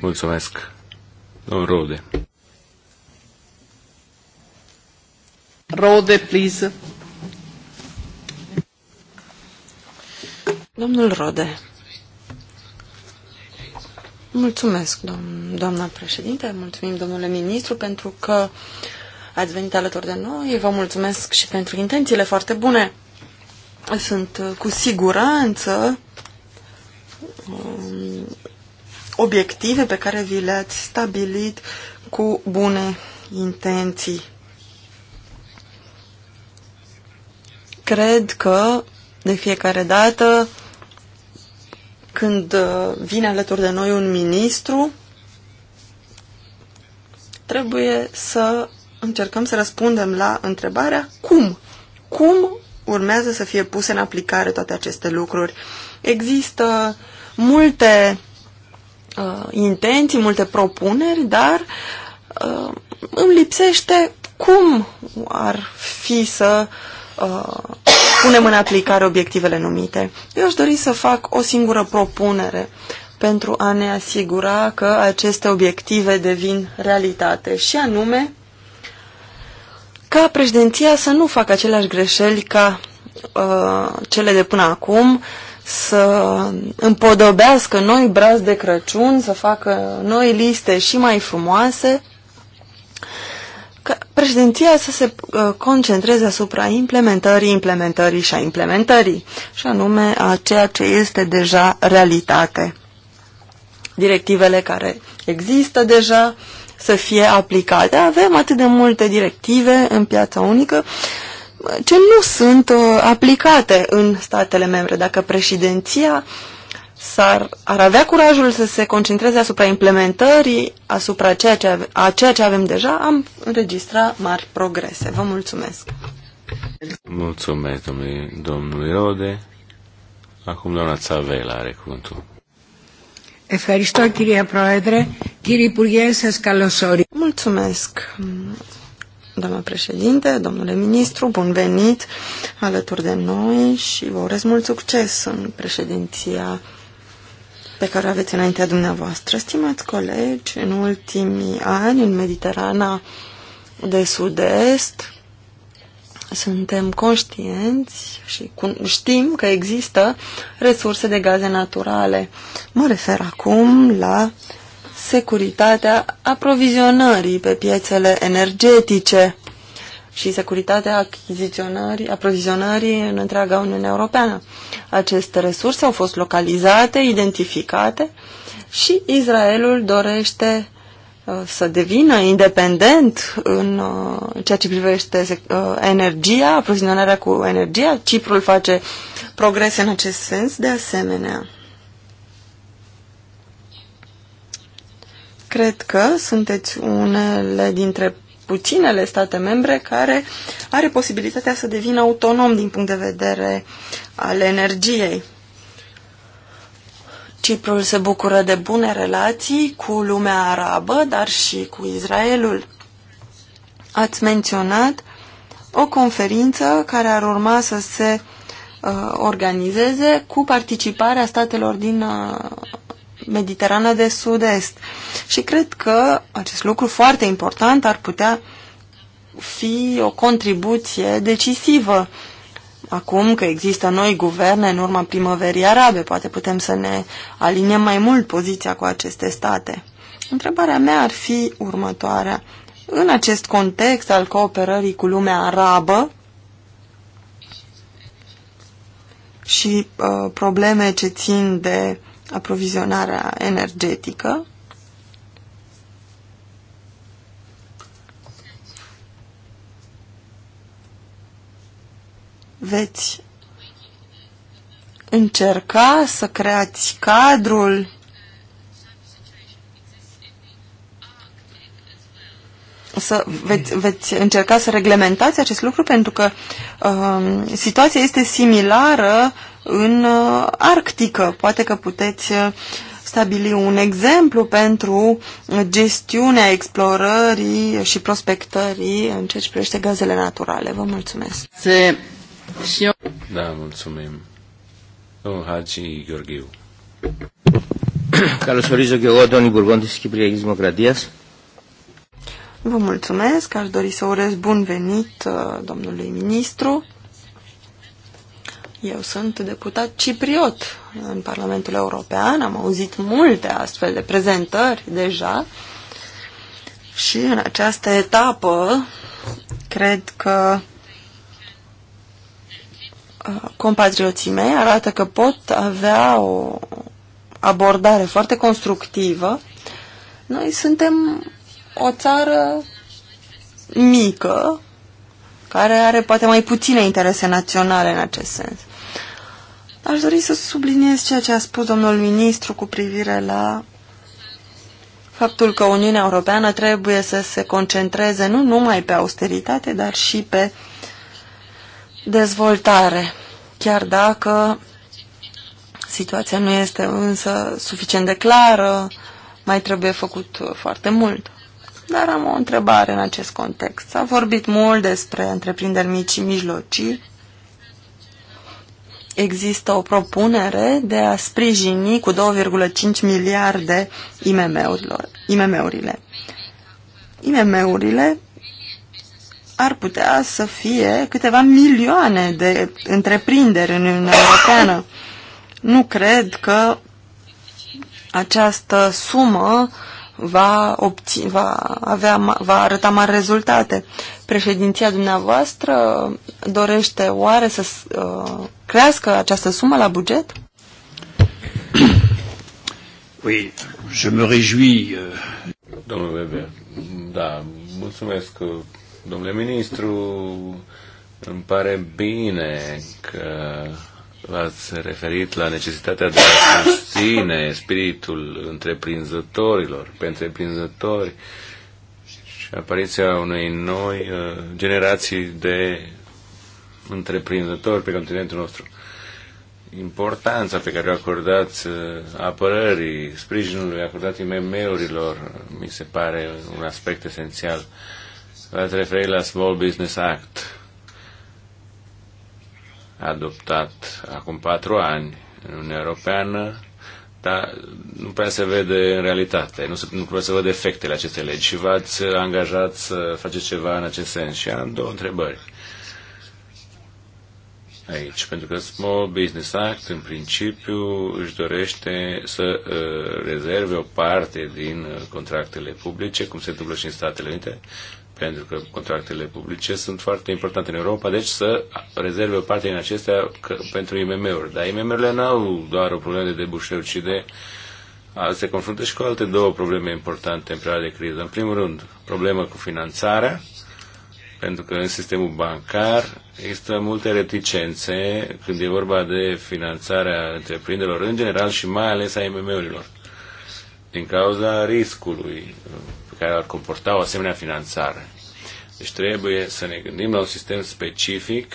Speaker 2: Mulțumesc. Domnul Rode.
Speaker 1: Rode, please.
Speaker 3: Domnul Rode. Mulțumesc, dom doamna președinte, mulțumim domnule ministru pentru că ați venit alături de noi. Vă mulțumesc și pentru intențiile foarte bune. Sunt uh, cu siguranță um, obiective pe care vi le-ați stabilit cu bune intenții. Cred că de fiecare dată când uh, vine alături de noi un ministru, trebuie să încercăm să răspundem la întrebarea cum? Cum urmează să fie puse în aplicare toate aceste lucruri? Există multe uh, intenții, multe propuneri, dar uh, îmi lipsește cum ar fi să uh, punem în aplicare obiectivele numite. Eu aș dori să fac o singură propunere pentru a ne asigura că aceste obiective devin realitate și anume ca președinția să nu facă aceleași greșeli ca uh, cele de până acum, să împodobească noi brazi de Crăciun, să facă noi liste și mai frumoase ca președinția să se uh, concentreze asupra implementării, implementării și a implementării, și anume a ceea ce este deja realitate. Directivele care există deja să fie aplicate. Avem atât de multe directive în piața unică uh, ce nu sunt uh, aplicate în statele membre. Dacă președinția uh, s-ar, ar avea curajul să se concentreze asupra implementării, asupra ceea ce, a ceea ce avem deja, am înregistrat mari progrese. Vă mulțumesc!
Speaker 2: Mulțumesc, domnului, domnului Rode. Acum doamna Țavela are cuvântul.
Speaker 1: Ευχαριστώ κυρία Πρόεδρε. Κύριε Υπουργέ, σας
Speaker 3: καλωσορίζω. Mulțumesc, doamna președinte, domnule ministru, bun venit alături de noi și vă urez mult succes în președinția pe care o aveți înaintea dumneavoastră. Stimați colegi, în ultimii ani, în Mediterana de Sud-Est, suntem conștienți și știm că există resurse de gaze naturale. Mă refer acum la securitatea aprovizionării pe piețele energetice și securitatea achiziționării, aprovizionării în întreaga Uniune Europeană. Aceste resurse au fost localizate, identificate și Israelul dorește uh, să devină independent în uh, ceea ce privește uh, energia, aprovizionarea cu energia. Ciprul face progrese în acest sens de asemenea. Cred că sunteți unele dintre puținele state membre care are posibilitatea să devină autonom din punct de vedere al energiei. Ciprul se bucură de bune relații cu lumea arabă, dar și cu Israelul. Ați menționat o conferință care ar urma să se uh, organizeze cu participarea statelor din uh, Mediterana de Sud-Est. Și cred că acest lucru foarte important ar putea fi o contribuție decisivă. Acum că există noi guverne în urma primăverii arabe, poate putem să ne aliniem mai mult poziția cu aceste state. Întrebarea mea ar fi următoarea. În acest context al cooperării cu lumea arabă și uh, probleme ce țin de uh, aprovizionarea energetică. Veți încerca să creați cadrul să veți, veți încerca să reglementați acest lucru pentru că uh, situația este similară în uh, Arctică. Poate că puteți uh, stabili un exemplu pentru gestiunea explorării și prospectării în ceea ce privește gazele naturale. Vă mulțumesc! Se... Și eu...
Speaker 2: Da, mulțumim. Domnul Hagi Gheorghiu.
Speaker 1: Carlos Orizo Gheorghiu, Doni Υπουργό της Κυπριακής
Speaker 3: Vă mulțumesc, aș dori să urez bun venit uh, domnului ministru. Eu sunt deputat cipriot în Parlamentul European, am auzit multe astfel de prezentări deja și în această etapă cred că uh, compatrioții mei arată că pot avea o abordare foarte constructivă. Noi suntem o țară mică, care are poate mai puține interese naționale în acest sens. Aș dori să subliniez ceea ce a spus domnul ministru cu privire la faptul că Uniunea Europeană trebuie să se concentreze nu numai pe austeritate, dar și pe dezvoltare, chiar dacă situația nu este însă suficient de clară, mai trebuie făcut foarte mult. Dar am o întrebare în acest context. S-a vorbit mult despre întreprinderi mici și mijlocii, există o propunere de a sprijini cu 2,5 miliarde IMM-urilor, IMM-urile. IMM-urile ar putea să fie câteva milioane de întreprinderi în Uniunea Europeană. Nu cred că această sumă va, obține, va, avea, va arăta mari rezultate. Președinția dumneavoastră dorește oare să uh, crească această sumă la buget?
Speaker 1: Oui, je me réjouis. Euh. Domnule Weber,
Speaker 2: da, mulțumesc, uh, domnule ministru. Îmi pare bine că v-ați referit la necesitatea de a susține spiritul întreprinzătorilor, pe întreprinzători și apariția unei noi uh, generații de întreprinzători pe continentul nostru. Importanța pe care o acordați uh, apărării, sprijinului acordat IMM-urilor, mi se pare un aspect esențial. V-ați referit la Small Business Act adoptat acum patru ani în Uniunea Europeană, dar nu prea se vede în realitate, nu, se, nu prea se văd efectele acestei legi și v-ați angajat să faceți ceva în acest sens. Și am două întrebări aici, pentru că Small Business Act în principiu își dorește să uh, rezerve o parte din uh, contractele publice, cum se întâmplă și în Statele Unite, pentru că contractele publice sunt foarte importante în Europa, deci să rezerve o parte din acestea pentru IMM-uri. Dar IMM-urile nu au doar o problemă de debușeuri, ci de se confruntă și cu alte două probleme importante în perioada de criză. În primul rând, problema cu finanțarea, pentru că în sistemul bancar există multe reticențe când e vorba de finanțarea întreprinderilor în general și mai ales a IMM-urilor din cauza riscului care ar comporta o asemenea finanțare. Deci trebuie să ne gândim la un sistem specific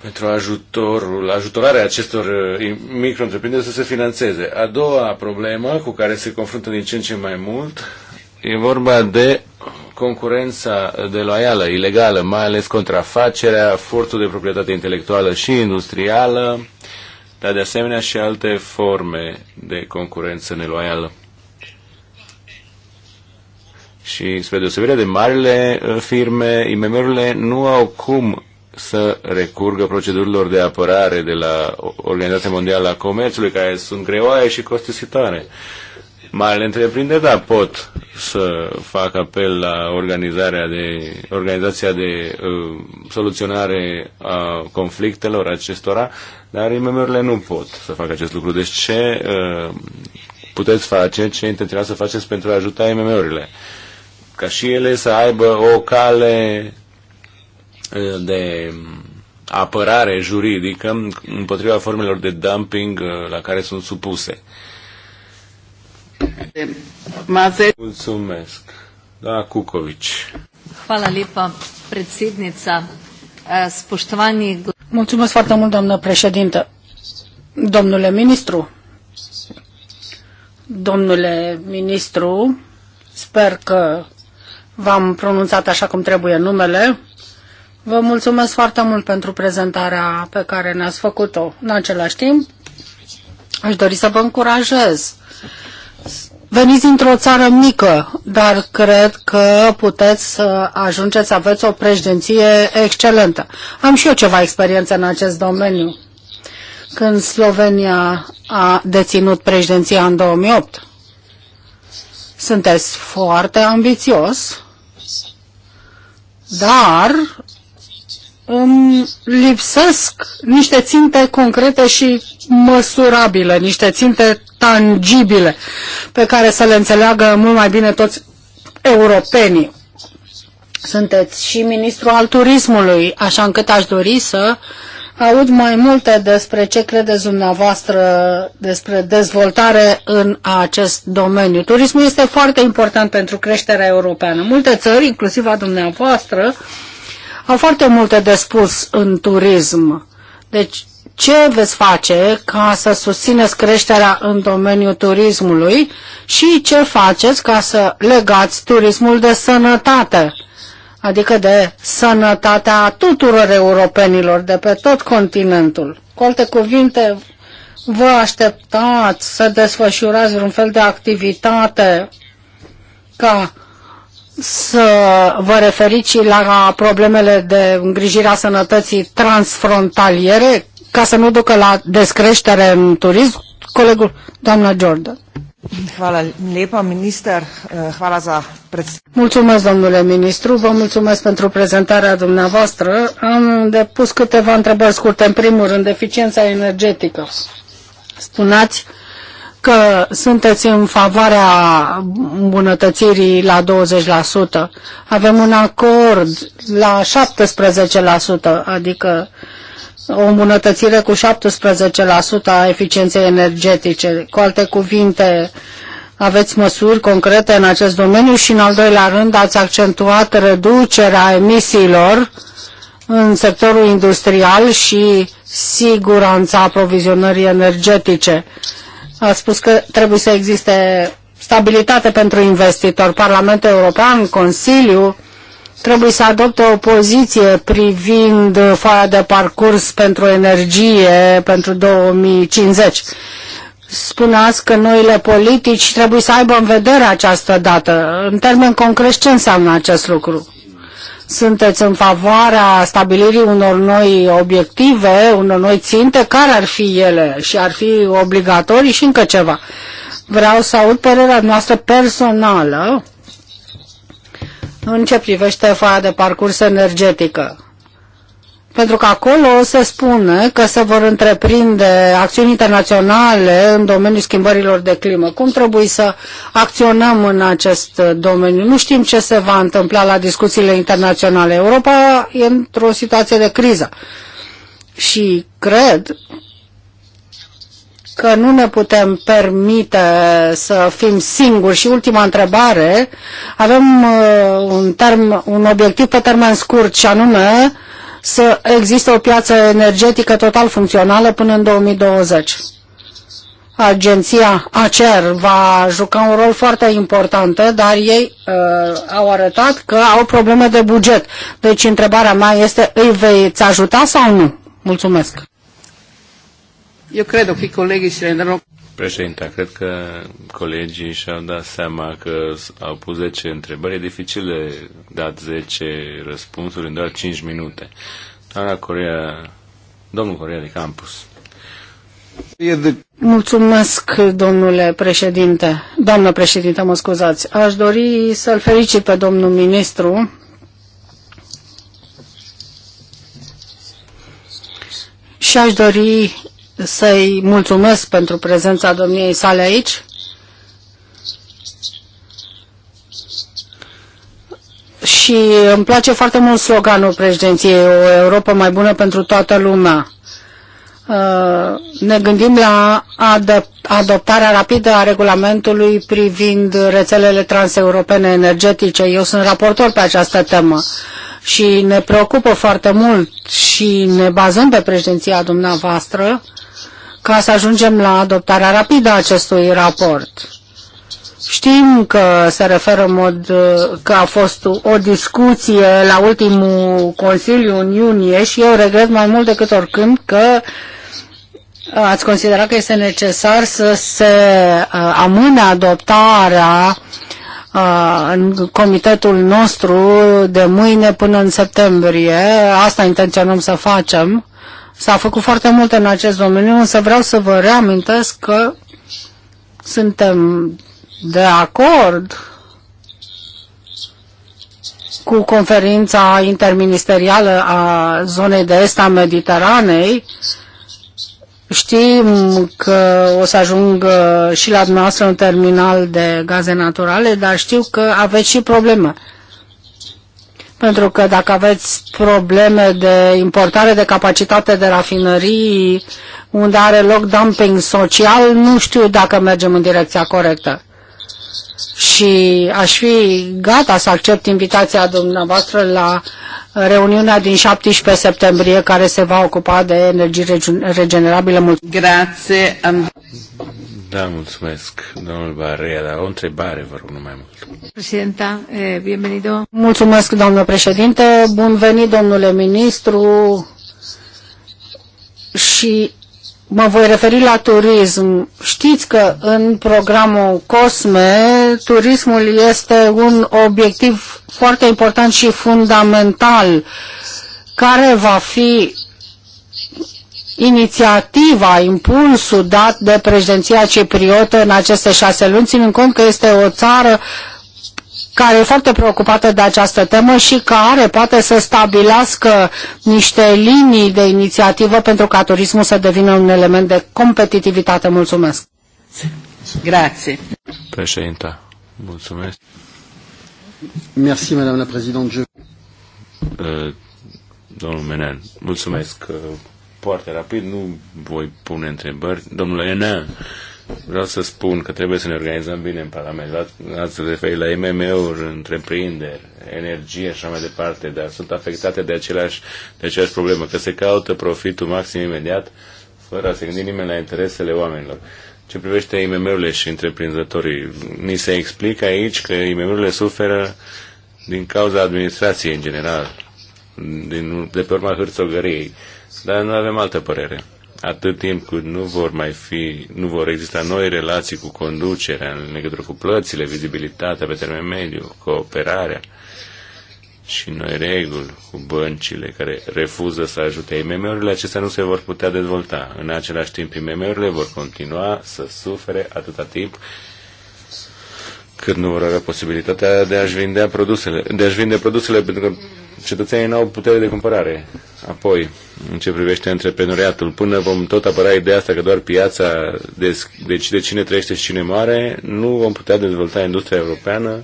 Speaker 2: pentru ajutorul, ajutorarea acestor eh, micro să se financeze. A doua problemă cu care se confruntă din ce în ce mai mult e vorba de concurența loială, ilegală, mai ales contrafacerea, furtul de proprietate intelectuală și industrială, dar de asemenea și alte forme de concurență neloială. Și spre deosebire de marile uh, firme, IMM-urile nu au cum să recurgă procedurilor de apărare de la Organizația Mondială a Comerțului, care sunt greoaie și costisitoare. Marile întreprinderi, da, pot să facă apel la organizarea de, organizația de uh, soluționare a conflictelor acestora, dar IMM-urile nu pot să facă acest lucru. Deci ce uh, puteți face, ce intenționați să faceți pentru a ajuta IMM-urile? Uh, ca și ele să aibă o cale de apărare juridică împotriva formelor de dumping la care sunt supuse. Mulțumesc. Da, Cucovici.
Speaker 1: Hvala lipa, predsednica. Spoštovani... Mulțumesc foarte mult, doamnă președintă. Domnule ministru, domnule ministru, sper că v-am pronunțat așa cum trebuie numele. Vă mulțumesc foarte mult pentru prezentarea pe care ne-ați făcut-o. În același timp, aș dori să vă încurajez. Veniți dintr-o țară mică, dar cred că puteți să ajungeți să aveți o președinție excelentă. Am și eu ceva experiență în acest domeniu, când Slovenia a deținut președinția în 2008. Sunteți foarte ambițios dar îmi lipsesc niște ținte concrete și măsurabile, niște ținte tangibile pe care să le înțeleagă mult mai bine toți europenii. Sunteți și ministru al turismului, așa încât aș dori să uh, aud mai multe despre ce credeți dumneavoastră despre dezvoltare în acest domeniu. Turismul este foarte important pentru creșterea europeană. Multe țări, inclusiv a dumneavoastră, au foarte multe de spus în turism. Deci, ce veți face ca să susțineți creșterea în domeniul turismului și ce faceți ca să legați turismul de sănătate? adică de sănătatea tuturor europenilor de pe tot continentul. Cu alte cuvinte, vă așteptați să desfășurați un fel de activitate ca să vă referiți și la problemele de îngrijire a sănătății transfrontaliere, ca să nu ducă la descreștere în turism, colegul, doamna Jordan.
Speaker 3: Eh,
Speaker 1: mulțumesc, domnule ministru, vă mulțumesc pentru prezentarea dumneavoastră. Am depus câteva întrebări scurte. În primul rând, eficiența energetică. Spuneați că sunteți în favoarea îmbunătățirii la 20%. Avem un acord la 17%, adică o îmbunătățire cu 17% a eficienței energetice. Cu alte cuvinte, aveți măsuri concrete în acest domeniu și, în al doilea rând, ați accentuat reducerea emisiilor în sectorul industrial și siguranța aprovizionării energetice. A spus că trebuie să existe stabilitate pentru investitori. Parlamentul European, Consiliu, trebuie să adopte o poziție privind foaia de parcurs pentru energie pentru 2050. Spuneați că noile politici trebuie să aibă în vedere această dată. În termen concret, ce înseamnă acest lucru? Sunteți în favoarea stabilirii unor noi obiective, unor noi ținte? Care ar fi ele? Și ar fi obligatorii și încă ceva. Vreau să aud părerea noastră personală în ce privește foaia de parcurs energetică. Pentru că acolo se spune că se vor întreprinde acțiuni internaționale în domeniul schimbărilor de climă. Cum trebuie să acționăm în acest domeniu? Nu știm ce se va întâmpla la discuțiile internaționale. Europa e într-o situație de criză. Și cred că nu ne putem permite să fim singuri. Și ultima întrebare, avem uh, un, term, un obiectiv pe termen scurt și anume să existe o piață energetică total funcțională până în 2020. Agenția ACER va juca un rol foarte important, dar ei uh, au arătat că au probleme de buget. Deci întrebarea mea este, îi veți ajuta sau nu? Mulțumesc!
Speaker 2: Eu cred că colegii se Președinte, cred că colegii și-au dat seama că au pus 10 întrebări. E dificil de dat 10 răspunsuri în doar 5 minute. Doamna Corea, domnul Corea adică de Campus.
Speaker 1: Mulțumesc, domnule președinte. Doamnă președinte, mă scuzați. Aș dori să-l felicit pe domnul ministru și aș dori să-i mulțumesc pentru prezența domniei sale aici. Și îmi place foarte mult sloganul președinției, o Europa mai bună pentru toată lumea. Uh, ne gândim la adoptarea rapidă a regulamentului privind rețelele transeuropene energetice. Eu sunt raportor pe această temă și ne preocupă foarte mult și ne bazăm pe președinția dumneavoastră uh, ca să ajungem la adoptarea rapidă a acestui raport. Știm că se referă în mod că a fost o discuție la ultimul Consiliu în iunie și eu regret mai mult decât oricând că ați considerat că este necesar să se uh, amâne adoptarea uh, în comitetul nostru de mâine până în septembrie. Asta intenționăm să facem S-a făcut foarte mult în acest domeniu, însă vreau să vă reamintesc că suntem de acord cu conferința interministerială a zonei de est a Mediteranei. Știm că o să ajung și la dumneavoastră un terminal de gaze naturale, dar știu că aveți și probleme pentru că dacă aveți probleme de importare de capacitate de rafinării, unde are loc dumping social, nu știu dacă mergem în direcția corectă. Și aș fi gata să accept invitația dumneavoastră la reuniunea din 17 septembrie care se va ocupa de energii regenerabile. Mulțumesc.
Speaker 2: Da, mulțumesc, domnul Barea, dar o întrebare, vă rog, nu mai mult.
Speaker 1: Președinta, eh, bienvenido. Mulțumesc, doamnă președinte, bun venit, domnule ministru, și mă voi referi la turism. Știți că în programul COSME turismul este un obiectiv foarte important și fundamental care va fi inițiativa, impulsul dat de președinția cipriotă în aceste șase luni, ținând cont că este o țară care e foarte preocupată de această temă și care poate să stabilească niște linii de inițiativă pentru ca turismul să devină un element de competitivitate. Mulțumesc! Grazie!
Speaker 2: Președinte, mulțumesc!
Speaker 1: Merci, Madame la Présidente.
Speaker 2: Eh, domnul Menen, mulțumesc eh, foarte rapid, nu voi pune întrebări. Domnule Enea, vreau să spun că trebuie să ne organizăm bine în Parlament. Ați referit la IMM-uri, întreprinderi, energie și așa mai departe, dar sunt afectate de aceleași, de aceeași problemă, că se caută profitul maxim imediat, fără a se gândi nimeni la interesele oamenilor. Ce privește IMM-urile și întreprinzătorii, ni se explică aici că IMM-urile suferă din cauza administrației în general, din, de pe urma hârțogăriei. Uh, dar nu avem altă părere. Atât timp cât nu vor mai fi, nu vor exista noi relații cu conducerea în legătură cu plățile, vizibilitatea pe termen mediu, cooperarea și noi reguli cu băncile care refuză să ajute IMM-urile, acestea nu se vor putea dezvolta. În același timp, IMM-urile vor continua să sufere atâta timp cât nu vor avea posibilitatea de a-și vinde produsele, de a-și vinde produsele, pentru că cetățenii nu au putere de cumpărare. Apoi, în ce privește antreprenoriatul, până vom tot apăra ideea asta că doar piața decide cine trăiește și cine moare, nu vom putea dezvolta industria europeană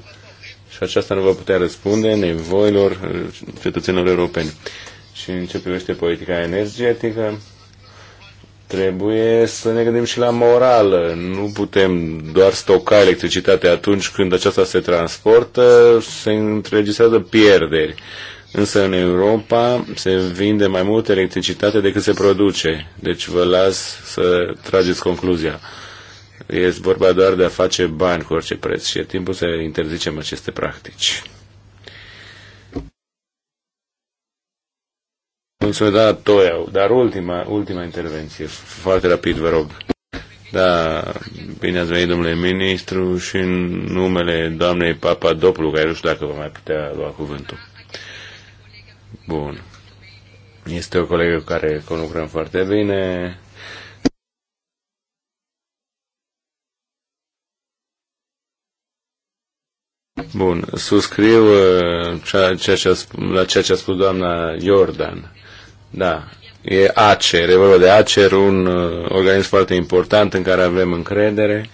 Speaker 2: și aceasta nu va putea răspunde nevoilor uh, cetățenilor europeni. Și în ce privește politica energetică, trebuie să ne gândim și la morală. Nu putem doar stoca electricitatea atunci când aceasta se transportă, se înregistrează pierderi. Însă în Europa se vinde mai multă electricitate decât se produce. Deci vă las să trageți concluzia. Este vorba doar de a face bani cu orice preț și e timpul să interzicem aceste practici. Mulțumesc, da, Toiau. Dar ultima, ultima intervenție, foarte rapid, vă rog. Da, bine ați venit, domnule ministru, și în numele doamnei Doplu, care nu știu dacă vă mai putea lua cuvântul. Bun. Este o colegă cu care conlucrăm foarte bine. Bun, suscriu uh, cea ceea ce a spus, la ceea ce a spus doamna Jordan. Da, e ACER, e vorba de ACER, un uh, organism foarte important în care avem încredere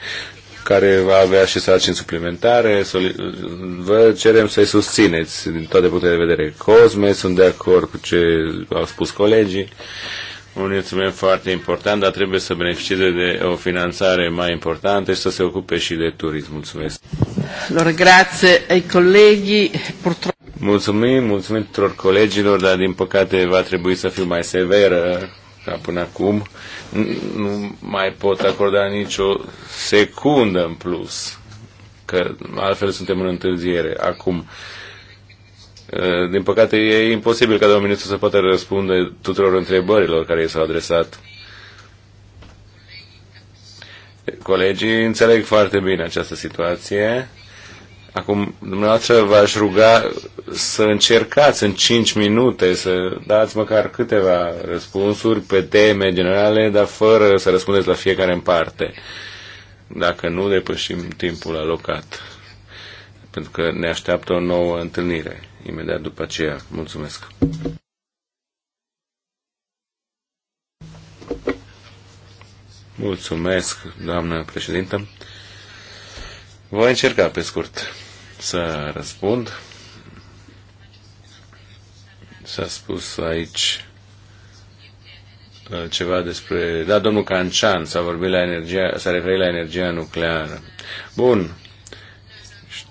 Speaker 2: care va avea și sarcini suplimentare. Vă cerem să-i susțineți din toate punctele de vedere. Cosme, sunt de acord cu ce au spus colegii. Un instrument foarte important, dar trebuie să beneficieze de o finanțare mai importantă și să se ocupe și de turism. Mulțumesc.
Speaker 3: Lor grație ai colegi. Purtroppo...
Speaker 2: Mulțumim, mulțumim tuturor colegilor, dar din păcate va trebui să fiu mai severă ca până acum, nu mai pot acorda nicio secundă în plus, că altfel suntem în întârziere. Acum, din păcate, e imposibil ca domnul ministru să poată răspunde tuturor întrebărilor care i s-au adresat. Colegii înțeleg foarte bine această situație Acum, dumneavoastră, v-aș ruga să încercați în 5 minute să dați măcar câteva răspunsuri pe teme generale, dar fără să răspundeți la fiecare în parte. Dacă nu, depășim timpul alocat. Pentru că ne așteaptă o nouă întâlnire imediat după aceea. Mulțumesc! Mulțumesc, doamnă președintă. Voi încerca pe scurt să răspund. S-a spus aici uh, ceva despre... Da, domnul Cancian s-a vorbit la energia, s-a referit la energia nucleară. Bun,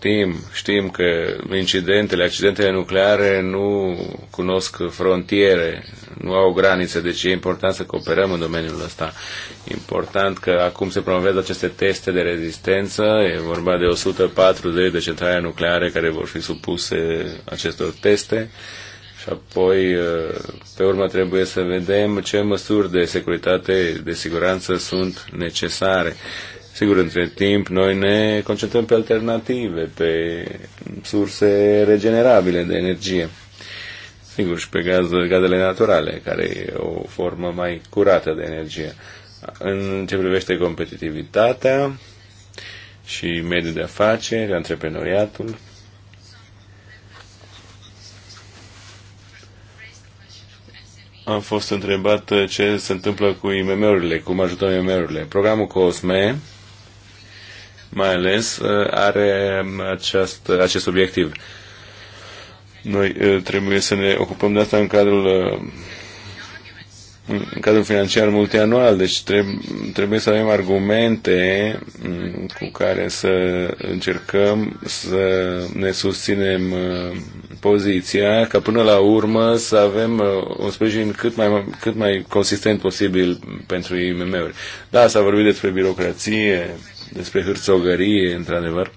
Speaker 2: știm, știm că incidentele, accidentele nucleare nu cunosc frontiere, nu au granițe, deci e important să cooperăm în domeniul ăsta. Important că acum se promovează aceste teste de rezistență, e vorba de 140 de centrale nucleare care vor fi supuse acestor teste. Și apoi, pe urmă, trebuie să vedem ce măsuri de securitate, de siguranță sunt necesare. Sigur, între timp, noi ne concentrăm pe alternative, pe surse regenerabile de energie. Sigur, și pe gaz, gazele naturale, care e o formă mai curată de energie. În ce privește competitivitatea și mediul de afaceri, antreprenoriatul, am fost întrebat ce se întâmplă cu IMM-urile, cum ajutăm IMM-urile. Programul COSME mai ales, uh, are um, acest acest obiectiv. Noi uh, trebuie să ne ocupăm de asta în cadrul uh, în cadrul financiar multianual, deci trebuie, trebuie să avem argumente mm, cu care să încercăm să ne susținem poziția, ca până la urmă să avem un sprijin cât mai, cât mai consistent posibil pentru IMM-uri. Da, s-a vorbit despre birocrație, despre hârțogărie, într-adevăr.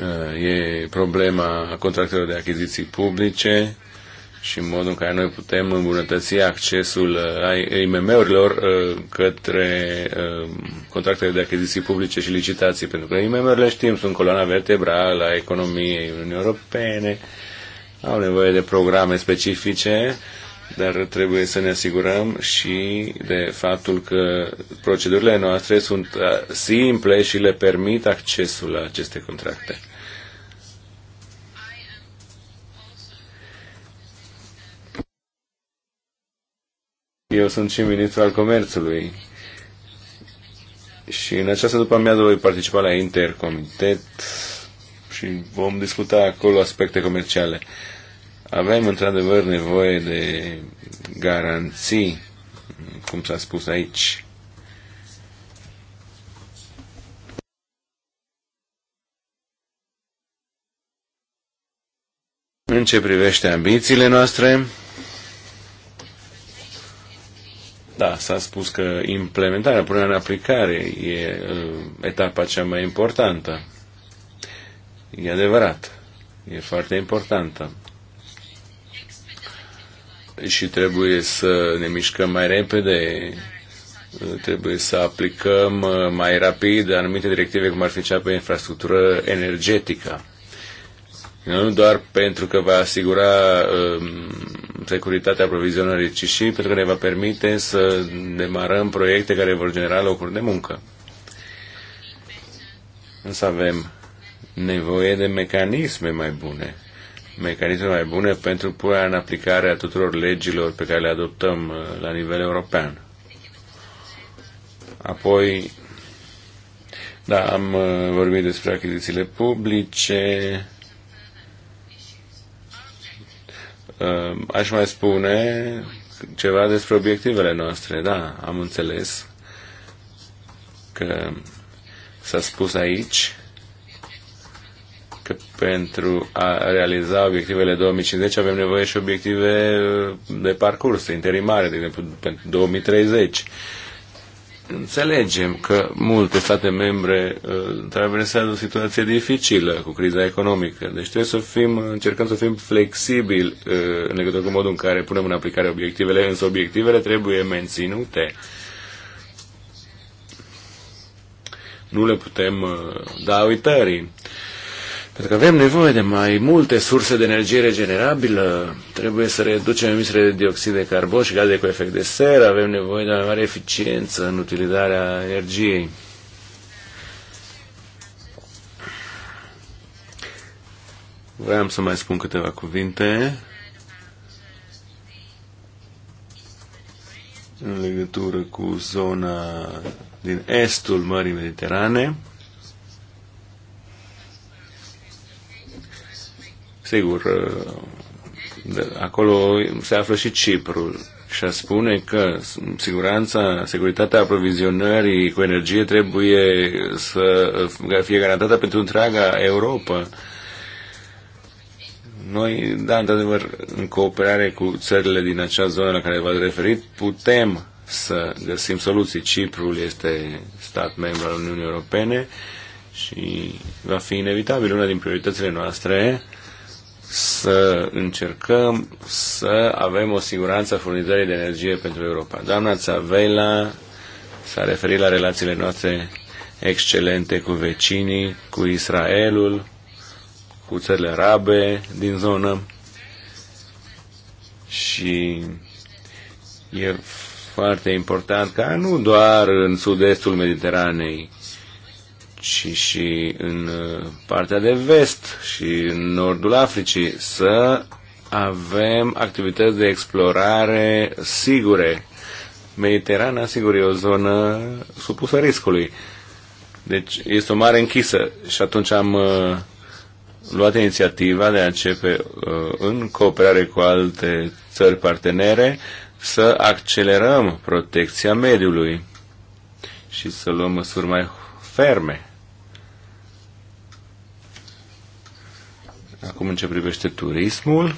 Speaker 2: Uh, e problema contractelor de achiziții publice și modul în care noi putem îmbunătăți accesul uh, IMM-urilor uh, către contractele de achiziții publice și licitații, pentru că IMM-urile știm, sunt coloana vertebrală a economiei Uniunii Europene, au nevoie de programe specifice dar trebuie să ne asigurăm și de faptul că procedurile noastre sunt uh, simple și le permit accesul la aceste contracte. Eu sunt și ministru al comerțului și în această după amiază voi participa la intercomitet și vom discuta acolo aspecte comerciale. Avem într-adevăr nevoie de garanții, cum s-a spus aici, În ce privește ambițiile noastre, da, s-a spus că implementarea, punerea în aplicare e uh, etapa cea mai importantă. E adevărat, e foarte importantă și trebuie să ne mișcăm mai repede, trebuie să aplicăm uh, mai rapid anumite directive, cum ar fi cea pe infrastructură energetică. Nu doar pentru că va asigura um, securitatea aprovizionării, ci și pentru că ne va permite să demarăm proiecte care vor genera locuri de muncă. Însă avem nevoie de mecanisme mai bune mecanisme mai bune pentru punerea în aplicare a tuturor legilor pe care le adoptăm uh, la nivel european. Apoi, da, am uh, vorbit despre achizițiile publice. Uh, aș mai spune ceva despre obiectivele noastre. Da, am înțeles că s-a spus aici că pentru a realiza obiectivele 2050 avem nevoie și obiective uh, de parcurs, interimare, de exemplu, pentru 2030. Înțelegem că multe state membre uh, traversează o situație dificilă cu criza economică, deci trebuie să fim, încercăm să fim flexibili uh, în legătură cu modul în care punem în aplicare obiectivele, însă obiectivele trebuie menținute. Nu le putem da uitării. Pentru că avem nevoie de mai multe surse de energie regenerabilă, trebuie să reducem emisiile de dioxid de carbon și gaze cu efect de seră, avem nevoie de mai mare eficiență în utilizarea energiei. Vreau să mai spun câteva cuvinte în legătură cu zona din estul Mării Mediterane. Sigur, uh, acolo se află și Ciprul și a spune că siguranța, securitatea aprovizionării cu energie trebuie să fie garantată pentru întreaga Europa. Noi, da, într-adevăr, în cooperare cu țările din acea zonă la care v-ați referit, putem să găsim soluții. Ciprul este stat membru al Uniunii Europene și va fi inevitabil una din prioritățile noastre să încercăm să avem o siguranță a furnizării de energie pentru Europa. Doamna Țavela s-a referit la relațiile noastre excelente cu vecinii, cu Israelul, cu țările arabe din zonă și e foarte important ca nu doar în sud-estul Mediteranei, ci și în uh, partea de vest și în nordul Africii să avem activități de explorare sigure. Mediterana, sigur, e o zonă supusă riscului. Deci este o mare închisă și atunci am uh, luat inițiativa de a începe uh, în cooperare cu alte țări partenere să accelerăm protecția mediului și să luăm măsuri mai ferme Acum în ce privește turismul,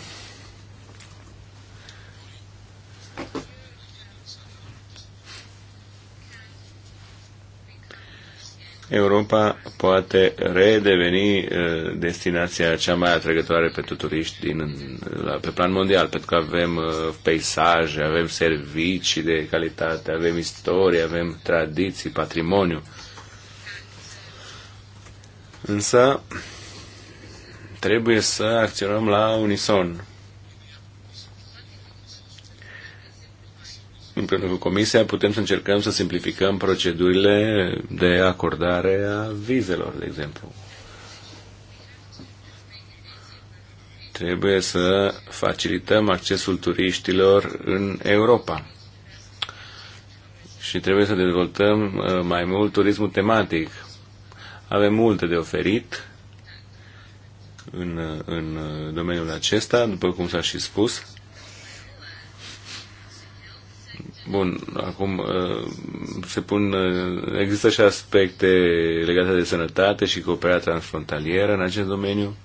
Speaker 2: Europa poate redeveni uh, destinația cea mai atrăgătoare pentru turiști din, la, pe plan mondial, pentru că avem uh, peisaje, avem servicii de calitate, avem istorie, avem tradiții, patrimoniu. Însă, trebuie să acționăm la unison. Împreună cu Comisia putem să încercăm să simplificăm procedurile de acordare a vizelor, de exemplu. Trebuie să facilităm accesul turiștilor în Europa și trebuie să dezvoltăm uh, mai mult turismul tematic. Avem multe de oferit în, în domeniul acesta, după cum s-a și spus. Bun, acum uh, se pun, uh, există și aspecte legate de sănătate și cooperarea transfrontalieră în acest domeniu.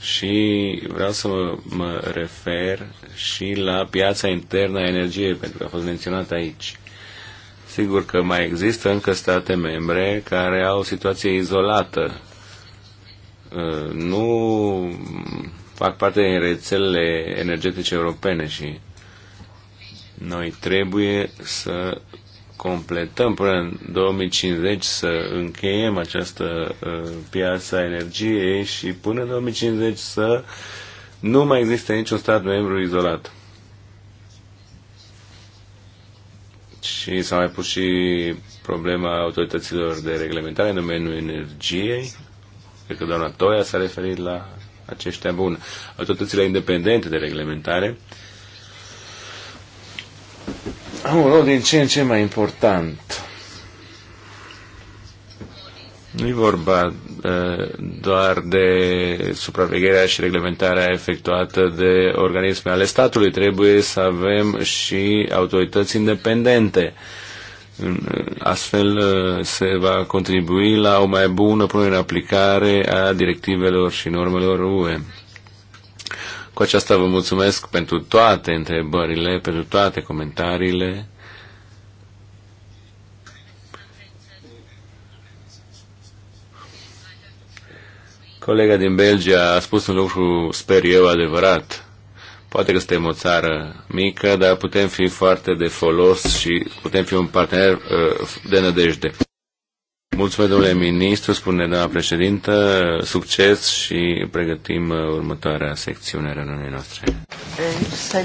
Speaker 2: și vreau să mă, mă refer și la piața internă a energiei, pentru că a fost menționată aici. Sigur că mai există încă state membre care au o situație izolată. Uh, nu fac parte din rețelele energetice europene și noi trebuie să completăm până în 2050 să încheiem această uh, piață a energiei și până în 2050 să nu mai există niciun stat membru izolat. și s-a mai pus și problema autorităților de reglementare în domeniul energiei. Cred că doamna Toia s-a referit la aceștia. Bun. Autoritățile independente de reglementare au un rol din ce în ce mai important nu e vorba uh, doar de supravegherea și reglementarea efectuată de organisme ale statului. Trebuie să avem și autorități independente. Uh, astfel uh, se va contribui la o mai bună punere în aplicare a directivelor și normelor UE. Cu aceasta vă mulțumesc pentru toate întrebările, pentru toate comentariile Colega din Belgia a spus un lucru, sper eu, adevărat. Poate că suntem o țară mică, dar putem fi foarte de folos și putem fi un partener uh, de nădejde. Mulțumesc, domnule ministru, spune doamna președintă, succes și pregătim uh, următoarea secțiune a reuniunii noastre.
Speaker 3: Eh,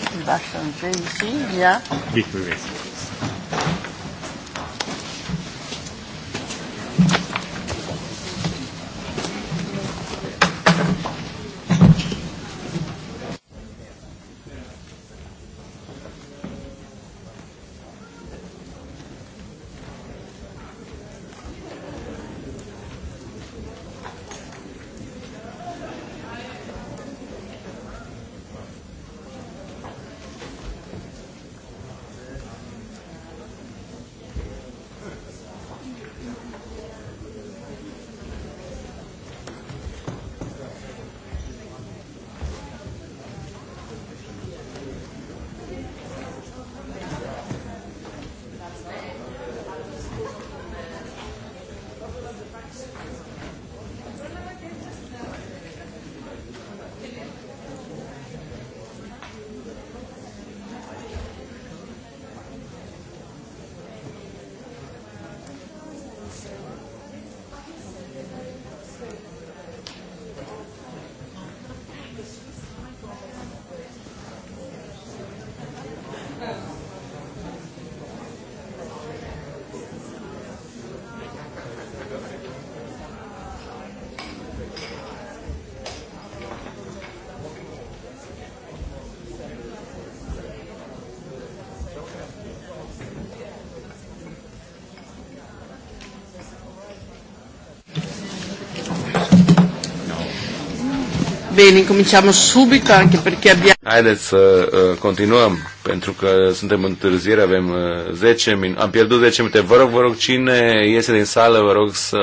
Speaker 3: bene, cominciamo subito anche perché abbiamo...
Speaker 2: Haideți să uh, continuăm, pentru că suntem în târziere, avem uh, 10 minute, am pierdut 10 minute. Vă rog, vă rog, cine iese din sală, vă rog să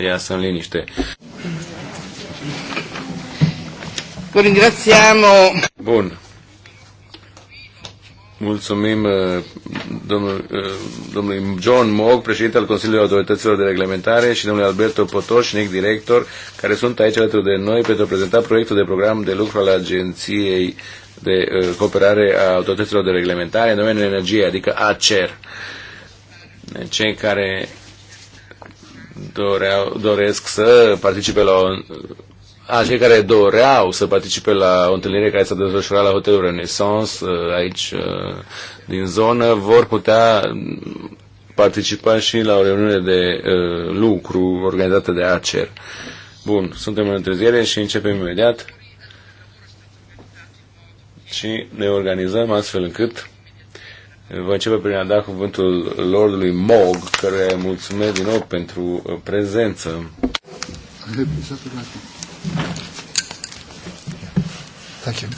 Speaker 2: iasă în liniște.
Speaker 3: Vă ringrațiamo.
Speaker 2: Bun. Mulțumim uh, domnul, uh, domnului John Mog, președinte al Consiliului Autorităților de Reglementare și domnului Alberto Potoșnic, director, care sunt aici alături de noi pentru a prezenta proiectul de program de lucru al Agenției de uh, Cooperare a Autorităților de Reglementare în domeniul energiei, adică ACER. Cei care doreau, doresc să participe la o a, ah, cei care doreau să participe la o întâlnire care s-a desfășurat la Hotelul Renaissance, uh, aici uh, din zonă, vor putea participa și la o reuniune de uh, lucru organizată de ACER. Bun, suntem în întârziere și începem imediat și ne organizăm astfel încât Vă începe prin a da cuvântul Lordului Mog, care mulțumesc din nou pentru prezență.
Speaker 1: Thank you.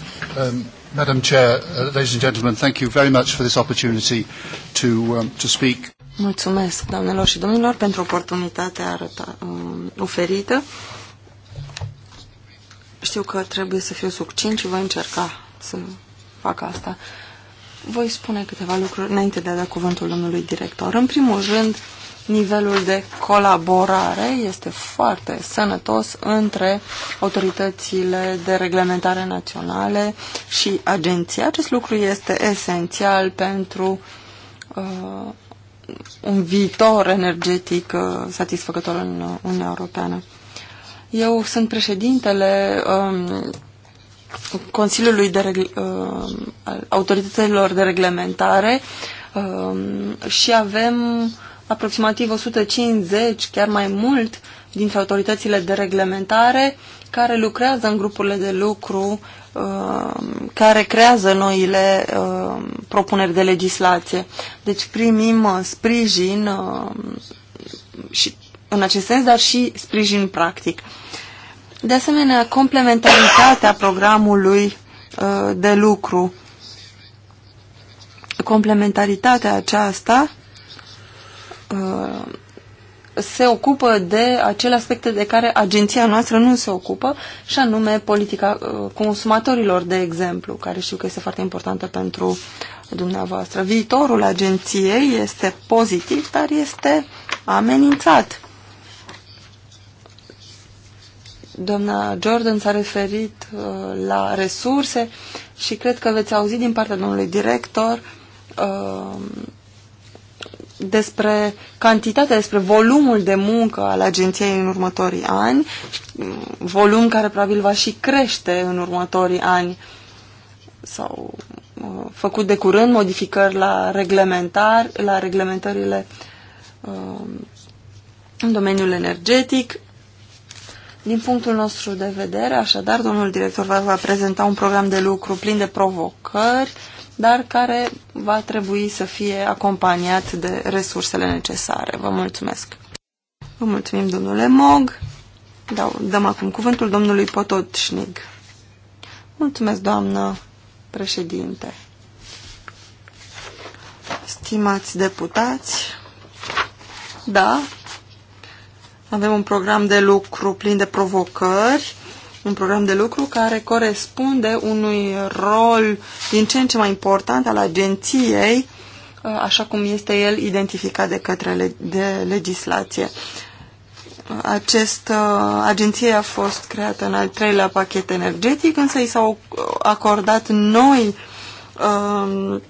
Speaker 1: Um, Madam Chair, uh, ladies and gentlemen, thank you very much for this opportunity to, um, to speak.
Speaker 3: Mulțumesc, doamnelor și domnilor, pentru oportunitatea arăta, um, oferită. Știu că trebuie să fiu succint și voi încerca să fac asta. Voi spune câteva lucruri înainte de a da cuvântul domnului director. În primul rând, uh, nivelul de colaborare este foarte sănătos între autoritățile de reglementare naționale și agenții Acest lucru este esențial pentru uh, un viitor energetic uh, satisfăcător în uh, Uniunea Europeană. Eu sunt președintele um, Consiliului de uh, Autorităților de Reglementare uh, și avem aproximativ 150, chiar mai mult, dintre autoritățile de reglementare care lucrează în grupurile de lucru uh, care creează noile uh, propuneri de legislație. Deci primim uh, sprijin și în acest sens, dar și sprijin practic. De asemenea, complementaritatea programului de lucru. Complementaritatea aceasta Uh, se ocupă de acele aspecte de care agenția noastră nu se ocupă, și anume politica uh, consumatorilor, de exemplu, care știu că este foarte importantă pentru dumneavoastră. Viitorul agenției este pozitiv, dar este amenințat. Doamna Jordan s-a referit uh, la resurse și cred că veți auzi din partea domnului director uh, despre cantitatea, despre volumul de muncă al agenției în următorii ani, volum care probabil va și crește în următorii ani. S-au uh, făcut de curând modificări la, reglementar, la reglementările uh, în domeniul energetic. Din punctul nostru de vedere, așadar, domnul director va, va prezenta un program de lucru plin de provocări, uh, dar care va trebui să fie acompaniat de resursele necesare. Vă mulțumesc! Vă mulțumim, domnule Mog. Dau, dăm acum cuvântul domnului Potocnic. Mulțumesc, doamnă președinte. Stimați deputați, da, avem un program de lucru plin de provocări un program de lucru care corespunde unui rol din ce în ce mai important al agenției, uh, așa cum este el identificat de către le de legislație. Uh, Această uh, agenție a fost creată în al treilea pachet energetic, însă i s-au acordat noi uh,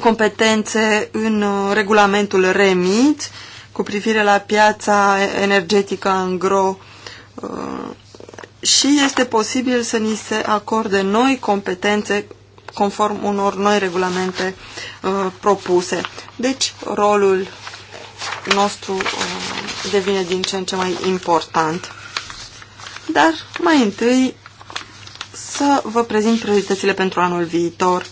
Speaker 3: competențe în uh, regulamentul REMIT cu privire la piața energetică gro. uh, și este posibil să ni se acorde noi competențe conform unor noi regulamente uh, propuse. Deci, rolul nostru uh, devine din ce în ce mai important. Dar, mai întâi, să vă prezint prioritățile pentru anul viitor.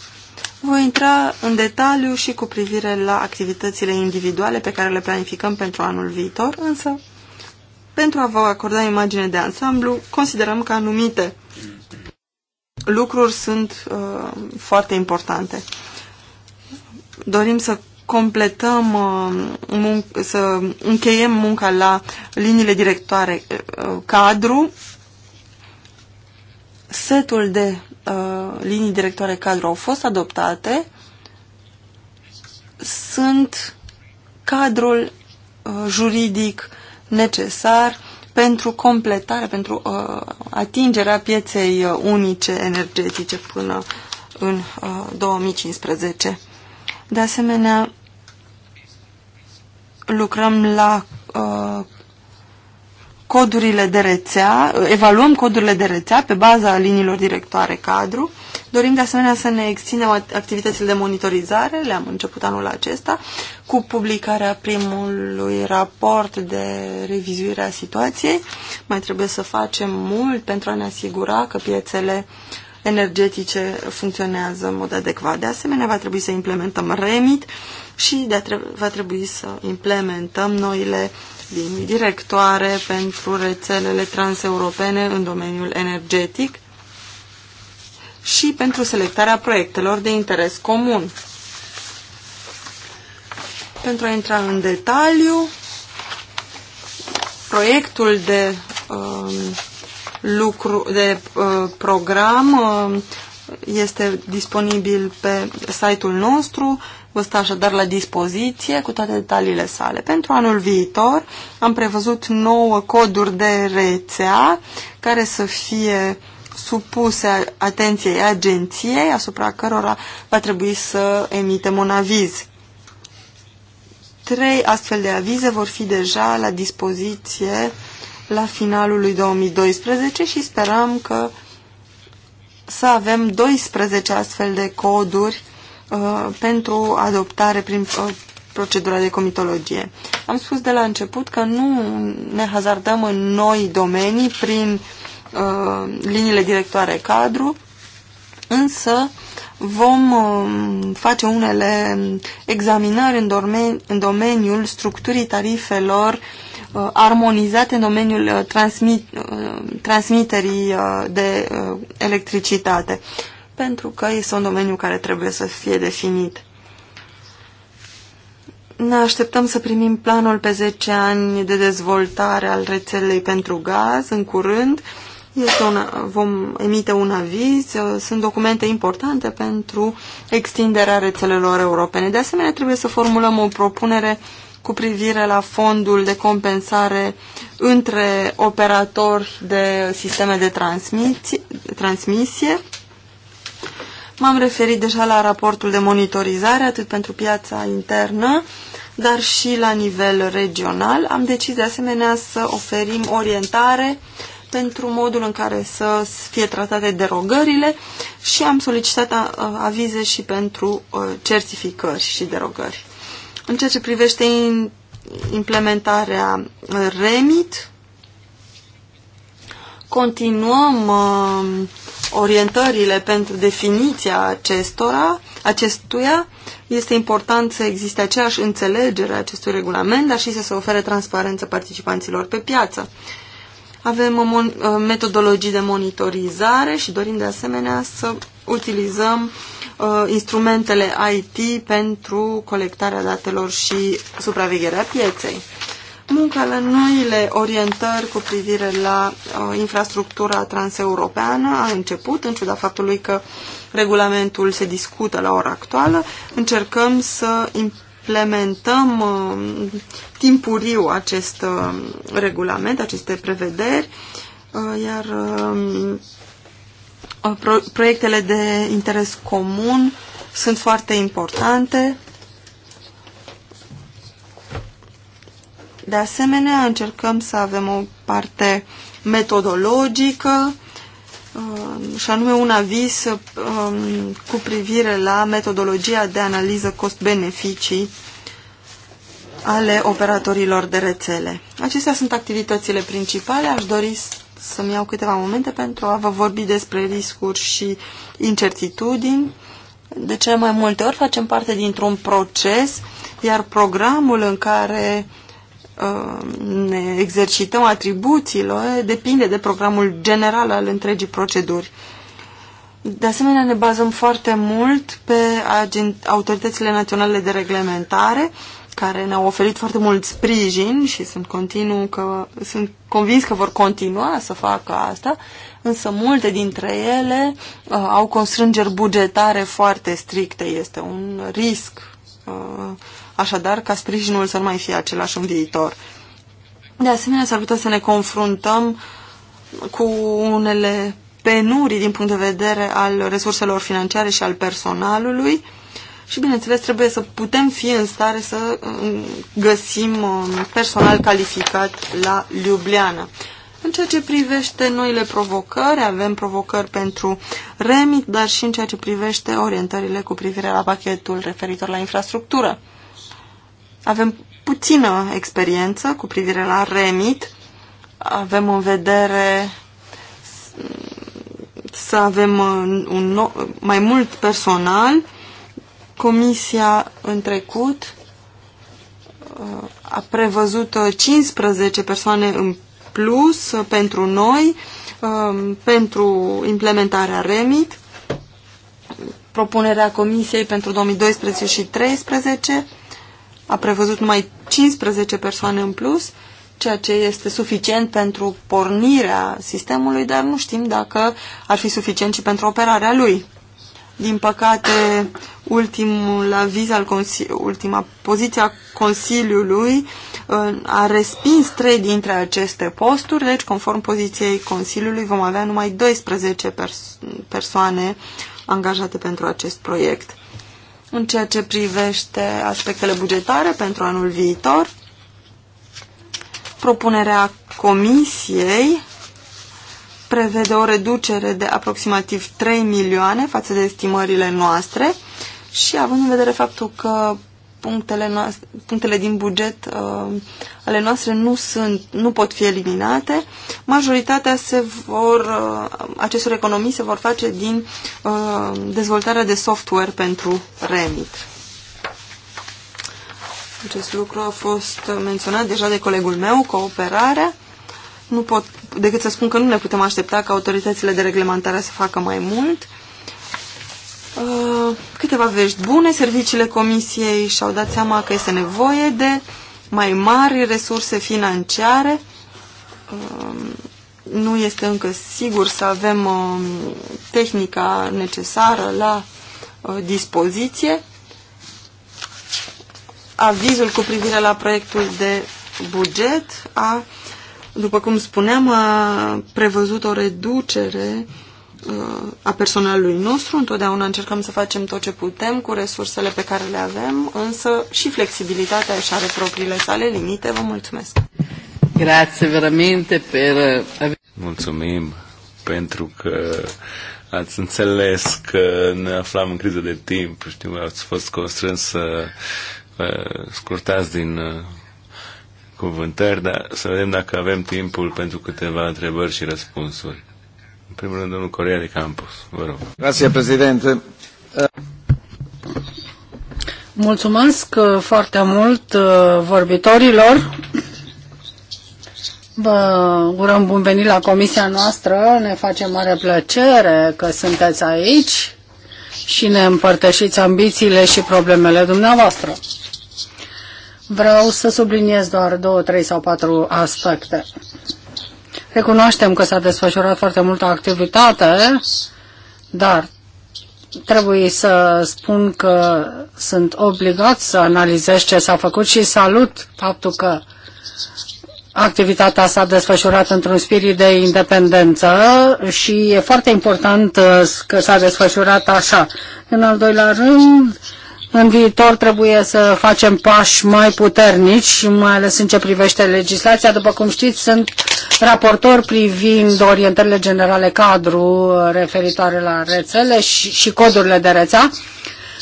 Speaker 3: Voi intra în detaliu și cu privire la activitățile individuale pe care le planificăm pentru anul viitor, însă pentru a vă acorda imagine de ansamblu, considerăm că anumite lucruri sunt uh, foarte importante. Dorim să completăm, uh, mun- să încheiem munca la liniile directoare uh, cadru. Setul de uh, linii directoare cadru au fost adoptate. Sunt cadrul uh, juridic uh, necesar pentru completarea, pentru uh, atingerea pieței uh, unice energetice până în uh, 2015. De asemenea, lucrăm la uh, codurile de rețea, evaluăm codurile de rețea pe baza liniilor directoare cadru Dorim de asemenea să ne extindem activitățile de monitorizare, le-am început anul acesta, cu publicarea primului raport de revizuire a situației. Mai trebuie să facem mult pentru a ne asigura că piețele energetice funcționează în mod adecvat. De asemenea, va trebui să implementăm REMIT și de va trebui să implementăm noile din directoare pentru rețelele transeuropene în domeniul energetic și pentru selectarea proiectelor de interes comun. Pentru a intra în detaliu, proiectul de uh, lucru de uh, program uh, este disponibil pe site-ul nostru, vă stă așadar la dispoziție cu toate detaliile sale. Pentru anul viitor am prevăzut nouă coduri de rețea care să fie supuse atenției agenției asupra cărora va trebui să emitem un aviz. Trei astfel de avize vor fi deja la dispoziție la finalul lui 2012 și sperăm că să avem 12 astfel de coduri uh, pentru adoptare prin uh, procedura de comitologie. Am spus de la început că nu ne hazardăm în noi domenii prin uh, Uh, liniile directoare cadru, însă vom um, face unele examinări în, domeni, în domeniul structurii tarifelor uh, armonizate în domeniul uh, transmit, transmiterii de electricitate, pentru că este un domeniu care trebuie să fie definit. Ne așteptăm să primim planul pe 10 ani de dezvoltare al rețelei pentru gaz în curând. Este un, vom emite un aviz, sunt documente importante pentru extinderea rețelelor europene. De asemenea, trebuie să formulăm o propunere cu privire la fondul de compensare între operatori de sisteme de transmisie. M-am referit deja la raportul de monitorizare, atât pentru piața internă, dar și la nivel regional. Am decis de asemenea să oferim orientare pentru modul în care să fie tratate derogările și am solicitat uh, avize și pentru uh, certificări și derogări. În ceea ce privește implementarea uh, REMIT, continuăm orientările pentru definiția acestora, acestuia. Este important să existe aceeași înțelegere a acestui regulament, dar și să se ofere transparență participanților pe piață. Avem uh, metodologii de monitorizare și dorim de asemenea să utilizăm uh, instrumentele IT pentru colectarea datelor și supravegherea pieței. Munca la noile orientări cu privire la uh, infrastructura transeuropeană a început, în ciuda faptului că regulamentul se discută la ora actuală. Încercăm să implementăm uh, timpuriu acest uh, regulament, aceste prevederi, uh, iar uh, uh, pro proiectele de interes comun sunt foarte importante. De asemenea, încercăm să avem o parte metodologică Um, și anume un aviz um, cu privire la metodologia de analiză cost-beneficii ale operatorilor de rețele. Acestea sunt activitățile principale. Aș dori să-mi iau câteva momente pentru a vă vorbi despre riscuri și incertitudini. De cele mai multe ori facem parte dintr-un proces, iar programul în care uh, Um, ne exercităm atribuțiile depinde de programul general al întregii proceduri. De asemenea, ne bazăm foarte mult pe autoritățile naționale de reglementare, care ne-au oferit foarte mult sprijin și sunt, continuu că, sunt convins că vor continua să facă asta, însă multe dintre ele uh, au constrângeri bugetare foarte stricte. Este un risc uh, așadar ca sprijinul să nu mai fie același în viitor. De asemenea, s-ar putea să ne confruntăm cu unele penurii din punct de vedere al resurselor financiare și al personalului și, bineînțeles, trebuie să putem fi în stare să mm, găsim mm, personal calificat la Ljubljana. În ceea ce privește noile provocări, avem provocări pentru REMIT, dar și în ceea ce privește orientările cu privire la pachetul referitor la infrastructură. Avem puțină experiență cu privire la remit. Avem în vedere să avem uh, un nou, mai mult personal. Comisia în trecut uh, a prevăzut 15 uh, persoane în plus pentru noi, pentru implementarea REMIT. Propunerea Comisiei pentru 2012 și 2013 a prevăzut numai 15 persoane în plus, ceea ce este suficient pentru pornirea sistemului, dar nu știm dacă ar fi suficient și pentru operarea lui. Din păcate, ultimul aviz al ultima poziție a Consiliului uh, a respins trei dintre aceste posturi, deci conform poziției Consiliului vom avea numai 12 pers- persoane angajate pentru acest proiect în ceea ce privește aspectele bugetare pentru anul viitor. Propunerea Comisiei prevede o reducere de aproximativ 3 milioane față de estimările noastre și având în vedere faptul că punctele, noastre, punctele din buget uh, ale noastre nu, sunt, nu pot fi eliminate. Majoritatea se vor, uh, acestor economii se vor face din uh, dezvoltarea de software pentru Remit. Acest lucru a fost menționat deja de colegul meu, cooperarea. Nu pot decât să spun că nu ne putem aștepta ca autoritățile de reglementare să facă mai mult. Uh, Uh, câteva vești bune. Serviciile comisiei și-au dat seama că este nevoie de mai mari resurse financiare. Uh, nu este încă sigur să avem uh, tehnica necesară la dispoziție. Avizul cu privire la proiectul de buget a, după cum spuneam, a prevăzut o reducere uh, Uh, a personalului nostru. Întotdeauna încercăm să facem tot ce putem cu resursele pe care le avem, însă și flexibilitatea și are propriile sale limite. Vă mulțumesc!
Speaker 2: Grazie veramente per... Mulțumim pentru că ați înțeles că ne aflam în criză de timp. Știu, ați fost constrâns să uh, scurtați din uh, cuvântări, dar să vedem dacă avem timpul pentru câteva întrebări și răspunsuri. În primul rând, domnul Corea de Campus. Adică Vă rog. Grazie, președinte.
Speaker 1: Mulțumesc uh, foarte mult uh, vorbitorilor. Vă urăm bun venit la comisia noastră. Ne face mare plăcere că sunteți aici și ne împărtășiți ambițiile și problemele dumneavoastră. Vreau să subliniez doar două, trei sau patru aspecte. Recunoaștem că s-a desfășurat foarte multă activitate, dar trebuie să spun că sunt obligat să analizez ce s-a făcut și salut faptul că activitatea s-a desfășurat într-un spirit de independență și e foarte important uh, că s-a desfășurat așa. În al doilea rând, în viitor trebuie să facem pași mai puternici, mai ales în ce privește legislația. După cum știți, sunt raportor privind orientările generale cadru referitoare la rețele și, și codurile de rețea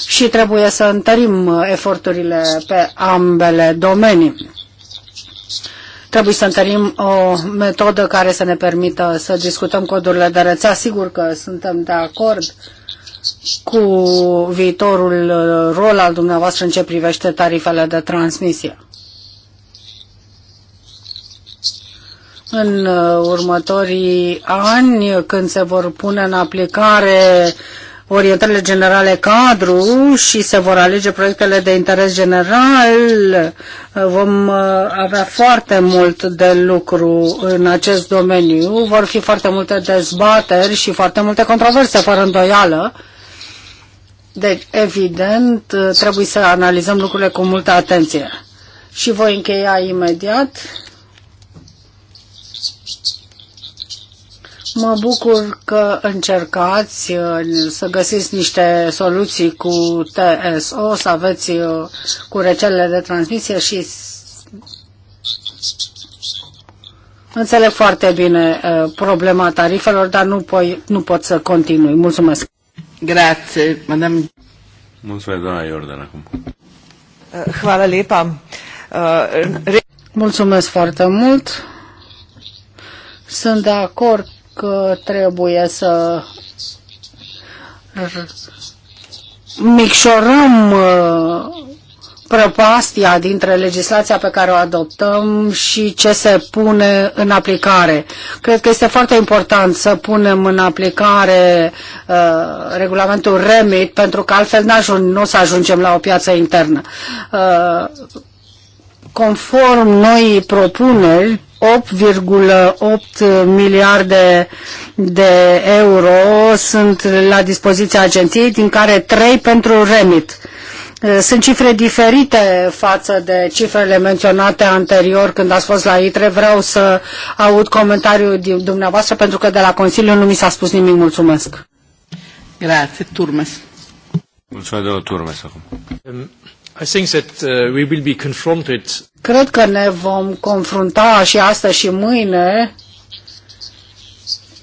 Speaker 1: și trebuie să întărim eforturile pe ambele domenii. Trebuie să întărim o metodă care să ne permită să discutăm codurile de rețea. Sigur că suntem de acord uh, cu viitorul uh, rol al dumneavoastră în ce privește tarifele de transmisie. În uh, următorii ani, când se vor pune în aplicare orientările generale cadru și se vor alege proiectele de interes general, uh, vom avea foarte mult de lucru în acest domeniu. Vor fi foarte multe dezbateri și foarte multe controverse, fără îndoială deci, evident, uh, trebuie să analizăm lucrurile cu multă atenție. Și voi încheia imediat. Mă bucur că încercați uh, să găsiți niște soluții cu TSO, să aveți uh, cu rețelele de transmisie și înțeleg foarte bine problema tarifelor, dar nu, poi, nu pot să continui. Mulțumesc! Grazie, madame.
Speaker 2: Mulțumesc, doamna
Speaker 1: Iordan, acum. Eh, hvala lepa. Eh, Mulțumesc foarte mult. Sunt de acord că trebuie să micșorăm eh, prăpastia dintre legislația pe care o adoptăm și ce se pune în aplicare. Cred că este foarte important să punem în aplicare uh, regulamentul REMIT, pentru că altfel nu o să ajungem la o piață internă. Uh, conform noii propuneri, 8,8 miliarde de euro sunt la dispoziția agenției, din care 3 pentru REMIT. Eh, sunt cifre diferite față de cifrele menționate anterior când ați fost la ITRE. Vreau să aud comentariul din dumneavoastră pentru că de la Consiliu nu mi s-a spus nimic. Mulțumesc. Grazie, Turmes.
Speaker 2: Mulțumesc, de la Turmes, acum. Um,
Speaker 1: I think that uh, we will be confronted. Cred că ne vom confrunta și astăzi și mâine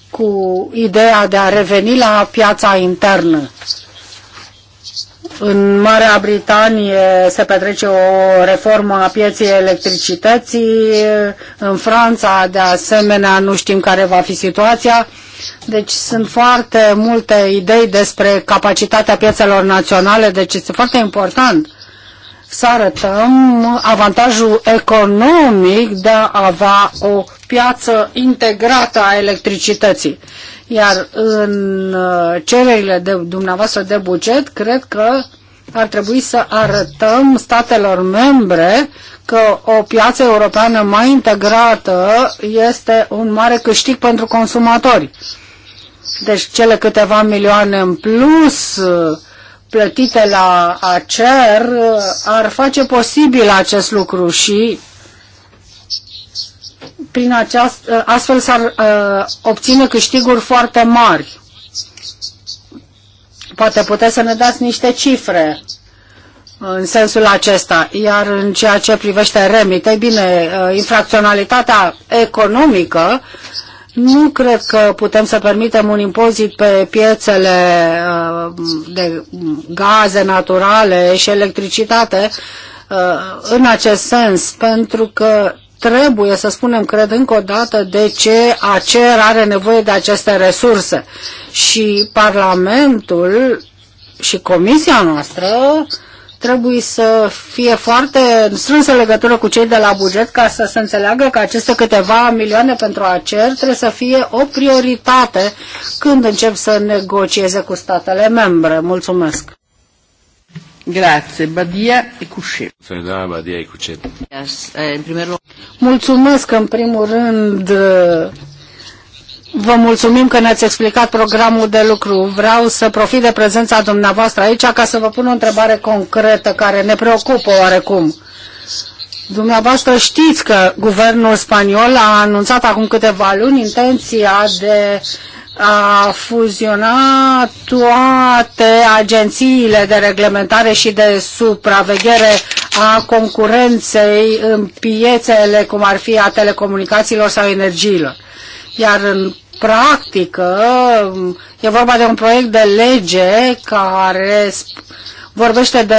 Speaker 1: cu ideea de a reveni la piața internă în Marea Britanie se petrece o reformă a pieței electricității, în Franța de asemenea nu știm care va fi situația, deci sunt foarte multe idei despre capacitatea piețelor naționale, deci este foarte important să arătăm avantajul economic de a avea o piață integrată a electricității. Iar în uh, cererile de dumneavoastră de buget, cred că ar trebui să arătăm statelor membre că o piață europeană mai integrată este un mare câștig pentru consumatori. Deci cele câteva milioane în plus uh, plătite la ACER ar face posibil acest lucru și prin aceast, astfel s-ar uh, obține câștiguri foarte mari. Poate puteți să ne dați niște cifre în sensul acesta. Iar în ceea ce privește remite bine, uh, infracționalitatea economică nu cred că putem să permitem un impozit pe piețele uh, de gaze naturale și electricitate uh, în acest sens, pentru că trebuie să spunem, cred încă o dată, de ce ACER are nevoie de aceste resurse. Și Parlamentul și Comisia noastră uh, trebuie să fie foarte strânsă legătură cu cei de la buget ca să se înțeleagă că aceste câteva milioane pentru ACER trebuie să fie o prioritate când încep să negocieze cu statele membre. Mulțumesc! Grazie, Badia Ecușe.
Speaker 2: Badia Ecușe.
Speaker 1: Eh, Mulțumesc în primul rând Vă mulțumim că ne-ați explicat programul de lucru. Vreau să profit de prezența dumneavoastră aici ca să vă pun o întrebare concretă care ne preocupă oarecum. Dumneavoastră știți că guvernul spaniol a anunțat acum câteva luni intenția de a fuziona toate agențiile de reglementare și de supraveghere a concurenței în piețele, cum ar fi a telecomunicațiilor sau energiilor. Iar în practică e vorba de un proiect de lege care vorbește de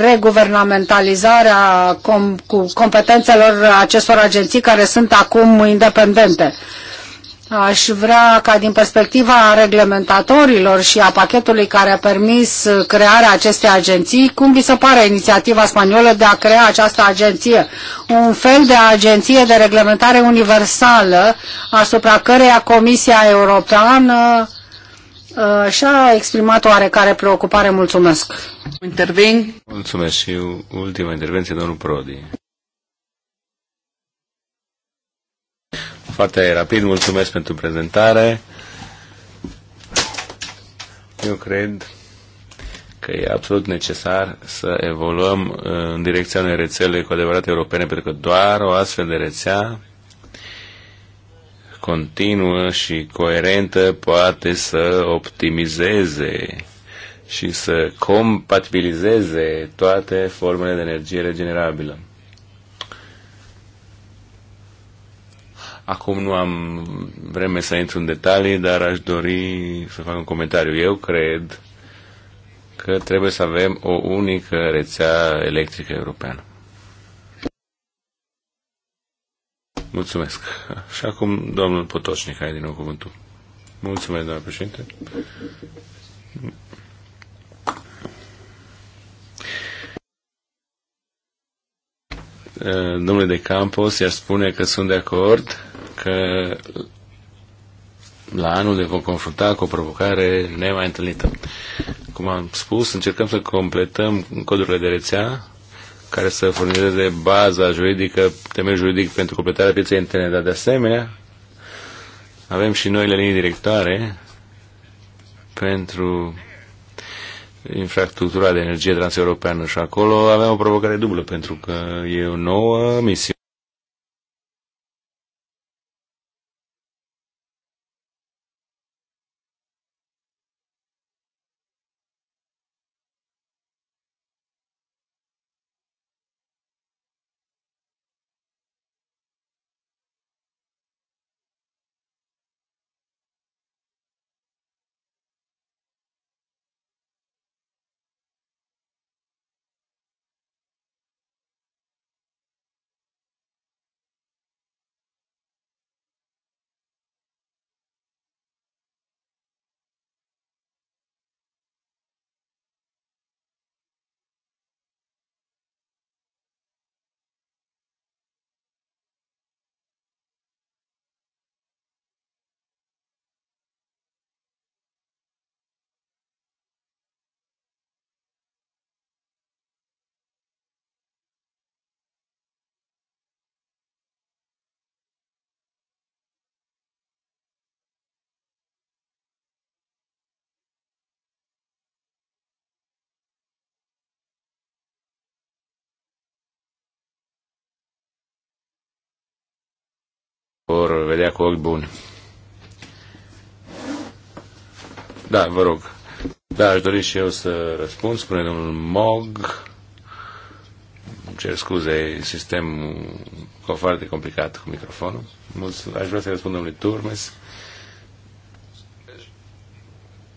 Speaker 1: reguvernamentalizarea com, cu competențelor acestor agenții care sunt acum independente. Aș vrea ca din perspectiva reglementatorilor și a pachetului care a permis crearea acestei agenții, cum vi se pare inițiativa spaniolă de a crea această agenție? Un fel de agenție de reglementare universală asupra căreia Comisia Europeană uh, și-a exprimat oarecare preocupare. Mulțumesc! Intervin.
Speaker 2: Mulțumesc și ultima intervenție, domnul Prodi. foarte rapid. Mulțumesc pentru prezentare. Eu cred că e absolut necesar să evoluăm în direcția unei rețele cu adevărat europene, pentru că doar o astfel de rețea continuă și coerentă poate să optimizeze și să compatibilizeze toate formele de energie regenerabilă. Acum nu am vreme să intru în detalii, dar aș dori să fac un comentariu. Eu cred că trebuie să avem o unică rețea electrică europeană. Mulțumesc. Și acum domnul Potocnic, ai din nou cuvântul. Mulțumesc, domnule președinte. Domnule de Campos i-aș spune că sunt de acord că la anul ne vom confrunta cu o provocare nemai întâlnită. Cum am spus, încercăm să completăm codurile de rețea care să furnizeze baza juridică, temel juridic pentru completarea pieței interne, dar de asemenea avem și noile linii directoare pentru infrastructura de energie transeuropeană și acolo avem o provocare dublă pentru că e o nouă misiune de acord bun. Da, vă rog. Da, aș dori și eu să răspund, spune domnul Mog. Cer scuze, sistem foarte complicat cu microfonul. Mulți, aș vrea să răspund domnului Turmes.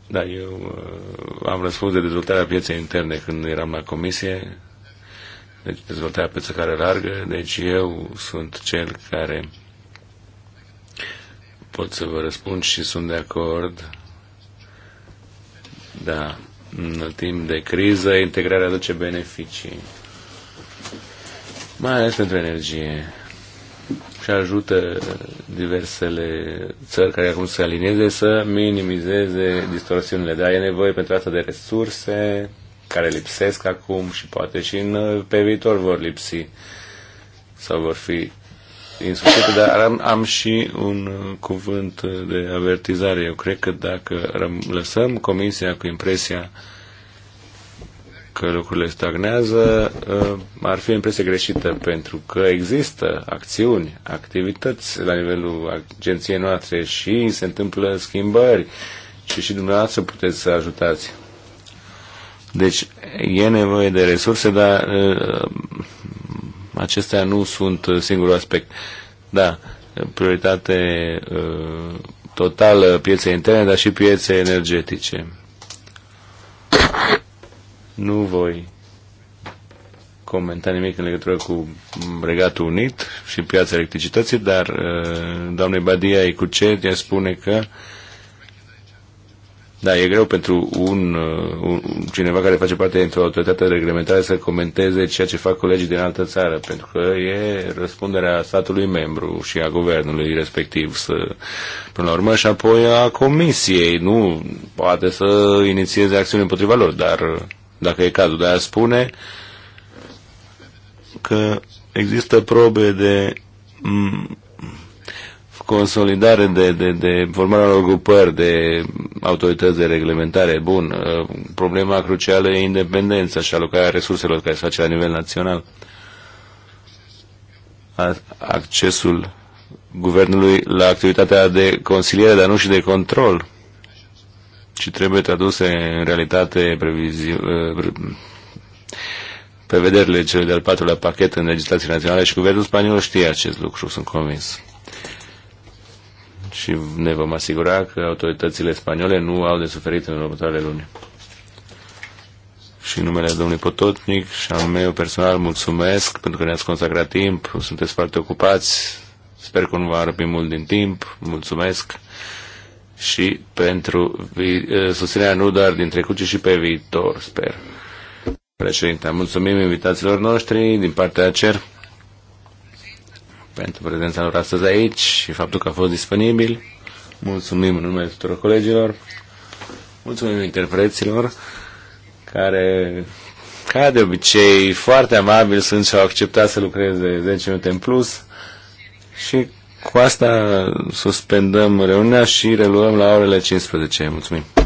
Speaker 2: Da, eu uh, am răspuns de dezvoltarea pieței interne când eram la comisie, deci dezvoltarea pe țăcară largă, deci eu sunt cel care pot să vă răspund și sunt de acord. Da, în timp de criză, integrarea aduce beneficii. Mai ales pentru energie. Și ajută diversele țări care acum se alinieze să minimizeze distorsiunile. Dar e nevoie pentru asta de resurse care lipsesc acum și poate și în, pe viitor vor lipsi sau vor fi societate, dar am, am și un uh, cuvânt uh, de avertizare. Eu cred că dacă lăsăm comisia cu impresia că lucrurile stagnează, uh, ar fi o impresie greșită, pentru că există acțiuni, activități la nivelul agenției noastre și se întâmplă schimbări și și dumneavoastră puteți să ajutați. Deci e nevoie de resurse, dar acestea nu sunt uh, singurul aspect. Da, prioritate uh, totală piețe interne, dar și piețe energetice. Nu voi comenta nimic în legătură cu Regatul Unit și piața electricității, dar uh, doamnei Badia Icucet ea spune că uh, da, e greu pentru uh, un, un cineva care face parte dintr-o autoritate reglementare să comenteze ceea ce fac colegii din altă țară, pentru că e răspunderea statului membru și a guvernului respectiv să, până la urmă, și apoi a comisiei. Nu poate să inițieze acțiuni împotriva lor, dar dacă e cazul, a spune că există probe de consolidare de, de, de formarea unor grupări, de autorități de reglementare, bun, uh, problema crucială e independența și alocarea resurselor care se face la nivel național. Accesul guvernului la activitatea de consiliere, dar nu și de control, ci trebuie traduse în realitate previzi... Uh, prevederile cele de-al patrulea pachet în legislație națională și guvernul spaniol știe acest lucru, sunt convins și ne vom asigura că autoritățile spaniole nu au de suferit în următoarele luni. Și în numele domnului Pototnic și al meu personal mulțumesc pentru că ne-ați consacrat timp, sunteți foarte ocupați, sper că nu vă arăpi mult din timp, mulțumesc și pentru eh, susținerea nu doar din trecut, ci și pe viitor, sper. Președinte, mulțumim invitațiilor noștri din partea CER pentru prezența lor astăzi aici și faptul că a fost disponibil. Mulțumim în numele tuturor colegilor. Mulțumim interpreților care, ca de obicei, foarte amabil sunt și au acceptat să lucreze 10 minute în plus și cu asta suspendăm reuniunea și reluăm la orele 15. Mulțumim!